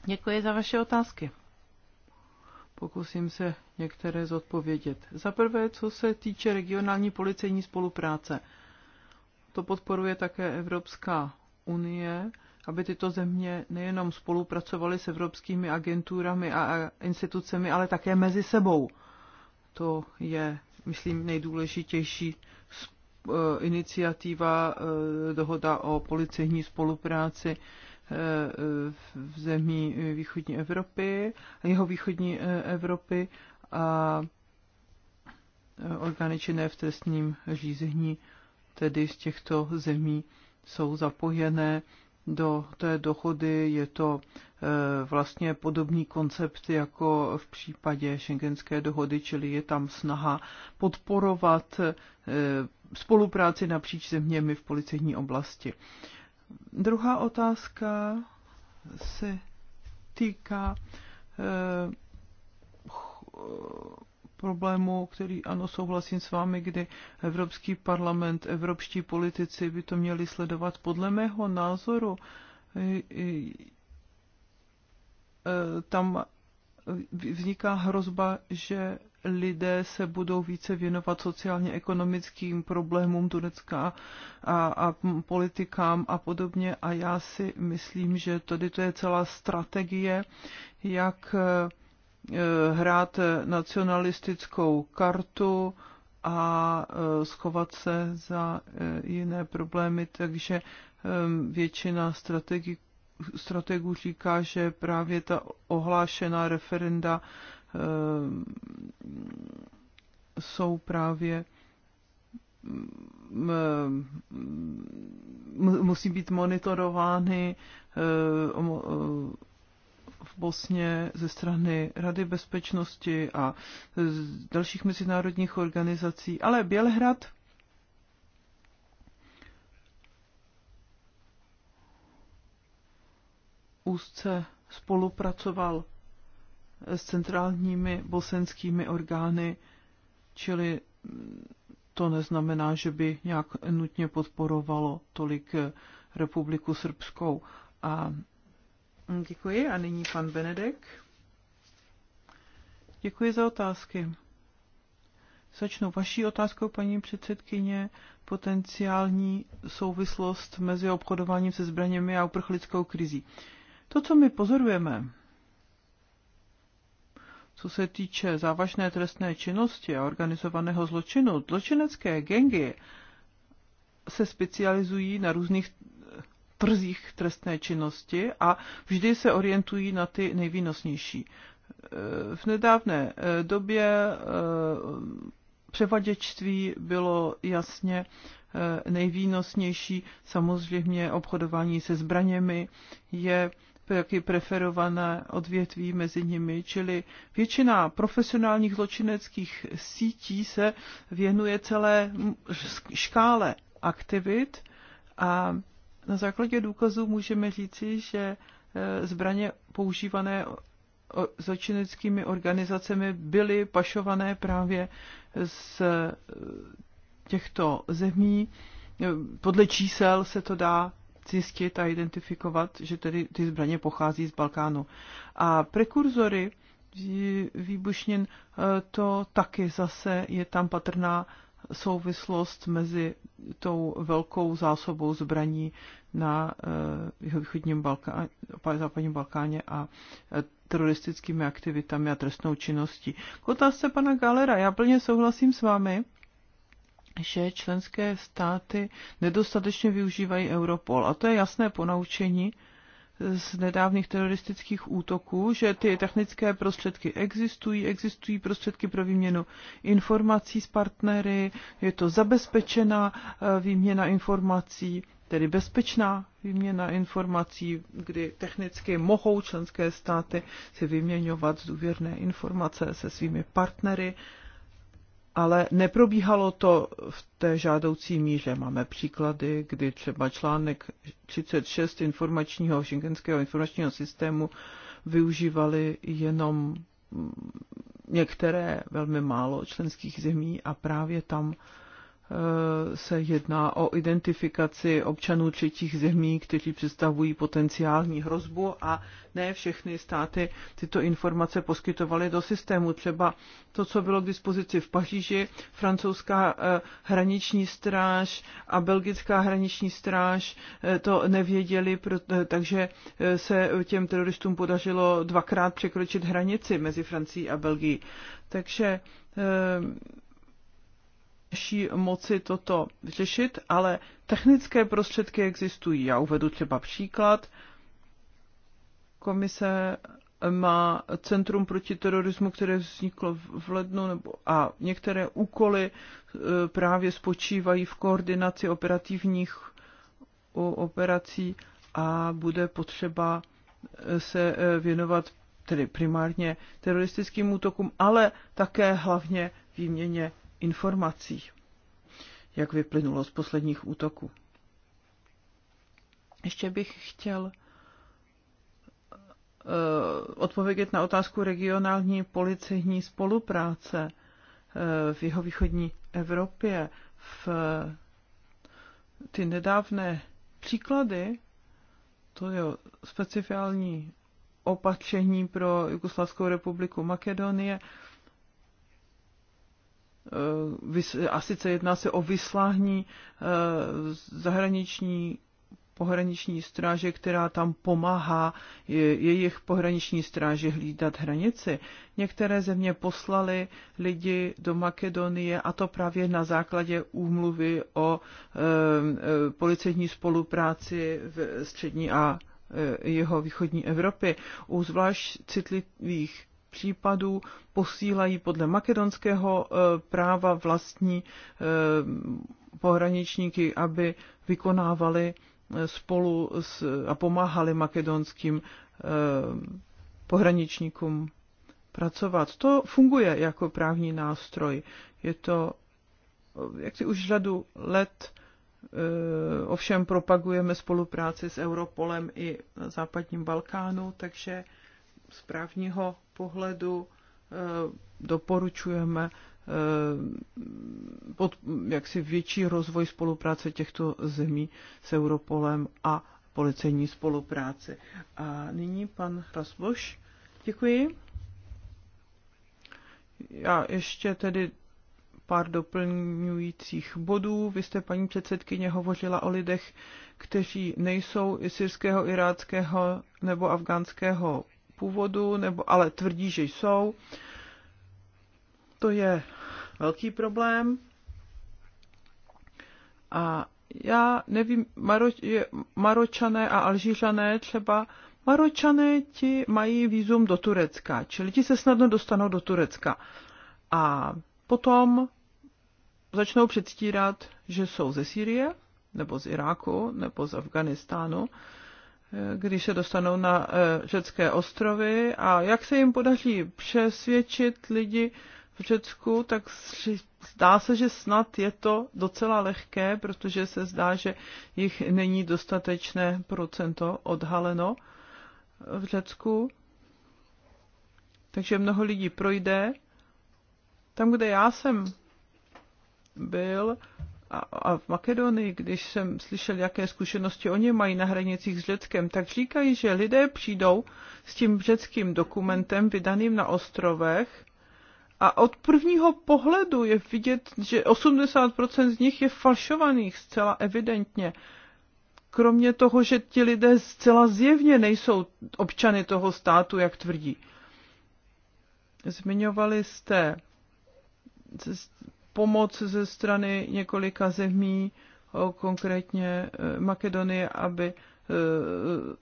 Děkuji za vaše otázky. Pokusím se některé zodpovědět. Za prvé, co se týče regionální policejní spolupráce. To podporuje také Evropská unie, aby tyto země nejenom spolupracovaly s evropskými agenturami a institucemi, ale také mezi sebou. To je, myslím, nejdůležitější eh, iniciativa, eh, dohoda o policejní spolupráci Eh, v zemí východní Evropy, jeho východní eh, Evropy a eh, orgány činné v trestním řízení tedy z těchto zemí jsou zapojené do té dohody. Je to vlastně podobný koncept jako v případě šengenské dohody, čili je tam snaha podporovat spolupráci napříč zeměmi v policejní oblasti. Druhá otázka se týká eh, eh, problému, který ano, souhlasím s vámi, kdy Evropský parlament, evropští politici by to měli sledovat. Podle mého názoru eh, tam vzniká hrozba, že lidé se budou více věnovat sociálně-ekonomickým problémům Turecka a, a politikám a podobně. A já si myslím, že tady to je celá strategie, jak eh, hrát nacionalistickou kartu a eh, schovat se za eh, jiné problémy. Takže většina strategiků strategů říká, že právě ta ohlášená referenda Eh, jsou právě mm, eh, musí být monitorovány eh, v Bosně ze strany Rady bezpečnosti a z dalších mezinárodních organizací, ale Bělhrad úzce spolupracoval s centrálními bosenskými orgány, čili to neznamená, že by nějak nutně podporovalo tolik eh, Republiku Srbskou. A mm, děkuji. A nyní pan Benedek. Děkuji za otázky. Začnu vaší otázkou, paní předsedkyně, potenciální souvislost mezi obchodováním se zbraněmi a uprchlickou krizí. To, co my pozorujeme, co se týče závažné trestné činnosti a organizovaného zločinu, zločinecké gengy se specializují na různých trzích trestné činnosti a vždy se orientují na ty nejvýnosnější. V nedávné eh, době eh, převaděčství bylo jasně eh, nejvýnosnější. Samozřejmě obchodování se zbraněmi je taky preferované odvětví mezi nimi, čili většina profesionálních zločineckých sítí se věnuje celé škále aktivit a na základě důkazů můžeme říci, že e, zbraně používané zločineckými organizacemi byly pašované právě z e, těchto zemí. E, podle čísel se to dá zjistit a identifikovat, že tedy ty zbraně pochází z Balkánu. A prekurzory výbušnin, to taky zase je tam patrná souvislost mezi tou velkou zásobou zbraní na eh, východním Balkáně, západním Balkáně a eh, teroristickými aktivitami a trestnou činností. K otázce pana Galera, já plně souhlasím s vámi, že členské státy nedostatečně využívají Europol. A to je jasné ponaučení z nedávných teroristických útoků, že ty technické prostředky existují, existují prostředky pro výměnu informací s partnery, je to zabezpečená eh, výměna informací, tedy bezpečná výměna informací, kdy technicky mohou členské státy si vyměňovat důvěrné informace se svými partnery ale neprobíhalo to v té žádoucí míře. Máme příklady, kdy třeba článek 36 informačního šengenského informačního systému využívali jenom mm, některé velmi málo členských zemí a právě tam Eh, se jedná o identifikaci občanů třetích zemí, kteří představují potenciální hrozbu a ne všechny státy tyto informace poskytovaly do systému. Třeba to, co bylo k dispozici v Paříži, francouzská eh, hraniční stráž a belgická hraniční stráž eh, to nevěděli, takže se těm teroristům podařilo dvakrát překročit hranici mezi Francií a Belgií. Takže naší moci toto řešit, ale technické prostředky existují. Já uvedu třeba příklad. Komise má Centrum proti terorismu, které vzniklo v lednu, nebo, a některé úkoly e, právě spočívají v koordinaci operativních operací a bude potřeba e, se e, věnovat tedy primárně teroristickým útokům, ale také hlavně výměně informací, jak vyplynulo z posledních útoků. Ještě bych chtěl eh, odpovědět na otázku regionální policejní spolupráce eh, v jeho východní Evropě. V eh, ty nedávné příklady, to je speciální opatření pro Jugoslavskou republiku Makedonie, Eh, a sice jedná se o vyslání eh, zahraniční pohraniční stráže, která tam pomáhá jejich pohraniční stráže hlídat hranici. Některé země poslali lidi do Makedonie a to právě na základě úmluvy o e, policejní spolupráci v střední a jeho východní Evropy. U zvlášť citlivých případů posílají podle makedonského eh, práva vlastní eh, pohraničníky, aby vykonávali eh, spolu s, a pomáhali makedonským pohraničníkům pracovat. To funguje jako právní nástroj. Je to, jak si už řadu let ovšem propagujeme spolupráci s Europolem i na západním Balkánu, takže z právního pohledu eh, doporučujeme eh, pod jaksi větší rozvoj spolupráce těchto zemí s Europolem a policejní spolupráci. A nyní pan Rasboš. Děkuji. Já ještě tedy pár doplňujících bodů. Vy jste, paní předsedkyně, hovořila o lidech, kteří nejsou i syrského, iráckého nebo afgánského původu, nebo, ale tvrdí, že jsou. To je velký problém. A já nevím, Maro, Maročané a Alžířané třeba, Maročané ti mají výzum do Turecka, čili ti se snadno dostanou do Turecka. A potom začnou předstírat, že jsou ze Sýrie, nebo z Iráku, nebo z Afganistánu, když se dostanou na eh, řecké ostrovy a jak se jim podaří přesvědčit lidi v Řecku, tak zdá se, že snad je to docela lehké, protože se zdá, že jich není dostatečné procento odhaleno v Řecku. Takže mnoho lidí projde. Tam, kde já jsem byl, a, a v Makedonii, když jsem slyšel, jaké zkušenosti oni mají na hranicích s Řeckem, tak říkají, že lidé přijdou s tím řeckým dokumentem vydaným na ostrovech a od prvního pohledu je vidět, že 80% z nich je falšovaných zcela evidentně. Kromě toho, že ti lidé zcela zjevně nejsou občany toho státu, jak tvrdí. Zmiňovali jste pomoc ze strany několika zemí, konkrétně e, Makedonie, aby e,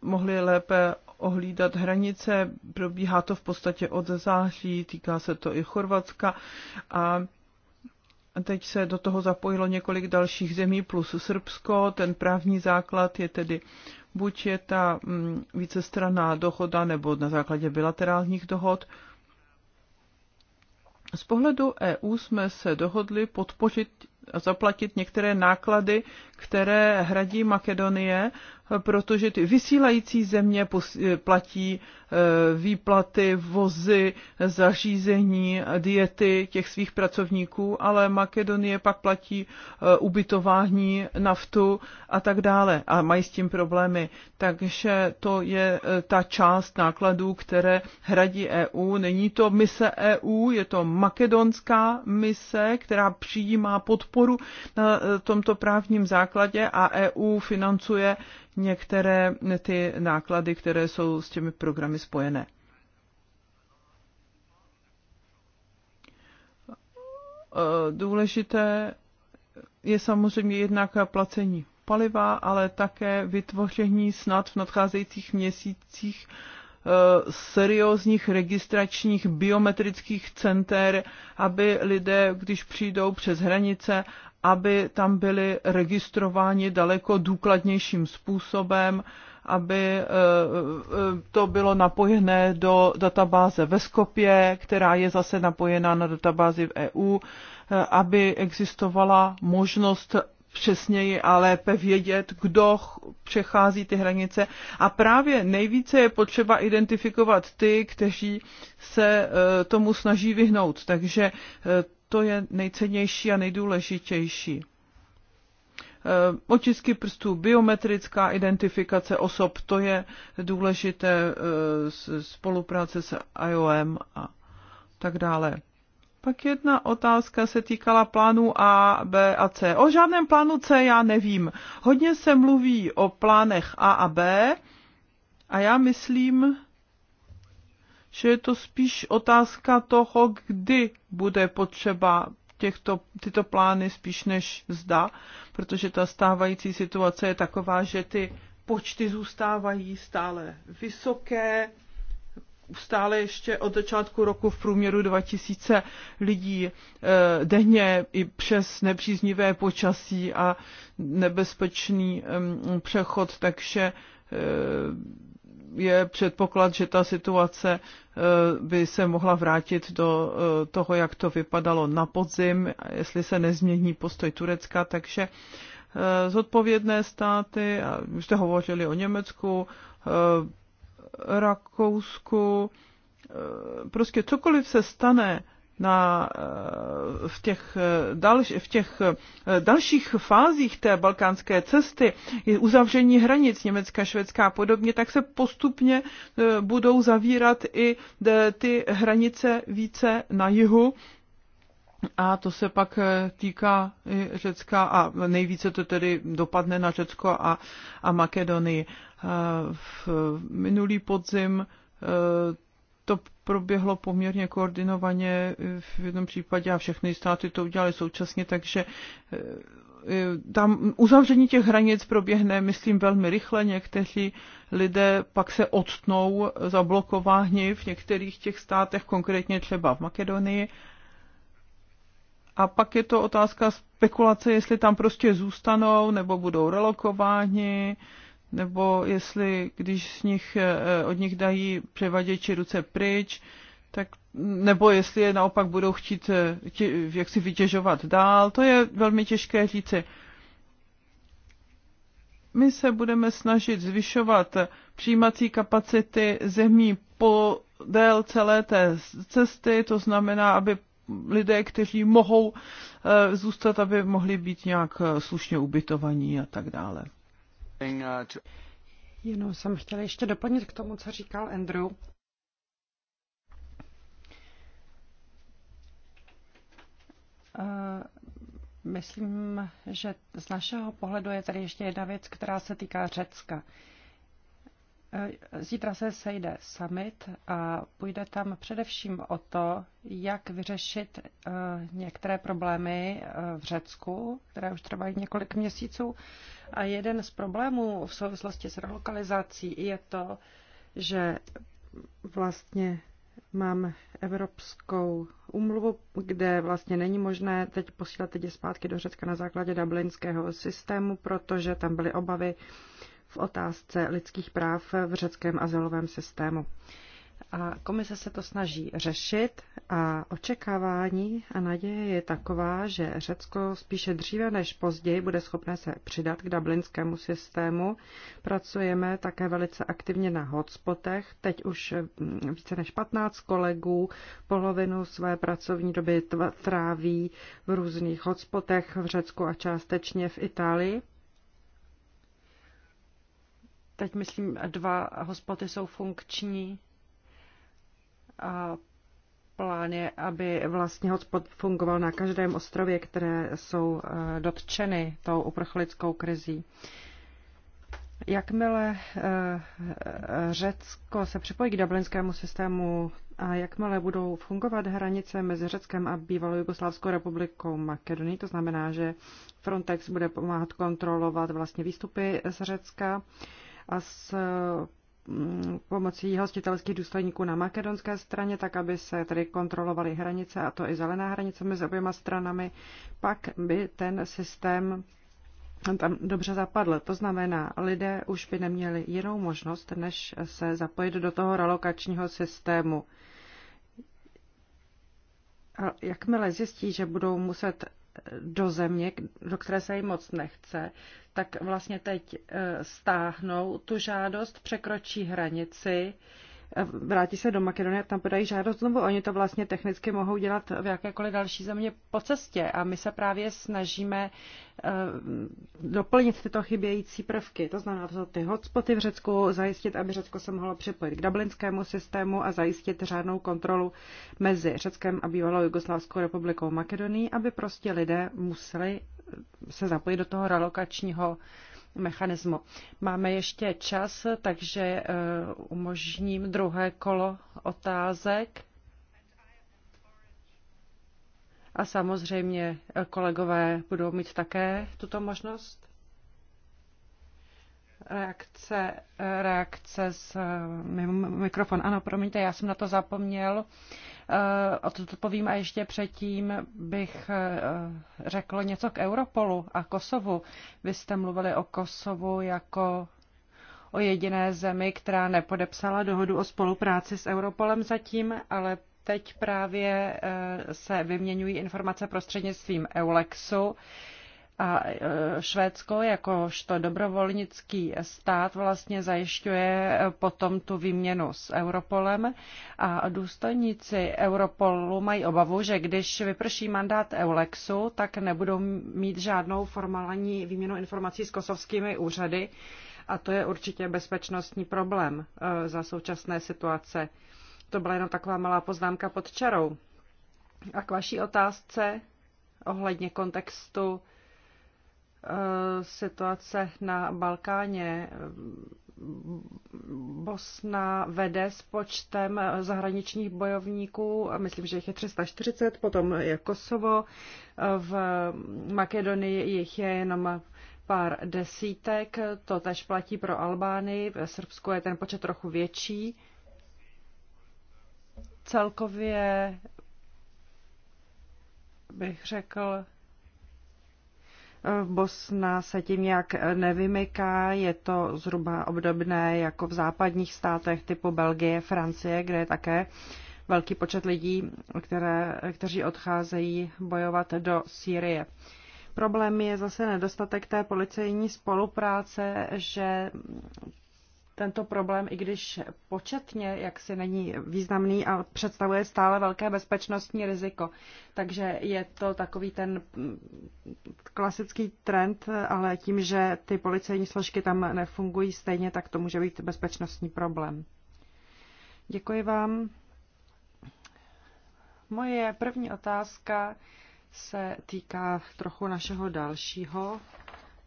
mohli lépe ohlídat hranice. Probíhá to v podstatě od září, týká se to i Chorvatska a Teď se do toho zapojilo několik dalších zemí plus Srbsko. Ten právní základ je tedy buď je ta mm, vícestranná dohoda nebo na základě bilaterálních dohod. Z pohledu EU jsme se dohodli podpořit a zaplatit některé náklady, které hradí Makedonie protože ty vysílající země platí eh, výplaty, vozy, zařízení, diety těch svých pracovníků, ale Makedonie pak platí eh, ubytování, naftu a tak dále a mají s tím problémy. Takže to je eh, ta část nákladů, které hradí EU. Není to mise EU, je to makedonská mise, která přijímá podporu na tomto právním základě a EU financuje některé ty náklady, které jsou s těmi programy spojené. Důležité je samozřejmě jednak placení paliva, ale také vytvoření snad v nadcházejících měsících Eh, seriózních registračních biometrických center, aby lidé, když přijdou přes hranice, aby tam byli registrováni daleko důkladnějším způsobem, aby eh, eh, to bylo napojené do databáze ve Skopě, která je zase napojená na databázi v EU, aby existovala možnost přesněji a lépe vědět, kdo přechází ty hranice. A právě nejvíce je potřeba identifikovat ty, kteří se e, tomu snaží vyhnout. Takže e, to je nejcennější a nejdůležitější. E, otisky prstů, biometrická identifikace osob, to je důležité spolupráce s IOM a tak dále. Pak jedna otázka se týkala plánu A, B a C. O žádném plánu C já nevím. Hodně se mluví o plánech A a B a já myslím, že je to spíš otázka toho, kdy bude potřeba těchto, tyto plány spíš než zda, protože ta stávající situace je taková, že ty počty zůstávají stále vysoké stále ještě od začátku roku v průměru 2000 lidí eh, denně i přes nepříznivé počasí a nebezpečný přechod, takže eh, je předpoklad, že ta situace eh, by se mohla vrátit do toho, jak to vypadalo na podzim, jestli se nezmění postoj Turecka, takže zodpovědné státy, a už jste hovořili o Německu, Rakousku, eh, prostě cokoliv se stane na, eh, v, těch eh, dalš, v těch dalších fázích té balkánské cesty, je uzavření hranic Německa, Švédska a podobně, tak se postupně budou zavírat i ty hranice více na jihu. A to se pak týká i Řecka a nejvíce to tedy dopadne na Řecko a, a Makedonii. Eh, v minulý podzim eh, to proběhlo poměrně koordinovaně eh, v jednom případě a všechny státy to udělali současně, takže tam uzavření těch hranic proběhne, myslím, velmi rychle. Někteří lidé pak se odtnou zablokováni v některých těch státech, konkrétně třeba v Makedonii. A pak je to otázka spekulace, jestli tam prostě zůstanou nebo budou relokováni nebo jestli když z nich, eh, eh, od nich dají převaděči ruce pryč, tak, nebo jestli je naopak budou chtít eh, tě, jak si vytěžovat dál, to je velmi těžké říci. My se budeme snažit zvyšovat přijímací kapacity zemí po podél celé té cesty, to znamená, aby lidé, kteří mohou zůstat, aby mohli být nějak slušně ubytovaní a tak dále. Uh, Jenom jsem chtěla ještě doplnit k tomu, co říkal Andrew. Eh, myslím, že z našeho pohledu je tady ještě jedna věc, která se týká Řecka. Zítra se sejde summit a půjde tam především o to, jak vyřešit eh, některé problémy eh, v Řecku, které už trvají několik měsíců. A jeden z problémů v souvislosti s relokalizací je to, že vlastně mám Evropskou umluvu, kde vlastně není možné teď posílat lidi zpátky do Řecka na základě dublinského systému, protože tam byly obavy, v otázce lidských práv v řeckém azylovém systému. A komise se to snaží řešit a očekávání a naděje je taková, že Řecko spíše dříve než později bude schopné se přidat k dublinskému systému. Pracujeme také velice aktivně na hotspotech. Teď už mm, více než 15 kolegů polovinu své pracovní doby tráví v různých hotspotech v Řecku a částečně v Itálii. Teď myslím, dva hospody jsou funkční a plán je, aby vlastně hospod fungoval na každém ostrově, které jsou eh, dotčeny tou uprchlickou krizí. Jakmile eh, Řecko se připojí k dublinskému systému a jakmile budou fungovat hranice mezi Řeckem a bývalou Jugoslávskou republikou Makedonii, to znamená, že Frontex bude pomáhat kontrolovat vlastně výstupy z Řecka, a s mm, pomocí hostitelských důstojníků na makedonské straně, tak aby se tedy kontrolovaly hranice, a to i zelená hranice mezi oběma stranami, pak by ten systém tam dobře zapadl. To znamená, lidé už by neměli jinou možnost, než se zapojit do toho relokačního systému. A jakmile zjistí, že budou muset do země, do které se jí moc nechce, tak vlastně teď eh, stáhnou tu žádost, překročí hranici, vrátí se do Makedonie, a tam podají žádost znovu. Oni to vlastně technicky mohou dělat v jakékoliv další země po cestě a my se právě snažíme eh, doplnit tyto chybějící prvky. To znamená to ty hotspoty v Řecku, zajistit, aby Řecko se mohlo připojit k dublinskému systému a zajistit řádnou kontrolu mezi Řeckem a bývalou Jugoslávskou republikou Makedonii, aby prostě lidé museli se zapojit do toho relokačního mechanismu. Máme ještě čas, takže eh, umožním druhé kolo otázek. A samozřejmě eh, kolegové budou mít také tuto možnost. Reakce, reakce s eh, mikrofon. Ano, promiňte, já jsem na to zapomněl. Eh, o to to povím a ještě předtím bych eh, řekl něco k Europolu a Kosovu. Vy jste mluvili o Kosovu jako o jediné zemi, která nepodepsala dohodu o spolupráci s Europolem zatím, ale teď právě se vyměňují informace prostřednictvím Eulexu. A e, Švédsko jakožto dobrovolnický stát vlastně zajišťuje e, potom tu výměnu s Europolem a důstojníci Europolu mají obavu, že když vyprší mandát Eulexu, tak nebudou mít žádnou formální výměnu informací s kosovskými úřady a to je určitě bezpečnostní problém e, za současné situace. To byla jenom taková malá poznámka pod čarou. A k vaší otázce ohledně kontextu Eh, situace na Balkáně. Bosna vede s počtem zahraničních bojovníků, myslím, že jich je 340, potom je Kosovo, v Makedonii jich je jenom pár desítek, to tež platí pro Albánii, v Srbsku je ten počet trochu větší. Celkově bych řekl, Bosna se tím nějak nevymyká, je to zhruba obdobné jako v západních státech typu Belgie, Francie, kde je také velký počet lidí, které, kteří odcházejí bojovat do Sýrie. Problém je zase nedostatek té policejní spolupráce, že tento problém, i když početně jaksi není významný a představuje stále velké bezpečnostní riziko. Takže je to takový ten klasický trend, ale tím, že ty policejní složky tam nefungují stejně, tak to může být bezpečnostní problém. Děkuji vám. Moje první otázka se týká trochu našeho dalšího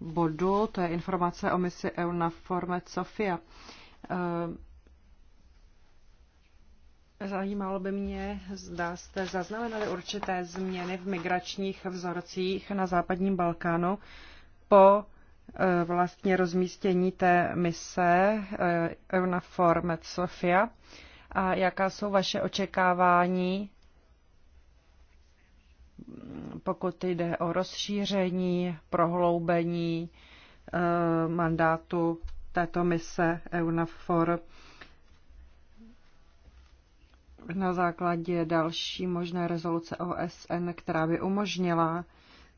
bodu, to je informace o misi EU na forme Sofia. Eh, zajímalo by mě, zda jste zaznamenali určité změny v migračních vzorcích na západním Balkánu po eh, vlastně rozmístění té mise eh, EUNAFOR Med Sofia a jaká jsou vaše očekávání pokud jde o rozšíření, prohloubení eh, mandátu této mise EUNAFOR na základě další možné rezoluce OSN, která by umožnila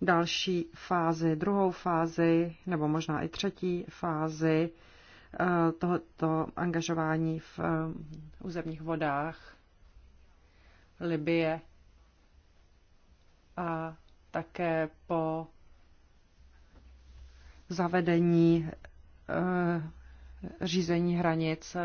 další fázi, druhou fázi nebo možná i třetí fázi eh, tohoto angažování v eh, územních vodách Libie a také po zavedení eh, řízení hranic eh,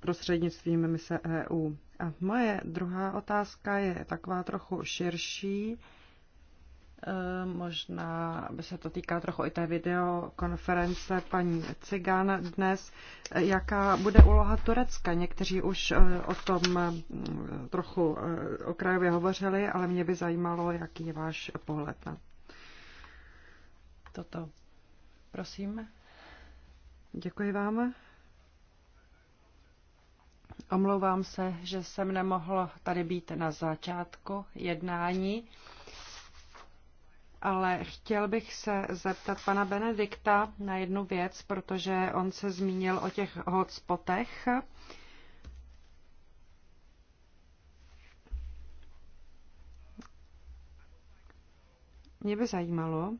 prostřednictvím mise EU. A moje druhá otázka je taková trochu širší. Eh, možná by se to týká trochu i té videokonference paní Cigan dnes. Eh, jaká bude úloha Turecka? Někteří už eh, o tom mm, trochu okrajově hovořili, ale mě by zajímalo, jaký je váš pohled na toto. Prosím. Děkuji vám. Omlouvám se, že jsem nemohl tady být na začátku jednání ale chtěl bych se zeptat pana Benedikta na jednu věc, protože on se zmínil o těch hotspotech. Mě by zajímalo,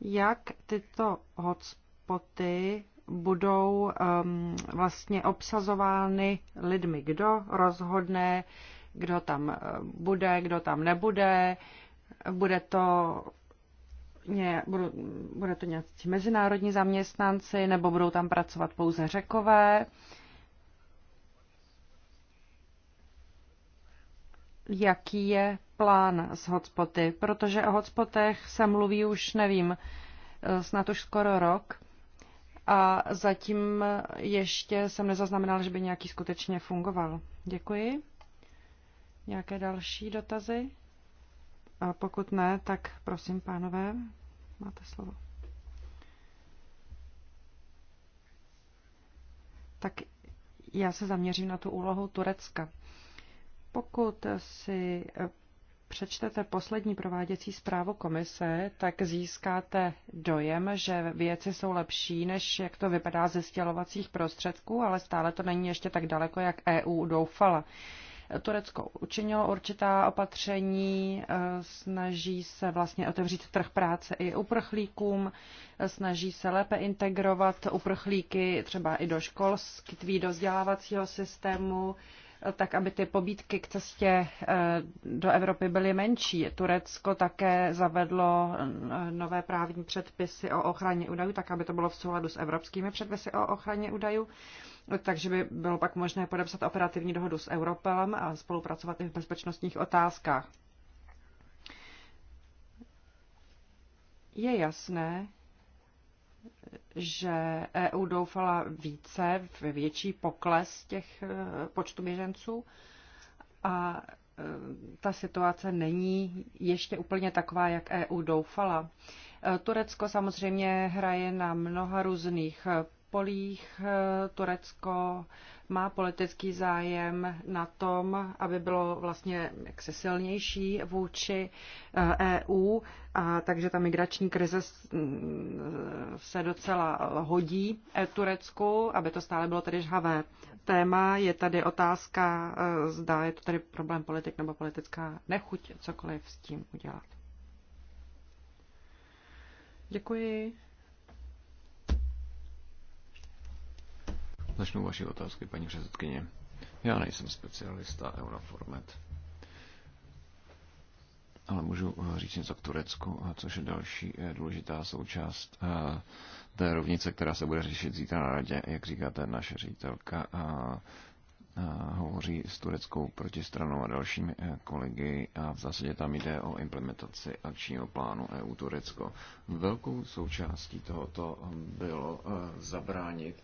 jak tyto hotspoty budou um, vlastně obsazovány lidmi. Kdo rozhodne, uh, kdo tam eh, bude, kdo tam nebude, bude to ně, budu, bude to nějaký mezinárodní zaměstnanci, nebo budou tam pracovat pouze řekové. Jaký je plán s hotspoty? Protože o hotspotech se mluví už, nevím, eh, snad už skoro rok a zatím ještě jsem nezaznamenal, že by nějaký skutečně fungoval. Děkuji. Nějaké další dotazy? A pokud ne, tak prosím, pánové, máte slovo. Tak já se zaměřím na tu úlohu Turecka. Pokud si přečtete poslední prováděcí zprávu komise, tak získáte dojem, že věci jsou lepší, než jak to vypadá ze stělovacích prostředků, ale stále to není ještě tak daleko, jak EU doufala. Turecko učinilo určitá opatření, eh, snaží se vlastně otevřít trh práce i uprchlíkům, eh, snaží se lépe integrovat uprchlíky třeba i do školství, do vzdělávacího systému, eh, tak aby ty pobídky k cestě do Evropy byly menší. Turecko také zavedlo nové právní předpisy o ochraně údajů, tak aby to bylo v souladu s evropskými předpisy o ochraně údajů takže by bylo pak možné podepsat operativní dohodu s Europelem a spolupracovat i v bezpečnostních otázkách. Je jasné, že EU doufala více, v větší pokles těch e, počtu běženců a e, ta situace není ještě úplně taková, jak EU doufala. E, Turecko samozřejmě hraje na mnoha různých polích eh, Turecko má politický zájem na tom, aby bylo vlastně jaksi silnější vůči EU, eh, e a takže ta migrační krize mm, se docela hodí eh, Turecku, aby to stále bylo tedy žhavé téma. Je tady otázka, zda je to tady problém politik nebo politická nechuť cokoliv s tím udělat. Děkuji. Začnu vaši otázky, paní předsedkyně. Já nejsem specialista Euroformat, ale můžu říct něco k Turecku, což je další eh, důležitá součást eh, té rovnice, která se bude řešit zítra na radě, jak říkáte, naše ředitelka hovoří s tureckou protistranou a dalšími eh, kolegy a v zásadě tam jde o implementaci akčního plánu EU Turecko. Velkou součástí tohoto bylo zabránit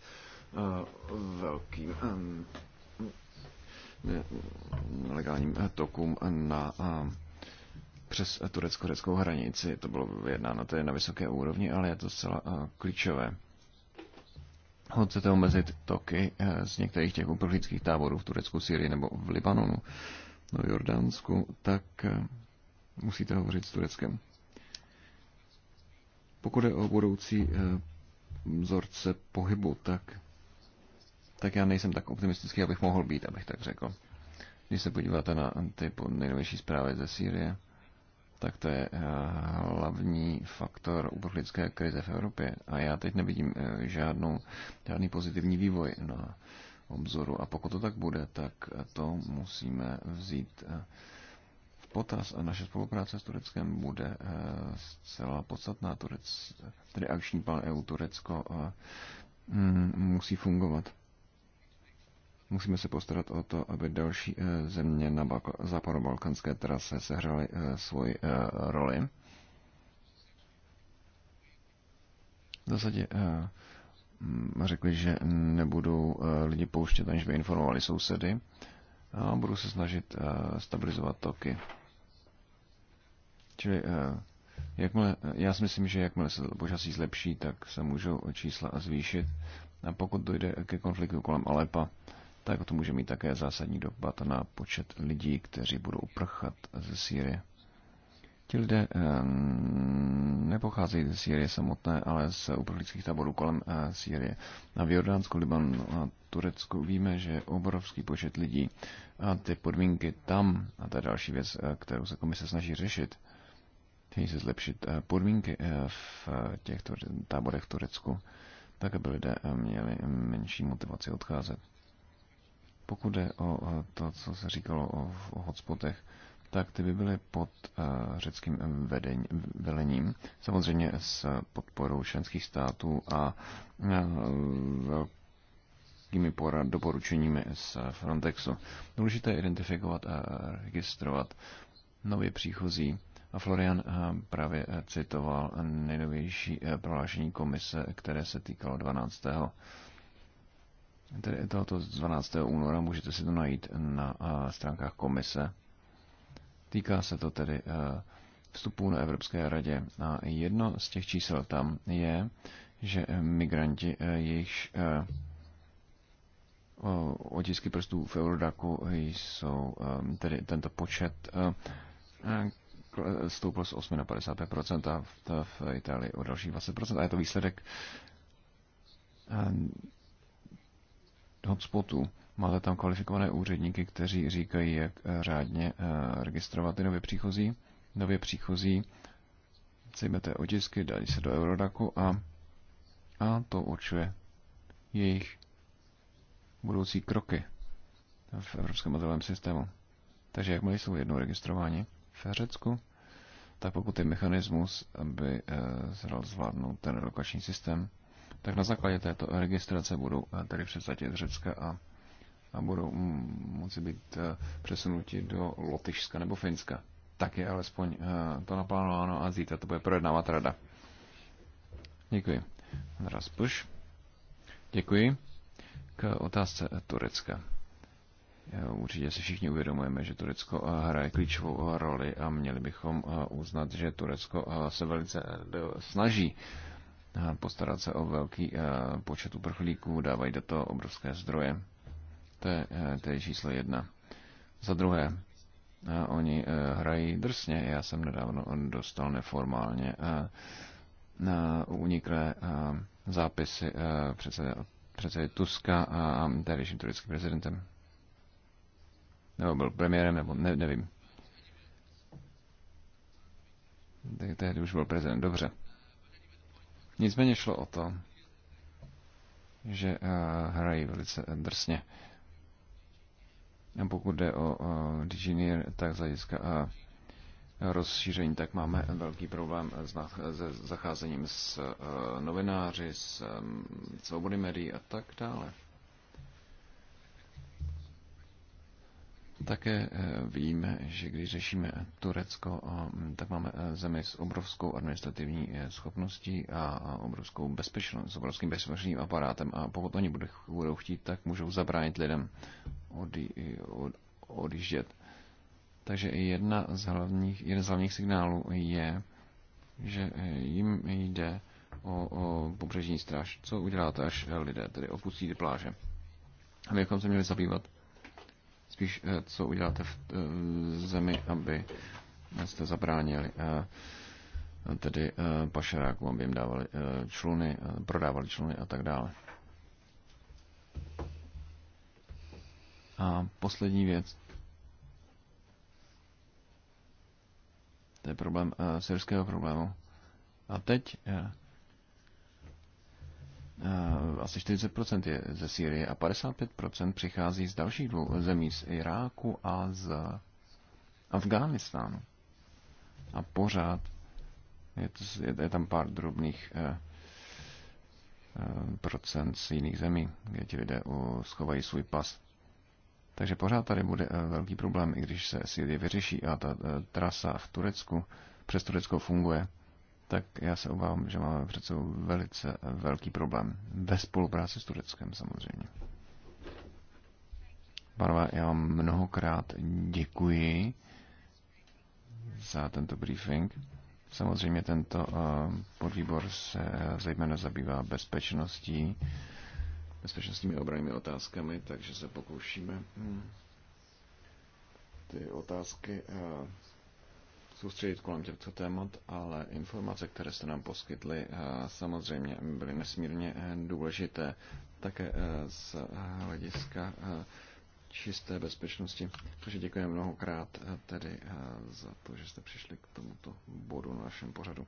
velkým nelegálním eh, tokům na eh, přes eh, turecko-řeckou hranici. To bylo vyjednáno tedy na vysoké úrovni, ale je to zcela klíčové. Chcete omezit toky z některých těch uprchlických táborů v Turecku, Syrii nebo v Libanonu, no, v Jordánsku, tak musíte hovořit s Tureckem. Pokud je o budoucí vzorce pohybu, tak tak já nejsem tak optimistický, abych mohl být, abych tak řekl. Když se podíváte na ty nejnovější zprávy ze Sýrie, tak to je eh, hlavní faktor uprchlické krize v Evropě. A já teď nevidím eh, žádnou, žádný pozitivní vývoj na obzoru. A pokud to tak bude, tak to musíme vzít eh, v potaz. A naše spolupráce s Tureckem bude zcela podstatná. Turec, tedy akční plán EU Turecko mm, musí fungovat. Musíme se postarat o to, aby další eh, země na západobalkanské trase sehraly eh, svoji eh, roli. V zásadě mm, řekli, že nebudou lidi pouštět, aniž by informovali sousedy a budou se snažit stabilizovat toky. Čili jakmile, já si myslím, že jakmile se počasí zlepší, tak se můžou čísla zvýšit. A pokud dojde ke konfliktu kolem Alepa, tak to může mít také zásadní dopad na počet lidí, kteří budou prchat ze Sýrie. Ti lidé eh, nepocházejí ze Sýrie samotné, ale z uprchlických táborů kolem eh, Sýrie. na Jordánsku, Liban a Turecku víme, že je obrovský počet lidí a ty podmínky tam, a to je další věc, eh, kterou se komise snaží řešit, chtějí se zlepšit podmínky v těchto táborech v Turecku, tak aby lidé měli menší motivaci odcházet. Pokud je o eh, to, co se říkalo o, o hotspotech, tak ty by byly pod eh, řeckým eh, vedení, velením, samozřejmě s podporou členských států a velkými porad, doporučeními z Frontexu. Důležité je identifikovat a registrovat nově příchozí. A Florian právě citoval nejnovější prohlášení komise, které se týkalo 12 tedy tohoto z 12. února, můžete si to najít na eh, stránkách komise. Týká se to tedy eh, vstupů na Evropské radě. A jedno z těch čísel tam je, že migranti, eh, jejichž otisky prstů v Eurodaku jsou, tedy tento počet stoupl z 8 na 55% a v, v Itálii o další 20%. A je to výsledek hotspotů. Máte tam kvalifikované úředníky, kteří říkají, jak eh, řádně eh, registrovat ty nově příchozí. Nově příchozí sejmete otisky, dají se do Eurodaku a, a to určuje jejich budoucí kroky v evropském modelovém systému. Takže jakmile jsou jednou registrováni v Řecku, tak pokud je mechanismus, aby se eh, zvládnout ten relokační systém, tak na základě této registrace budou eh, tady převzati z Řecka a, a budou mm, moci být eh, přesunuti do Lotyšska nebo Finska. Tak je alespoň eh, to naplánováno a zítra to bude projednávat rada. Děkuji. Raz push. Děkuji. K otázce Turecka. Určitě si všichni uvědomujeme, že Turecko hraje klíčovou roli a měli bychom uznat, že Turecko se velice snaží postarat se o velký eh, počet uprchlíků, dávají do toho obrovské zdroje. To je, eh, to je číslo jedna. Za druhé, eh, oni hrají drsně. Já jsem nedávno dostal neformálně na uniklé zápisy předsedy, Tuska a tehdejším turickým prezidentem. Nebo byl premiérem, nebo ne, nevím. Tehdy už byl prezident, dobře. Nicméně šlo o to, že eh, hrají velice eh, drsně. A pokud jde o eh, Digineer, tak z hlediska rozšíření, tak máme velký problém se zacházením s novináři, s svobody médií a tak dále. Také eh, víme, že když řešíme Turecko, mm, tak máme eh, zemi s obrovskou administrativní eh, schopností a obrovskou bezpečnost, s obrovským bezpečným aparátem a pokud oni budou chtít, tak můžou zabránit lidem odjíždět. Takže jedna z hlavních, jeden z hlavních signálů je, že jim jde o, o pobřežní stráž. Co uděláte, až lidé tedy opustí ty pláže? Abychom se měli zabývat spíš eh, co uděláte eh, v zemi, aby jste zabránili eh, tedy pašerákům, aby jim dávali čluny, prodávali čluny a tak dále. A poslední věc. To je problém syrského problému. A teď Eh, asi 40% je ze Sýrie a 55% přichází z dalších dvou zemí, z Iráku a z Afghánistánu. A pořád je, to, je, je tam pár drobných eh, eh, procent z jiných zemí, kde ti lidé uh, schovají svůj pas. Takže pořád tady bude velký problém, i když se Sýrie vyřeší a ta trasa v Turecku přes Turecko funguje tak já se obávám, že máme před sebou velice velký problém. Ve spolupráci s Tureckem samozřejmě. Barva, já vám mnohokrát děkuji za tento briefing. Samozřejmě tento eh, podvýbor se zejména zabývá bezpečností, bezpečnostními obranými otázkami, takže se pokoušíme hm, ty otázky eh, soustředit kolem těchto témat, ale informace, které jste nám poskytly, eh, samozřejmě byly nesmírně eh, důležité také eh, z hlediska čisté bezpečnosti. Takže děkuji mnohokrát tedy za to, že jste přišli k tomuto bodu na našem pořadu.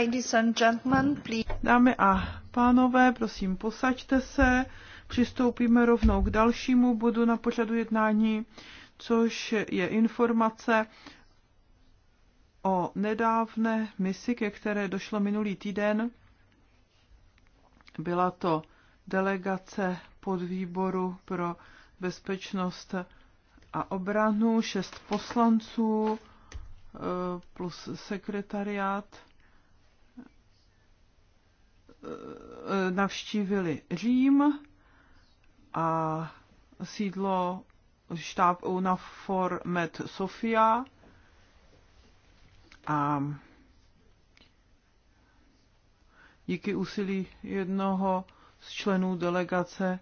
Ladies and gentlemen, please. Dámy a pánové, prosím, posaďte se. Přistoupíme rovnou k dalšímu bodu na pořadu jednání, což je informace o nedávné misi, ke které došlo minulý týden. Byla to delegace podvýboru pro bezpečnost a obranu, šest poslanců eh, plus sekretariát navštívili Řím a sídlo štáb UNAFOR Med Sofia a díky úsilí jednoho z členů delegace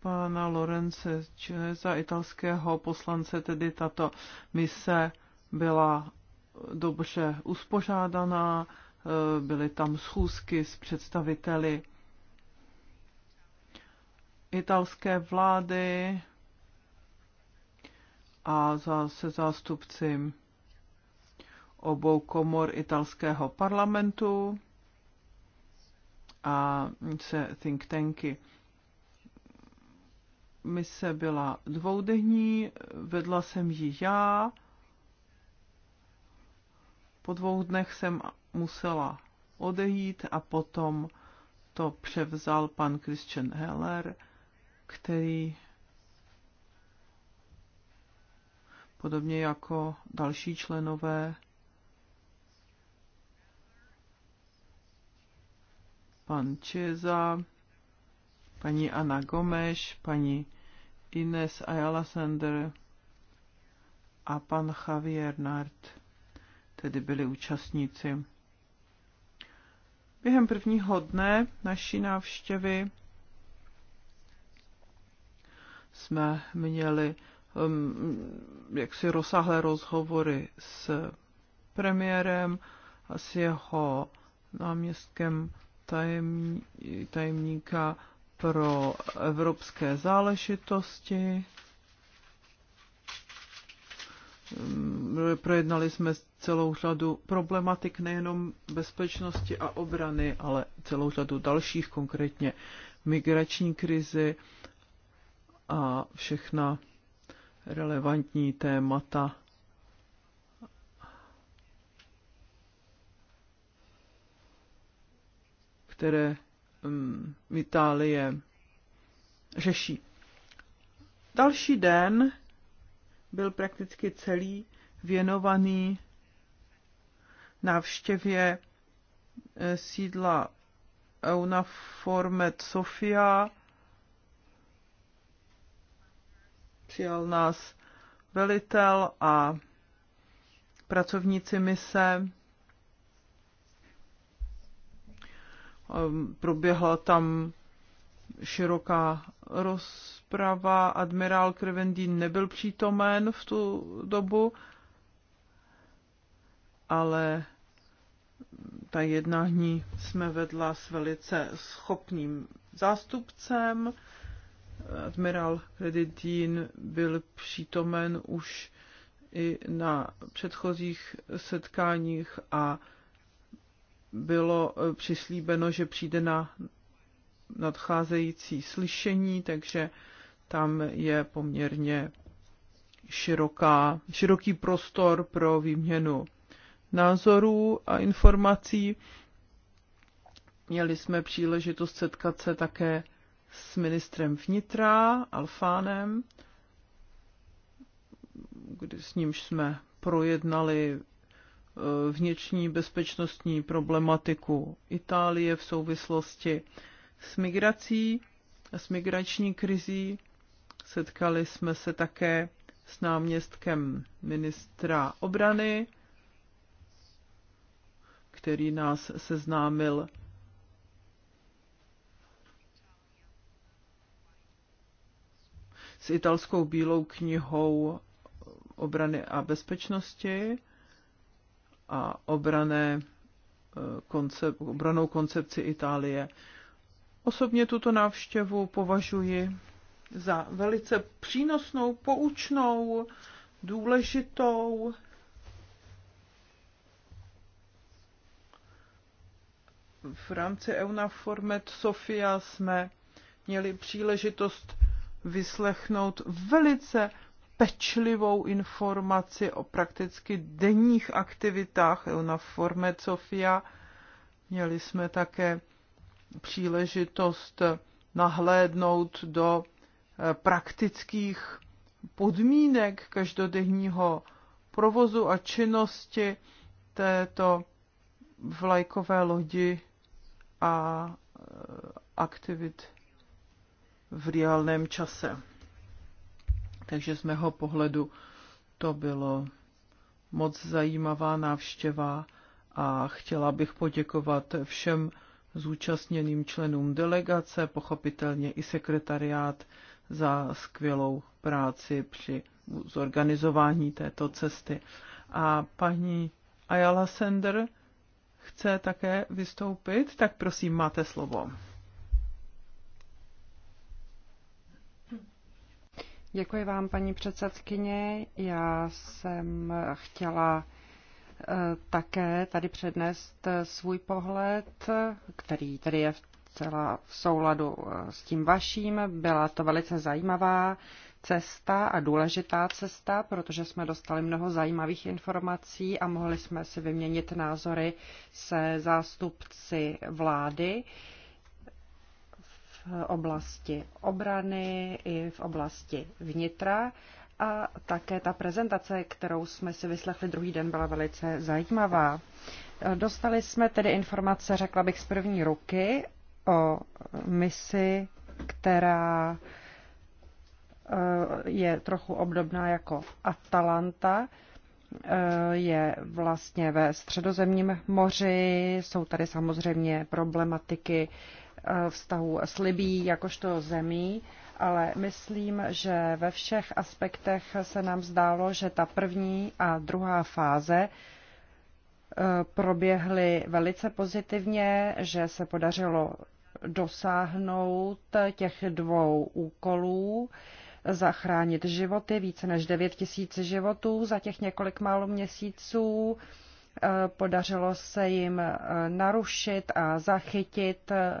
pana Lorence Čeneza, italského poslance, tedy tato mise byla dobře uspořádaná Eh, byly tam schůzky s představiteli italské vlády a se zástupci obou komor italského parlamentu a se think tanky. Mise byla dvoudenní, vedla jsem ji já po dvou dnech jsem musela odejít a potom to převzal pan Christian Heller, který podobně jako další členové pan Čeza, paní Anna Gomeš, paní Ines Ayala Sender a pan Javier Nart tedy byli účastníci. Během prvního dne naší návštěvy jsme měli um, jaksi rozsáhlé rozhovory s premiérem a s jeho náměstkem tajemní, tajemníka pro evropské záležitosti. Um, projednali jsme celou řadu problematik nejenom bezpečnosti a obrany, ale celou řadu dalších, konkrétně migrační krizi a všechna relevantní témata. které um, Itálie řeší. Další den byl prakticky celý věnovaný návštěvě eh, sídla Eunaformet Sofia. Přijal nás velitel a pracovníci mise. Ehm, proběhla tam široká rozprava. Admirál Krivendín nebyl přítomen v tu dobu, ale ta jednání jsme vedla s velice schopným zástupcem. Admirál Kreditín byl přítomen už i na předchozích setkáních a bylo přislíbeno, že přijde na nadcházející slyšení, takže tam je poměrně široká, široký prostor pro výměnu názorů a informací. Měli jsme příležitost setkat se také s ministrem vnitra Alfánem, kdy s nímž jsme projednali eh, vnitřní bezpečnostní problematiku Itálie v souvislosti s migrací a s migrační krizí. Setkali jsme se také s náměstkem ministra obrany který nás seznámil s italskou bílou knihou obrany a bezpečnosti a obrané eh, koncep, obranou koncepci Itálie. Osobně tuto návštěvu považuji za velice přínosnou, poučnou, důležitou, v rámci EUNAFORMET Sofia jsme měli příležitost vyslechnout velice pečlivou informaci o prakticky denních aktivitách EUNAFORMET Sofia. Měli jsme také příležitost nahlédnout do eh, praktických podmínek každodenního provozu a činnosti této vlajkové lodi a eh, aktivit v reálném čase. Takže z mého pohledu to bylo moc zajímavá návštěva a chtěla bych poděkovat všem zúčastněným členům delegace, pochopitelně i sekretariát za skvělou práci při zorganizování této cesty. A paní Ayala Sender chce také vystoupit, tak prosím, máte slovo. Děkuji vám, paní předsedkyně. Já jsem chtěla eh, také tady přednést eh, svůj pohled, který tady je v celá v souladu eh, s tím vaším. Byla to velice zajímavá cesta a důležitá cesta, protože jsme dostali mnoho zajímavých informací a mohli jsme si vyměnit názory se zástupci vlády v oblasti obrany i v oblasti vnitra. A také ta prezentace, kterou jsme si vyslechli druhý den, byla velice zajímavá. Dostali jsme tedy informace, řekla bych, z první ruky o misi, která Eh, je trochu obdobná jako Atalanta. Eh, je vlastně ve středozemním moři. Jsou tady samozřejmě problematiky eh, vztahu s Libí jakožto zemí, ale myslím, že ve všech aspektech se nám zdálo, že ta první a druhá fáze proběhly velice pozitivně, že se podařilo dosáhnout těch dvou úkolů, zachránit životy, více než 9 tisíc životů za těch několik málo měsíců. Eh, podařilo se jim eh, narušit a zachytit eh,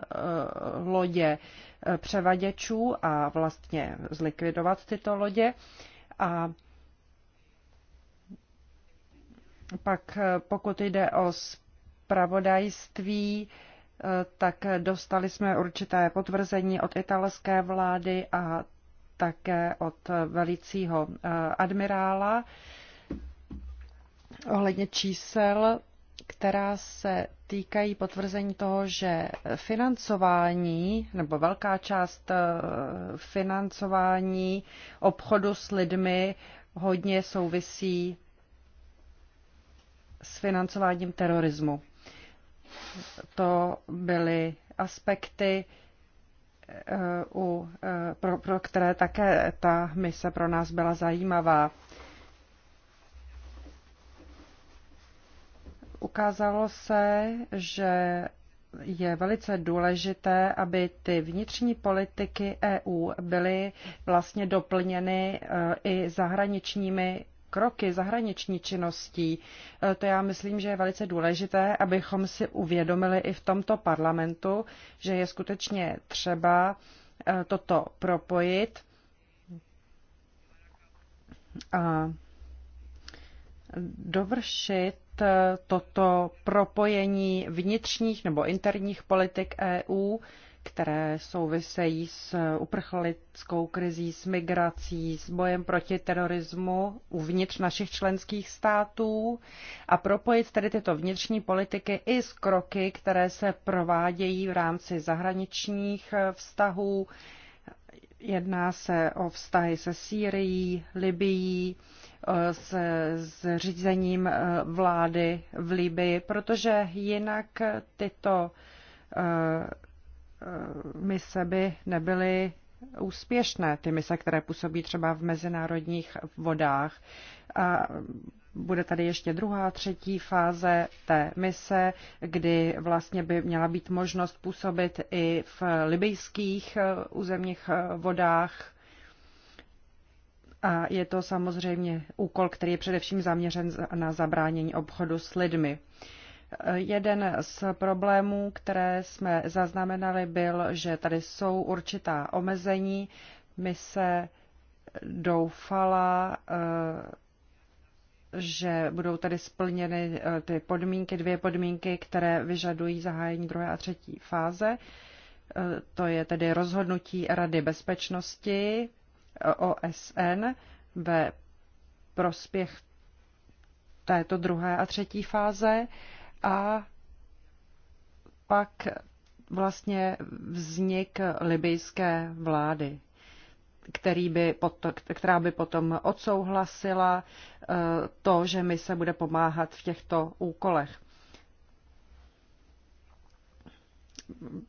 lodě převaděčů a vlastně zlikvidovat tyto lodě. A pak pokud jde o spravodajství, tak dostali jsme určité potvrzení od italské vlády a také od velicího eh, admirála ohledně čísel, která se týkají potvrzení toho, že financování nebo velká část eh, financování obchodu s lidmi hodně souvisí s financováním terorismu. To byly aspekty, u, eh, pro, pro které také ta mise pro nás byla zajímavá. Ukázalo se, že je velice důležité, aby ty vnitřní politiky EU byly vlastně doplněny eh, i zahraničními kroky zahraniční činností, eh, to já myslím, že je velice důležité, abychom si uvědomili i v tomto parlamentu, že je skutečně třeba eh, toto propojit. A dovršit eh, toto propojení vnitřních nebo interních politik EU které souvisejí s eh, uprchlickou krizí, s migrací, s bojem proti terorismu uvnitř našich členských států a propojit tedy tyto vnitřní politiky i s kroky, které se provádějí v rámci zahraničních eh, vztahů. Jedná se o vztahy se Sýrií, Libií, eh, s zřízením vlády v Libii, protože jinak tyto Eh, mise by nebyly úspěšné, ty mise, které působí třeba v mezinárodních vodách. A bude tady ještě druhá, třetí fáze té mise, kdy vlastně by měla být možnost působit i v libyjských eh, územních eh, vodách. A je to samozřejmě úkol, který je především zaměřen na zabránění obchodu s lidmi. Uh, Jeden z problémů, které jsme zaznamenali, byl, že tady jsou určitá omezení. My se doufala, eh, že budou tady splněny eh, ty podmínky, dvě podmínky, které vyžadují zahájení druhé a třetí fáze. Eh, to je tedy rozhodnutí Rady bezpečnosti OSN ve prospěch této druhé a třetí fáze a pak vlastně vznik libijské vlády, který by potom, která by potom odsouhlasila eh, to, že mi se bude pomáhat v těchto úkolech.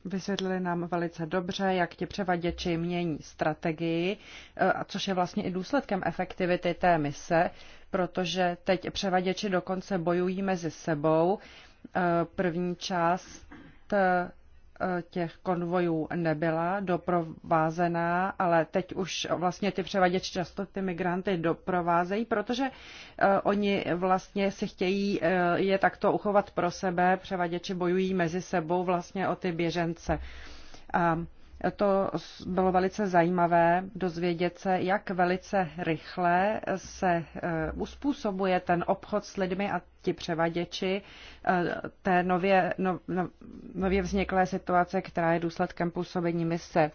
Vysvětlili nám velice dobře, jak ti převaděči mění strategii, eh, což je vlastně i důsledkem efektivity té mise, protože teď převaděči dokonce bojují mezi sebou. Eh, první část eh, těch konvojů nebyla doprovázená, ale teď už vlastně ty převaděči často ty migranty doprovázejí, protože eh, oni vlastně si chtějí je takto uchovat pro sebe, převaděči bojují mezi sebou vlastně o ty běžence. To bylo velice zajímavé dozvědět se, jak velice rychle se eh, uspůsobuje ten obchod s lidmi a ti převaděči eh, té nově, no, no, nově vzniklé situace, která je důsledkem působení mise.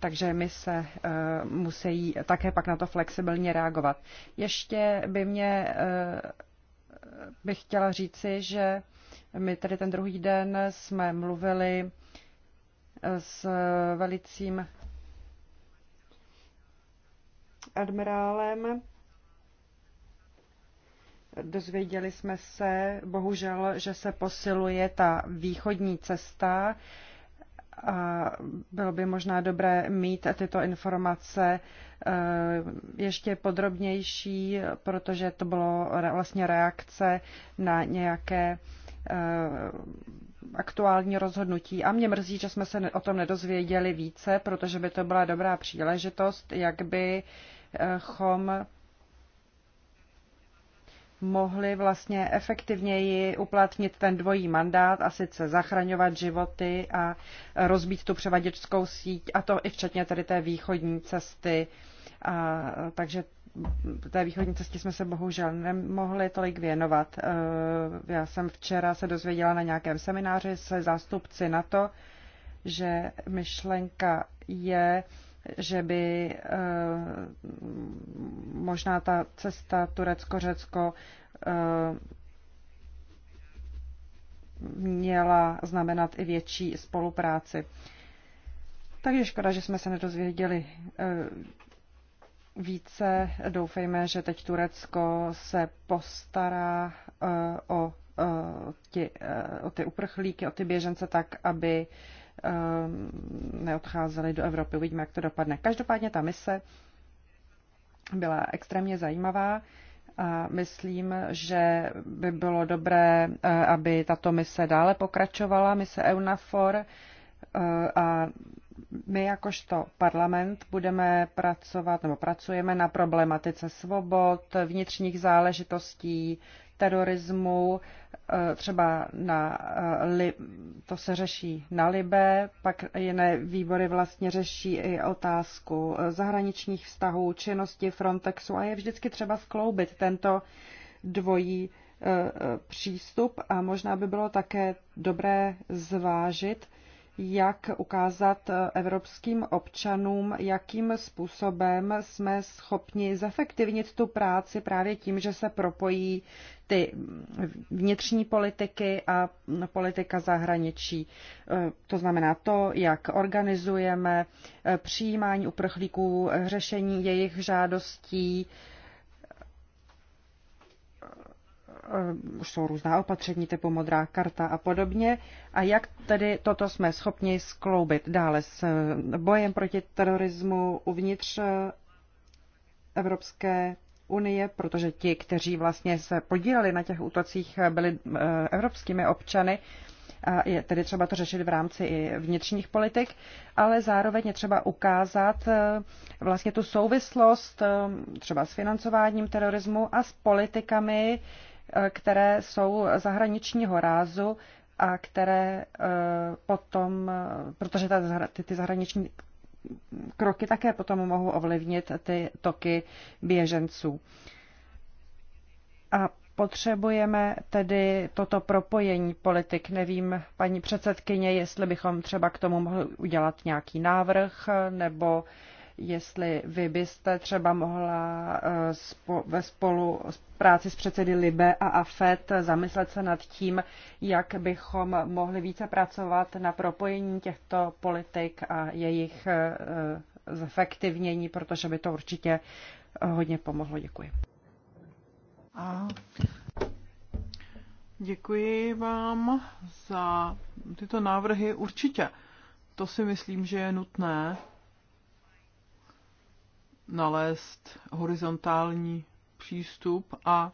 Takže my se uh, eh, musí také pak na to flexibilně reagovat. Ještě by mě uh, bych chtěla říci, že my tady ten druhý den jsme mluvili s velicím admirálem. Dozvěděli jsme se, bohužel, že se posiluje ta východní cesta a bylo by možná dobré mít tyto informace eh, ještě podrobnější, protože to bylo vlastně reakce na nějaké eh, aktuální rozhodnutí a mě mrzí, že jsme se o tom nedozvěděli více, protože by to byla dobrá příležitost, jak bychom mohli vlastně efektivněji uplatnit ten dvojí mandát a sice zachraňovat životy a rozbít tu převaděčskou síť a to i včetně tedy té východní cesty. A, takže té východní cestě jsme se bohužel nemohli tolik věnovat. Eh, já jsem včera se dozvěděla na nějakém semináři se zástupci na to, že myšlenka je, že by eh, možná ta cesta Turecko-Řecko eh, měla znamenat i větší spolupráci. Takže škoda, že jsme se nedozvěděli více. Doufejme, že teď Turecko se postará eh, o, eh, ty, eh, o ty uprchlíky, o ty běžence tak, aby neodcházeli do Evropy. Uvidíme, jak to dopadne. Každopádně ta mise byla extrémně zajímavá. A myslím, že by bylo dobré, aby tato mise dále pokračovala, mise EUNAFOR a my jakožto parlament budeme pracovat nebo pracujeme na problematice svobod, vnitřních záležitostí, terorismu, eh, třeba na, eh, to se řeší na Libe, pak jiné výbory vlastně řeší i otázku eh, zahraničních vztahů, činnosti Frontexu a je vždycky třeba skloubit tento dvojí přístup a možná by bylo také dobré zvážit, jak ukázat eh, evropským občanům, jakým způsobem jsme schopni zefektivnit tu práci právě tím, že se propojí ty vnitřní politiky a politika zahraničí. Eh, to znamená to, jak organizujeme eh, přijímání uprchlíků, řešení jejich žádostí, Eh, už jsou různá opatření typu modrá karta a podobně. A jak tedy toto jsme schopni skloubit dále s eh, bojem proti terorismu uvnitř eh, Evropské unie, protože ti, kteří vlastně se podíleli na těch útocích, byli evropskými občany, a je tedy třeba to řešit v rámci i vnitřních politik, ale zároveň je třeba ukázat vlastně tu souvislost třeba s financováním terorismu a s politikami, které jsou zahraničního rázu a které eh, potom, protože ty zahraniční kroky také potom mohou ovlivnit ty toky běženců. A potřebujeme tedy toto propojení politik. Nevím, paní předsedkyně, jestli bychom třeba k tomu mohli udělat nějaký návrh nebo uh, jestli vy byste třeba mohla eh, ve spolu práci s předsedy Libe a AFET zamyslet se nad tím, jak bychom mohli více pracovat na propojení těchto politik a jejich eh, zefektivnění, protože by to určitě eh, hodně pomohlo. Děkuji. A děkuji vám za tyto návrhy. Určitě. To si myslím, že je nutné nalézt horizontální přístup a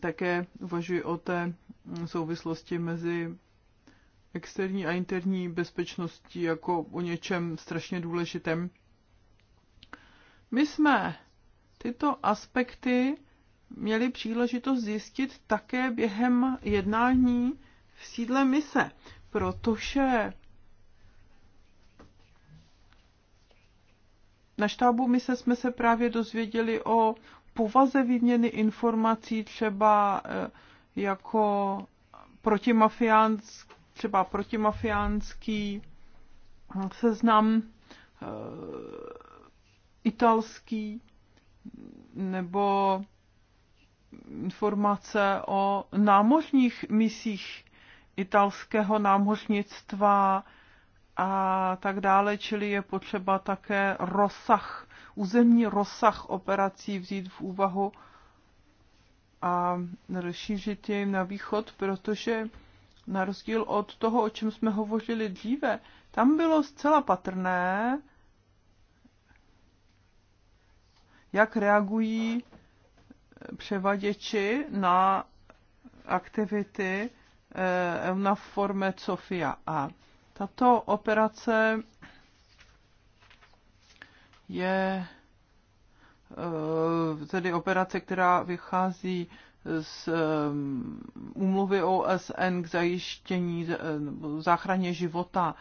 také uvažuji o té souvislosti mezi externí a interní bezpečností jako o něčem strašně důležitém. My jsme tyto aspekty měli příležitost zjistit také během jednání v sídle mise, protože na štábu mise jsme se právě dozvěděli o povaze výměny informací třeba eh, jako protimafiánský, třeba protimafiánský hm, seznam eh, italský nebo informace o námořních misích italského námořnictva, a tak dále, čili je potřeba také rozsah, územní rozsah operací vzít v úvahu a rozšířit je na východ, protože na rozdíl od toho, o čem jsme hovořili dříve, tam bylo zcela patrné, jak reagují převaděči na aktivity eh, na forme Sofia. A tato operace je eh, tedy operace, která vychází z eh, úmluvy OSN k zajištění eh, záchraně života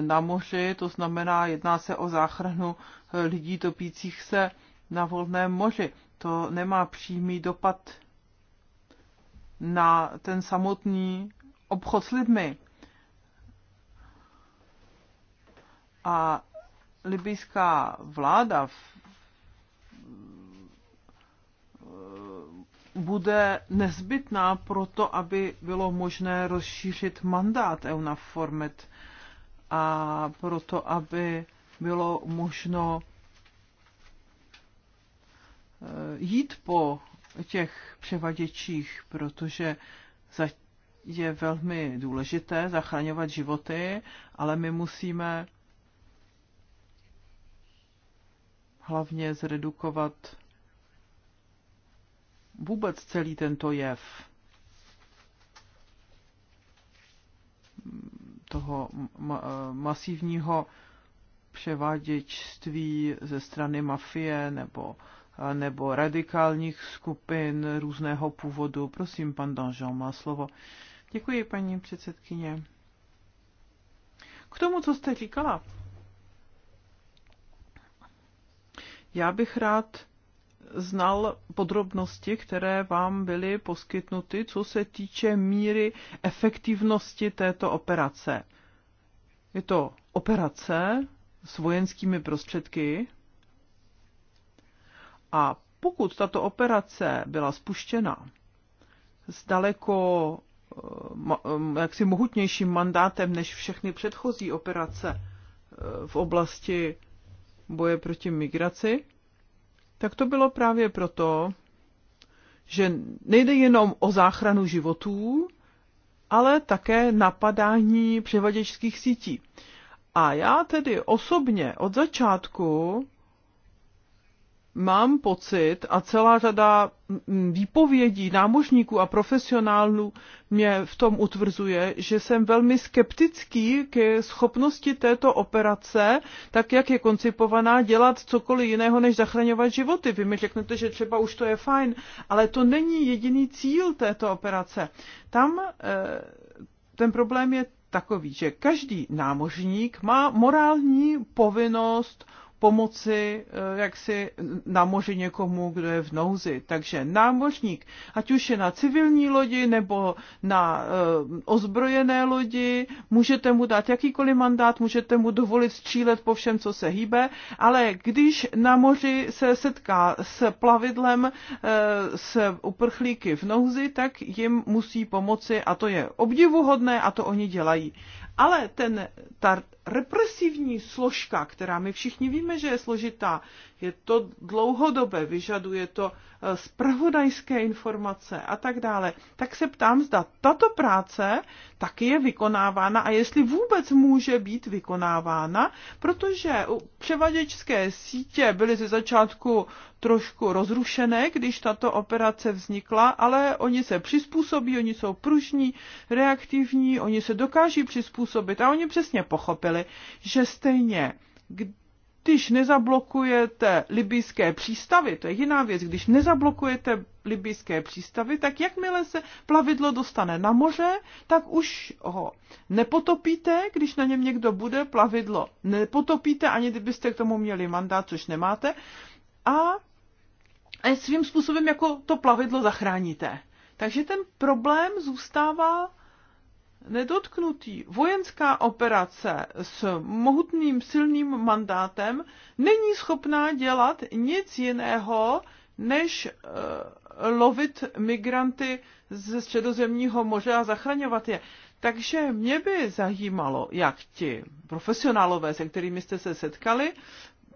na moři, to znamená, jedná se o záchranu lidí topících se na volném moři. To nemá přímý dopad na ten samotný obchod s lidmi. A libyská vláda v, eh, bude nezbytná pro to, aby bylo možné rozšířit mandát EUNAFORMET a proto, aby bylo možno eh, jít po těch převaděčích, protože je velmi důležité zachraňovat životy, ale my musíme hlavně zredukovat vůbec celý tento jev toho masivního převáděčství ze strany mafie nebo, nebo radikálních skupin různého původu. Prosím, pan Danžel má slovo. Děkuji, paní předsedkyně. K tomu, co jste říkala, Já bych rád znal podrobnosti, které vám byly poskytnuty, co se týče míry efektivnosti této operace. Je to operace s vojenskými prostředky a pokud tato operace byla spuštěna s daleko eh, eh, jaksi mohutnějším mandátem než všechny předchozí operace eh, v oblasti boje proti migraci, tak to bylo právě proto, že nejde jenom o záchranu životů, ale také napadání převaděčských sítí. A já tedy osobně od začátku mám pocit, a celá řada mm, výpovědí námožníků a profesionálů mě v tom utvrzuje, že jsem velmi skeptický k schopnosti této operace, tak jak je koncipovaná, dělat cokoliv jiného, než zachraňovat životy. Vy mi řeknete, že třeba už to je fajn, ale to není jediný cíl této operace. Tam eh, ten problém je takový, že každý námožník má morální povinnost pomoci eh, jak si námoři někomu, kdo je v nouzi. Takže námořník, ať už je na civilní lodi nebo na eh, ozbrojené lodi, můžete mu dát jakýkoliv mandát, můžete mu dovolit střílet po všem, co se hýbe, ale když na moři se setká s plavidlem eh, s uprchlíky v nouzi, tak jim musí pomoci a to je obdivuhodné a to oni dělají. Ale ten, ta represivní složka, která my všichni víme, že je složitá. Je to dlouhodobé, vyžaduje to spravodajské eh, informace a tak dále. Tak se ptám, zda tato práce taky je vykonávána a jestli vůbec může být vykonávána, protože převaděčské sítě byly ze začátku trošku rozrušené, když tato operace vznikla, ale oni se přizpůsobí, oni jsou pružní, reaktivní, oni se dokáží přizpůsobit a oni přesně pochopili, věděli, že stejně, když nezablokujete libijské přístavy, to je jiná věc, když nezablokujete libijské přístavy, tak jakmile se plavidlo dostane na moře, tak už ho nepotopíte, když na něm někdo bude, plavidlo nepotopíte, ani kdybyste k tomu měli mandát, což nemáte, a svým způsobem jako to plavidlo zachráníte. Takže ten problém zůstává nedotknutý. Vojenská operace s mohutným silným mandátem není schopná dělat nic jiného, než eh, lovit migranty ze středozemního moře a zachraňovat je. Takže mě by zajímalo, jak ti profesionálové, se kterými jste se setkali,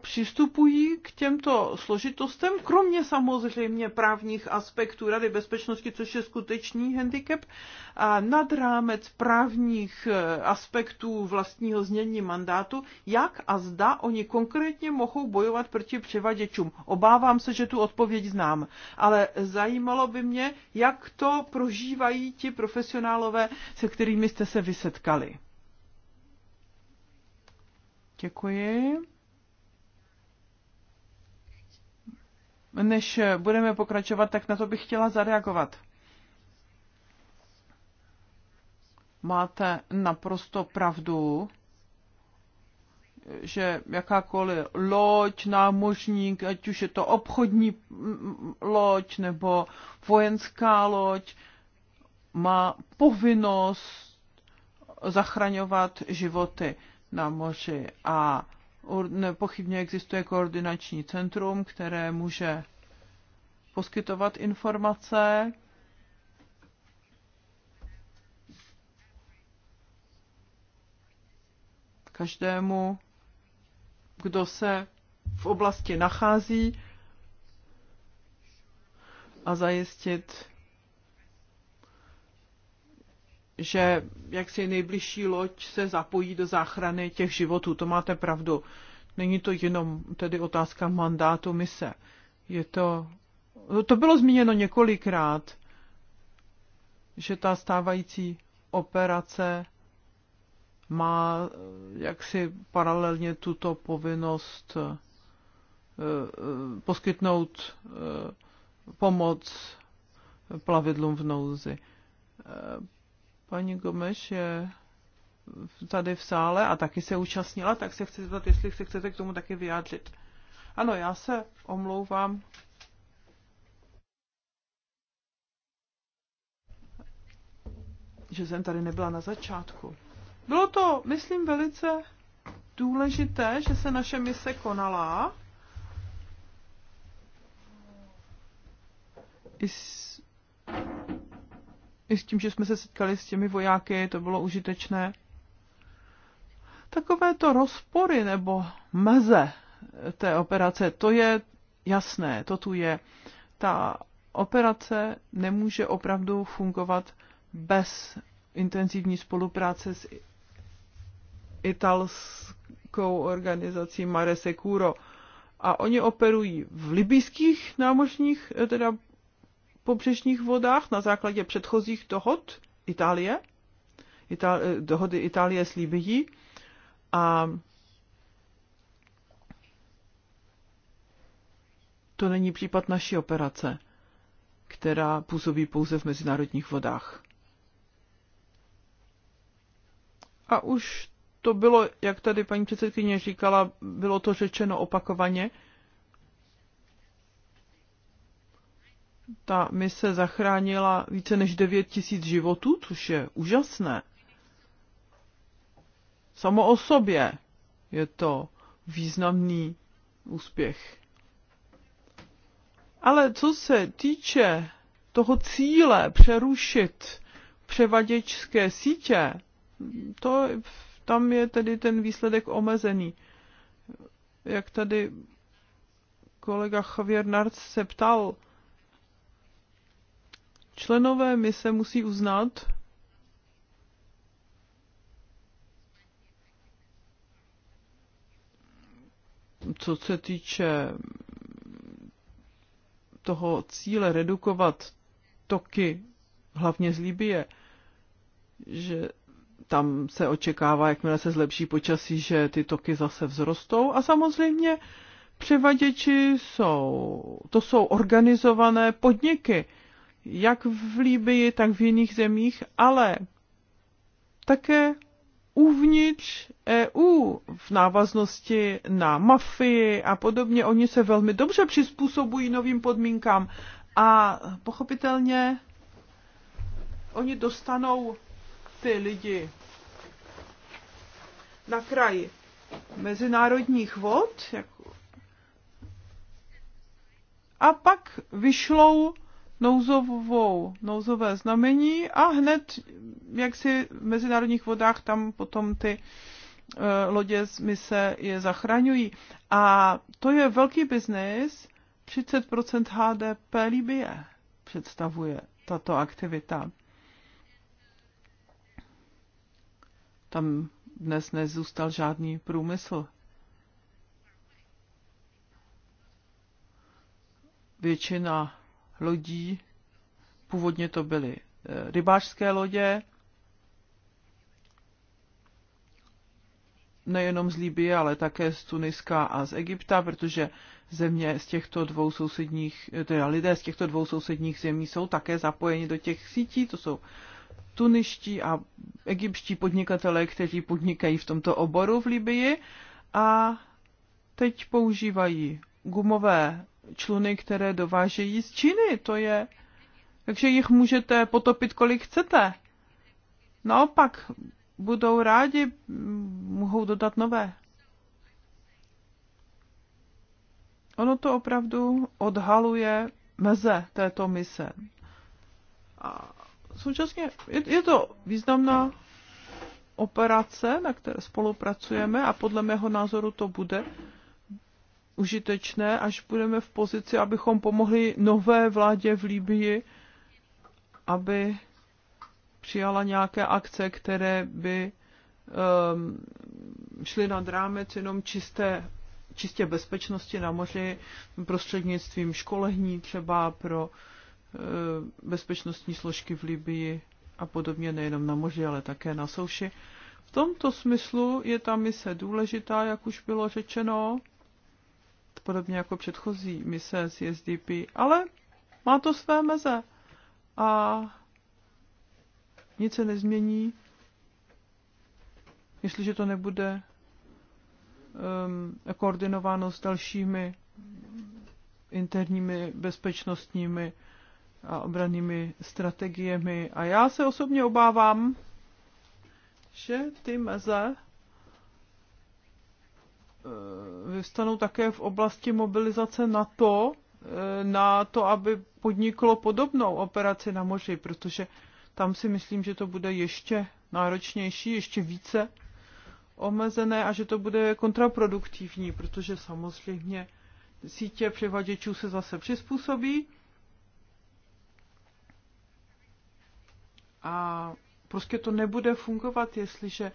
přistupují k těmto složitostem, kromě samozřejmě právních aspektů Rady bezpečnosti, což je skutečný handicap, a nad rámec právních e, aspektů vlastního znění mandátu, jak a zda oni konkrétně mohou bojovat proti převaděčům. Obávám se, že tu odpověď znám, ale zajímalo by mě, jak to prožívají ti profesionálové, se kterými jste se vysetkali. Děkuji. než budeme pokračovat, tak na to bych chtěla zareagovat. Máte naprosto pravdu, že jakákoliv loď, námořník, ať už je to obchodní mm, loď nebo vojenská loď, má povinnost zachraňovat životy na moři. A Nepochybně existuje koordinační centrum, které může poskytovat informace. Každému, kdo se v oblasti nachází a zajistit že jaksi nejbližší loď se zapojí do záchrany těch životů. To máte pravdu. Není to jenom tedy otázka mandátu mise. Je to, no, to bylo zmíněno několikrát, že ta stávající operace má eh, jaksi paralelně tuto povinnost eh, eh, poskytnout pomoc plavidlům v nouzi. Paní Gomeš je tady v sále a taky se účastnila, tak se chci zeptat, jestli se chcete k tomu taky vyjádřit. Ano, já se omlouvám. že jsem tady nebyla na začátku. Bylo to, myslím, velice důležité, že se naše mise konala. I s i s tím, že jsme se setkali s těmi vojáky, to bylo užitečné. Takové to rozpory nebo meze té operace, to je jasné, to tu je. Ta operace nemůže opravdu fungovat bez intenzivní spolupráce s italskou organizací Mare Securo. A oni operují v libijských námořních eh, teda pobřežních vodách na základě předchozích dohod Itálie, Itál, eh, dohody Itálie s Libyí a to není případ naší operace, která působí pouze v mezinárodních vodách. A už to bylo, jak tady paní předsedkyně říkala, bylo to řečeno opakovaně, ta mise zachránila více než 9 tisíc životů, což je úžasné. Samo o sobě je to významný úspěch. Ale co se týče toho cíle přerušit převaděčské sítě, to, tam je tedy ten výsledek omezený. Jak tady kolega Javier Narc se ptal, Členové mise musí uznat, co se týče toho cíle redukovat toky, hlavně z Libie, že tam se očekává, jakmile se zlepší počasí, že ty toky zase vzrostou. A samozřejmě převaděči jsou, to jsou organizované podniky jak v Líbii, tak v jiných zemích, ale také uvnitř EU v návaznosti na mafii a podobně. Oni se velmi dobře přizpůsobují novým podmínkám a pochopitelně oni dostanou ty lidi na kraji mezinárodních vod a pak vyšlou nouzovou, nouzové znamení a hned, jak si v mezinárodních vodách, tam potom ty e, lodě z mise je zachraňují. A to je velký biznis, 30% HDP Libie představuje tato aktivita. Tam dnes nezůstal žádný průmysl. Většina lodí. Původně to byly eh, rybářské lodě, nejenom z Libie, ale také z Tuniska a z Egypta, protože země z těchto dvou sousedních, eh, teda lidé z těchto dvou sousedních zemí jsou také zapojeni do těch sítí, to jsou tuniští a egyptští podnikatelé, kteří podnikají v tomto oboru v Libii a teď používají gumové čluny, které dovážejí z Číny. To je, takže jich můžete potopit, kolik chcete. Naopak, budou rádi, mohou dodat nové. Ono to opravdu odhaluje meze této mise. A současně je, je to významná operace, na které spolupracujeme a podle mého názoru to bude užitečné, až budeme v pozici, abychom pomohli nové vládě v Líbii, aby přijala nějaké akce, které by um, šly nad rámec jenom čisté, čistě bezpečnosti na moři prostřednictvím školení třeba pro uh, bezpečnostní složky v Libii a podobně nejenom na moři, ale také na souši. V tomto smyslu je ta mise důležitá, jak už bylo řečeno podobně jako předchozí mise CSDP, ale má to své meze a nic se nezmění, jestliže to nebude um, koordinováno s dalšími interními bezpečnostními a obranými strategiemi. A já se osobně obávám, že ty meze Eh, vyvstanou také v oblasti mobilizace NATO eh, na to, aby podniklo podobnou operaci na moři, protože tam si myslím, že to bude ještě náročnější, ještě více omezené a že to bude kontraproduktivní, protože samozřejmě sítě převaděčů se zase přizpůsobí a prostě to nebude fungovat, jestliže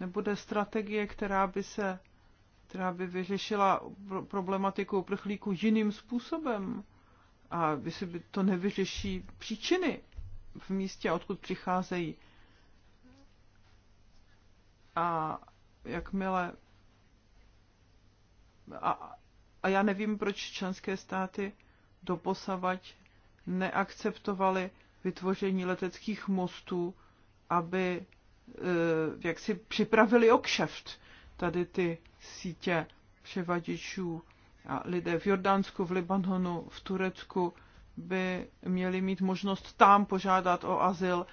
nebude strategie, která by se která by vyřešila problematiku uprchlíků jiným způsobem. A si by to nevyřeší příčiny v místě, odkud přicházejí. A jakmile. A, a já nevím, proč členské státy doposavať neakceptovali vytvoření leteckých mostů, aby e, připravili okšeft tady ty sítě převaděčů a lidé v Jordánsku, v Libanonu, v Turecku by měli mít možnost tam požádat o azyl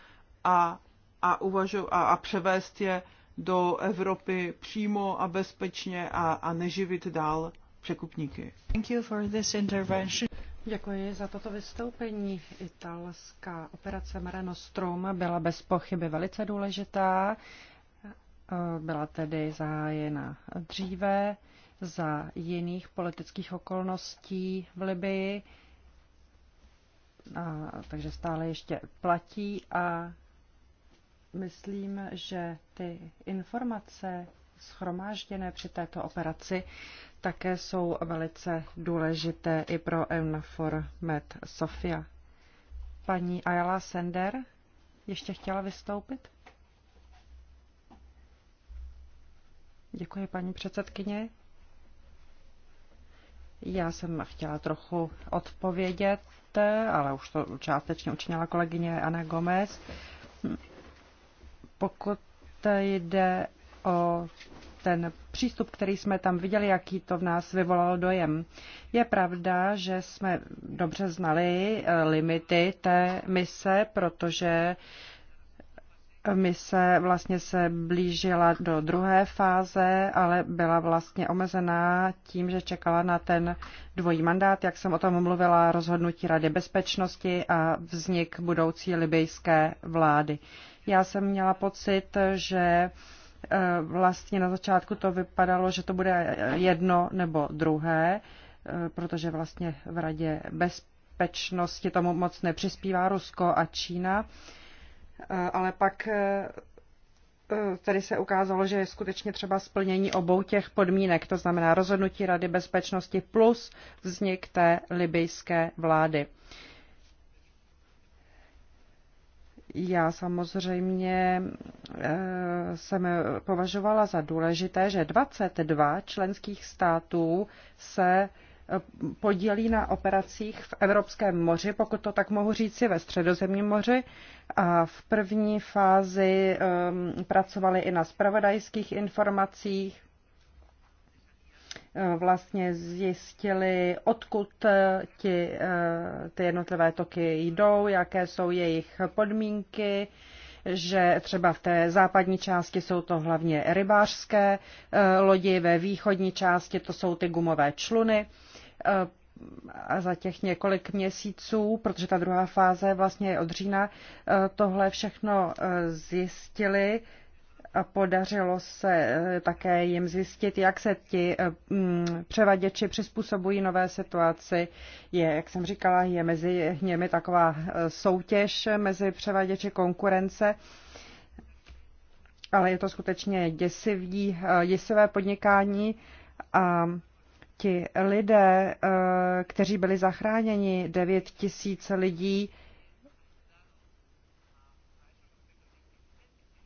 a, a, uvažu, a, a převést je do Evropy přímo a bezpečně a, a neživit dál překupníky. Thank you for this intervention. Děkuji za toto vystoupení. Italská operace Mare Nostrum byla bez pochyby velice důležitá Eh, byla tedy zahájena dříve za jiných politických okolností v Libii, a, takže stále ještě platí a myslím, že ty informace schromážděné při této operaci také jsou velice důležité i pro EUNAFOR Med Sofia. Paní Ayala Sender ještě chtěla vystoupit? Děkuji, paní předsedkyně. Já jsem chtěla trochu odpovědět, ale už to částečně učinila kolegyně Ana Gomez. Pokud jde o ten přístup, který jsme tam viděli, jaký to v nás vyvolalo dojem. Je pravda, že jsme dobře znali limity té mise, protože mise vlastně se blížila do druhé fáze, ale byla vlastně omezená tím, že čekala na ten dvojí mandát, jak jsem o tom mluvila, rozhodnutí Rady bezpečnosti a vznik budoucí libijské vlády. Já jsem měla pocit, že eh, vlastně na začátku to vypadalo, že to bude jedno nebo druhé, eh, protože vlastně v Radě bezpečnosti tomu moc nepřispívá Rusko a Čína Eh, ale pak eh, eh, tady se ukázalo, že je skutečně třeba splnění obou těch podmínek, to znamená rozhodnutí Rady bezpečnosti plus vznik té libyjské vlády. Já samozřejmě jsem považovala za důležité, že 22 členských států se podílí na operacích v Evropském moři, pokud to tak mohu říci, ve Středozemním moři. A v první fázi um, pracovali i na spravodajských informacích. Uh, vlastně zjistili, odkud uh, ti, uh, ty jednotlivé toky jdou, jaké jsou jejich podmínky, že třeba v té západní části jsou to hlavně rybářské lodi, ve východní části to jsou ty gumové čluny. Eh, a za těch několik měsíců, protože ta druhá fáze vlastně je od října, eh, tohle všechno eh, zjistili a podařilo se také jim zjistit, jak se ti mm, převaděči přizpůsobují nové situaci. Je, jak jsem říkala, je mezi nimi taková soutěž mezi převaděči konkurence. Ale je to skutečně děsivý, děsivé podnikání a ti lidé, eh, kteří byli zachráněni, 9 tisíc lidí,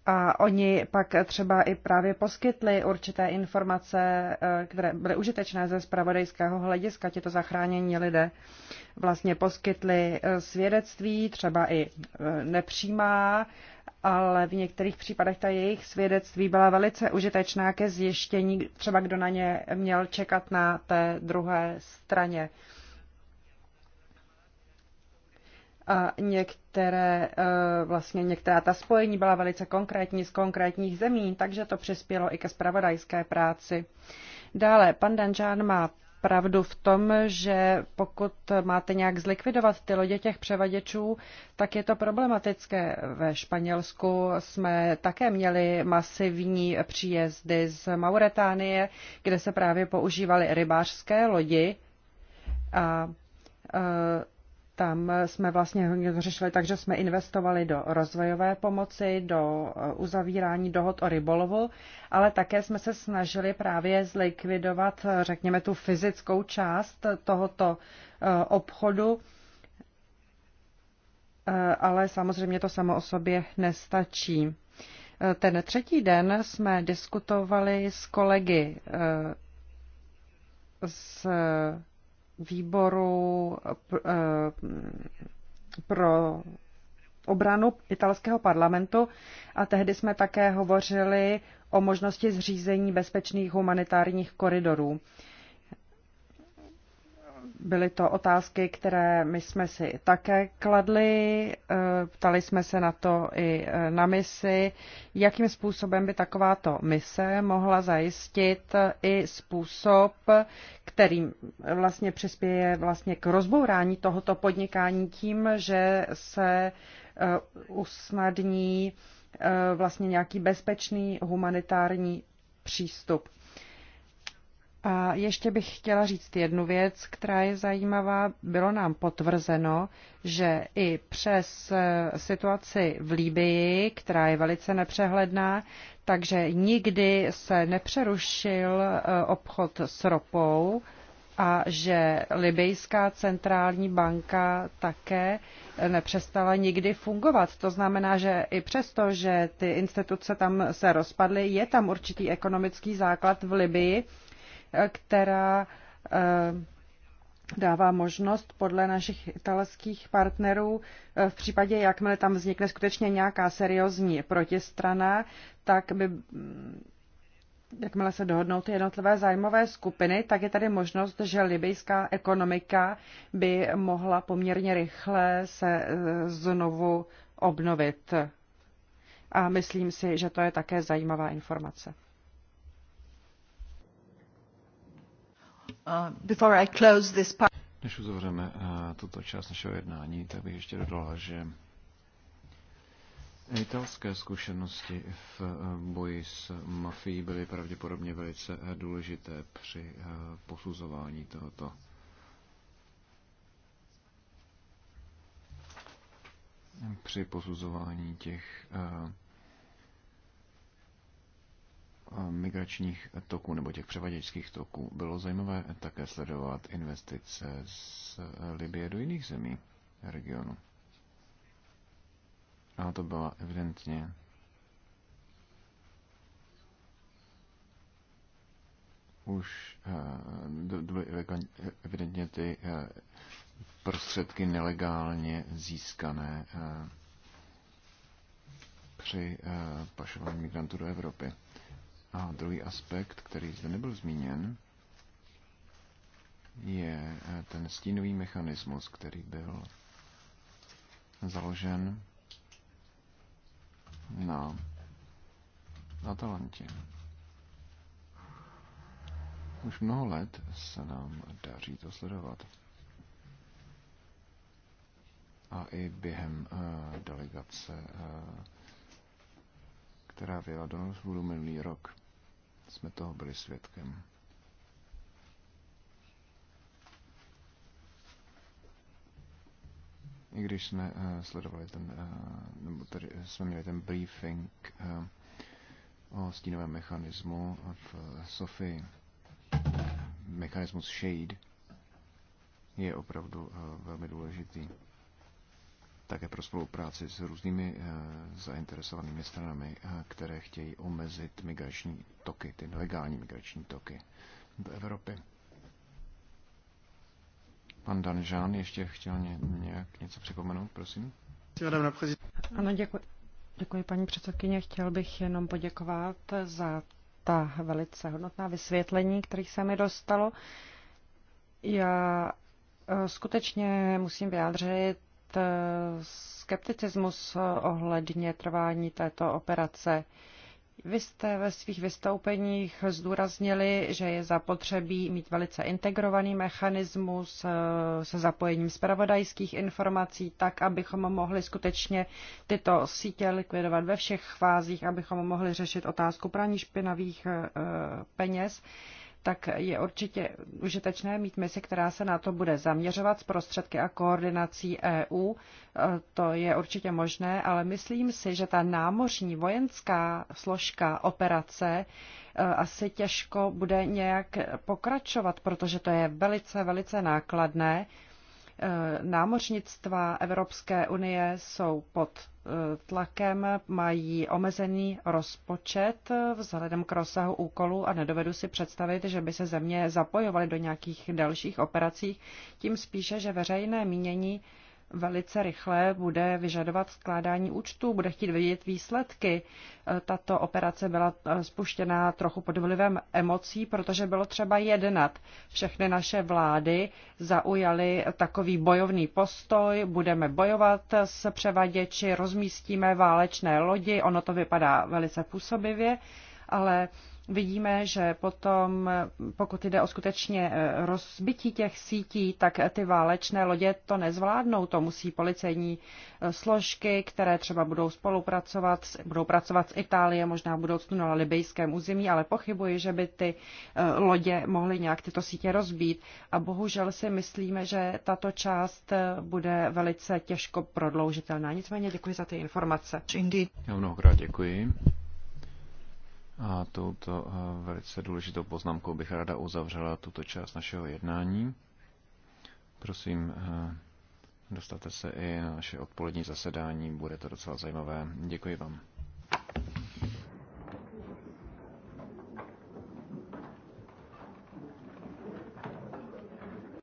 A oni pak třeba i právě poskytli určité informace, eh, které byly užitečné ze spravodajského hlediska. Tito zachránění lidé vlastně poskytli eh, svědectví, třeba i nepřímá, ale v některých případech ta jejich svědectví byla velice užitečná ke zjištění, třeba kdo na ně měl čekat na té druhé straně. A některé, eh, vlastně některá ta spojení byla velice konkrétní z konkrétních zemí, takže to přispělo i ke spravodajské práci. Dále, pan Danžán má pravdu v tom, že pokud máte nějak zlikvidovat ty lodě těch převaděčů, tak je to problematické. Ve Španělsku jsme také měli masivní příjezdy z Mauretánie, kde se právě používaly rybářské lodi a e, tam jsme vlastně hodně to řešili, takže jsme investovali do rozvojové pomoci, do eh, uzavírání dohod o rybolovu, ale také jsme se snažili právě zlikvidovat, eh, řekněme, tu fyzickou část tohoto eh, obchodu, ale samozřejmě to samo o sobě nestačí. Ten třetí den jsme diskutovali s kolegy z výboru eh, eh, pro obranu italského parlamentu a tehdy jsme také hovořili o možnosti zřízení bezpečných humanitárních koridorů. Byly to otázky, které my jsme si také kladli, eh, ptali jsme se na to i eh, na misi, jakým způsobem by takováto mise mohla zajistit eh, i způsob, kterým vlastně přispěje vlastně k rozbourání tohoto podnikání tím, že se usnadní vlastně nějaký bezpečný humanitární přístup. A ještě bych chtěla říct jednu věc, která je zajímavá. Bylo nám potvrzeno, že i přes eh, situaci v Líbii, která je velice nepřehledná, takže nikdy se nepřerušil eh, obchod s ropou a že libejská centrální banka také nepřestala nikdy fungovat. To znamená, že i přesto, že ty instituce tam se rozpadly, je tam určitý ekonomický základ v Libii, která eh, dává možnost podle našich italských partnerů eh, v případě, jakmile tam vznikne skutečně nějaká seriózní protistrana, tak by mm, jakmile se dohodnou ty jednotlivé zájmové skupiny, tak je tady možnost, že libyjská ekonomika by mohla poměrně rychle se eh, znovu obnovit. A myslím si, že to je také zajímavá informace. Uh, before I close this part... Než uzavřeme uh, tuto část našeho jednání, tak bych ještě dodal, že italské zkušenosti v uh, boji s mafií byly pravděpodobně velice důležité při posuzování tohoto při posuzování těch migračních toků nebo těch převaděčských toků bylo zajímavé také sledovat investice z Libie do jiných zemí regionu. A to byla evidentně už eh, evidentně ty eh, prostředky nelegálně získané eh, při pašování migrantů do Evropy. A druhý aspekt, který zde nebyl zmíněn, je eh, ten stínový mechanismus, který byl založen na Atalantě. Už mnoho let se nám daří to sledovat. A i během uh, delegace, uh, která vyjela do Norsbudu minulý rok, jsme toho byli svědkem. I když jsme eh, sledovali ten, eh, nebo tady jsme měli ten briefing eh, o stínovém mechanismu v Sofii, mechanismus Shade je opravdu velmi důležitý také pro spolupráci s různými eh, zainteresovanými stranami, eh, které chtějí omezit migrační toky, ty nelegální migrační toky do Evropy. Pan Danžán ještě chtěl nějak něco připomenout, prosím. Ano, děkuji. Děkuji, paní předsedkyně. Chtěl bych jenom poděkovat za ta velice hodnotná vysvětlení, kterých se mi dostalo. Já eh, skutečně musím vyjádřit Eh, skepticismus eh, ohledně trvání této operace. Vy jste ve svých vystoupeních zdůraznili, že je zapotřebí mít velice integrovaný mechanismus eh, se zapojením zpravodajských informací, tak abychom mohli skutečně tyto sítě likvidovat ve všech fázích, abychom mohli řešit otázku praní špinavých peněz tak je určitě užitečné mít misi, která se na to bude zaměřovat s prostředky a koordinací EU. E, to je určitě možné, ale myslím si, že ta námořní vojenská složka operace e, asi těžko bude nějak pokračovat, protože to je velice, velice nákladné. Eh, námořnictva Evropské unie jsou pod eh, tlakem, mají omezený rozpočet eh, vzhledem k rozsahu úkolů a nedovedu si představit, že by se země zapojovaly do nějakých dalších operací, tím spíše, že veřejné mínění velice rychle bude vyžadovat skládání účtů, bude chtít vidět výsledky. E, tato operace byla e, spuštěná trochu pod vlivem emocí, protože bylo třeba jednat. Všechny naše vlády zaujaly takový bojovný postoj, budeme bojovat s převaděči, rozmístíme válečné lodi, ono to vypadá velice působivě, ale vidíme, že potom, pokud jde o skutečně eh, rozbití těch sítí, tak ty válečné lodě to nezvládnou. To musí policejní eh, složky, které třeba budou spolupracovat, budou pracovat s Itálie, možná v budoucnu na libejském území, ale pochybuji, že by ty eh, lodě mohly nějak tyto sítě rozbít. A bohužel si myslíme, že tato část bude velice těžko prodloužitelná. Nicméně děkuji za ty informace. Já mnohokrát děkuji. A touto eh, velice důležitou poznámkou bych ráda uzavřela tuto část našeho jednání. Prosím, eh, dostate se i na naše odpolední zasedání, bude to docela zajímavé. Děkuji vám.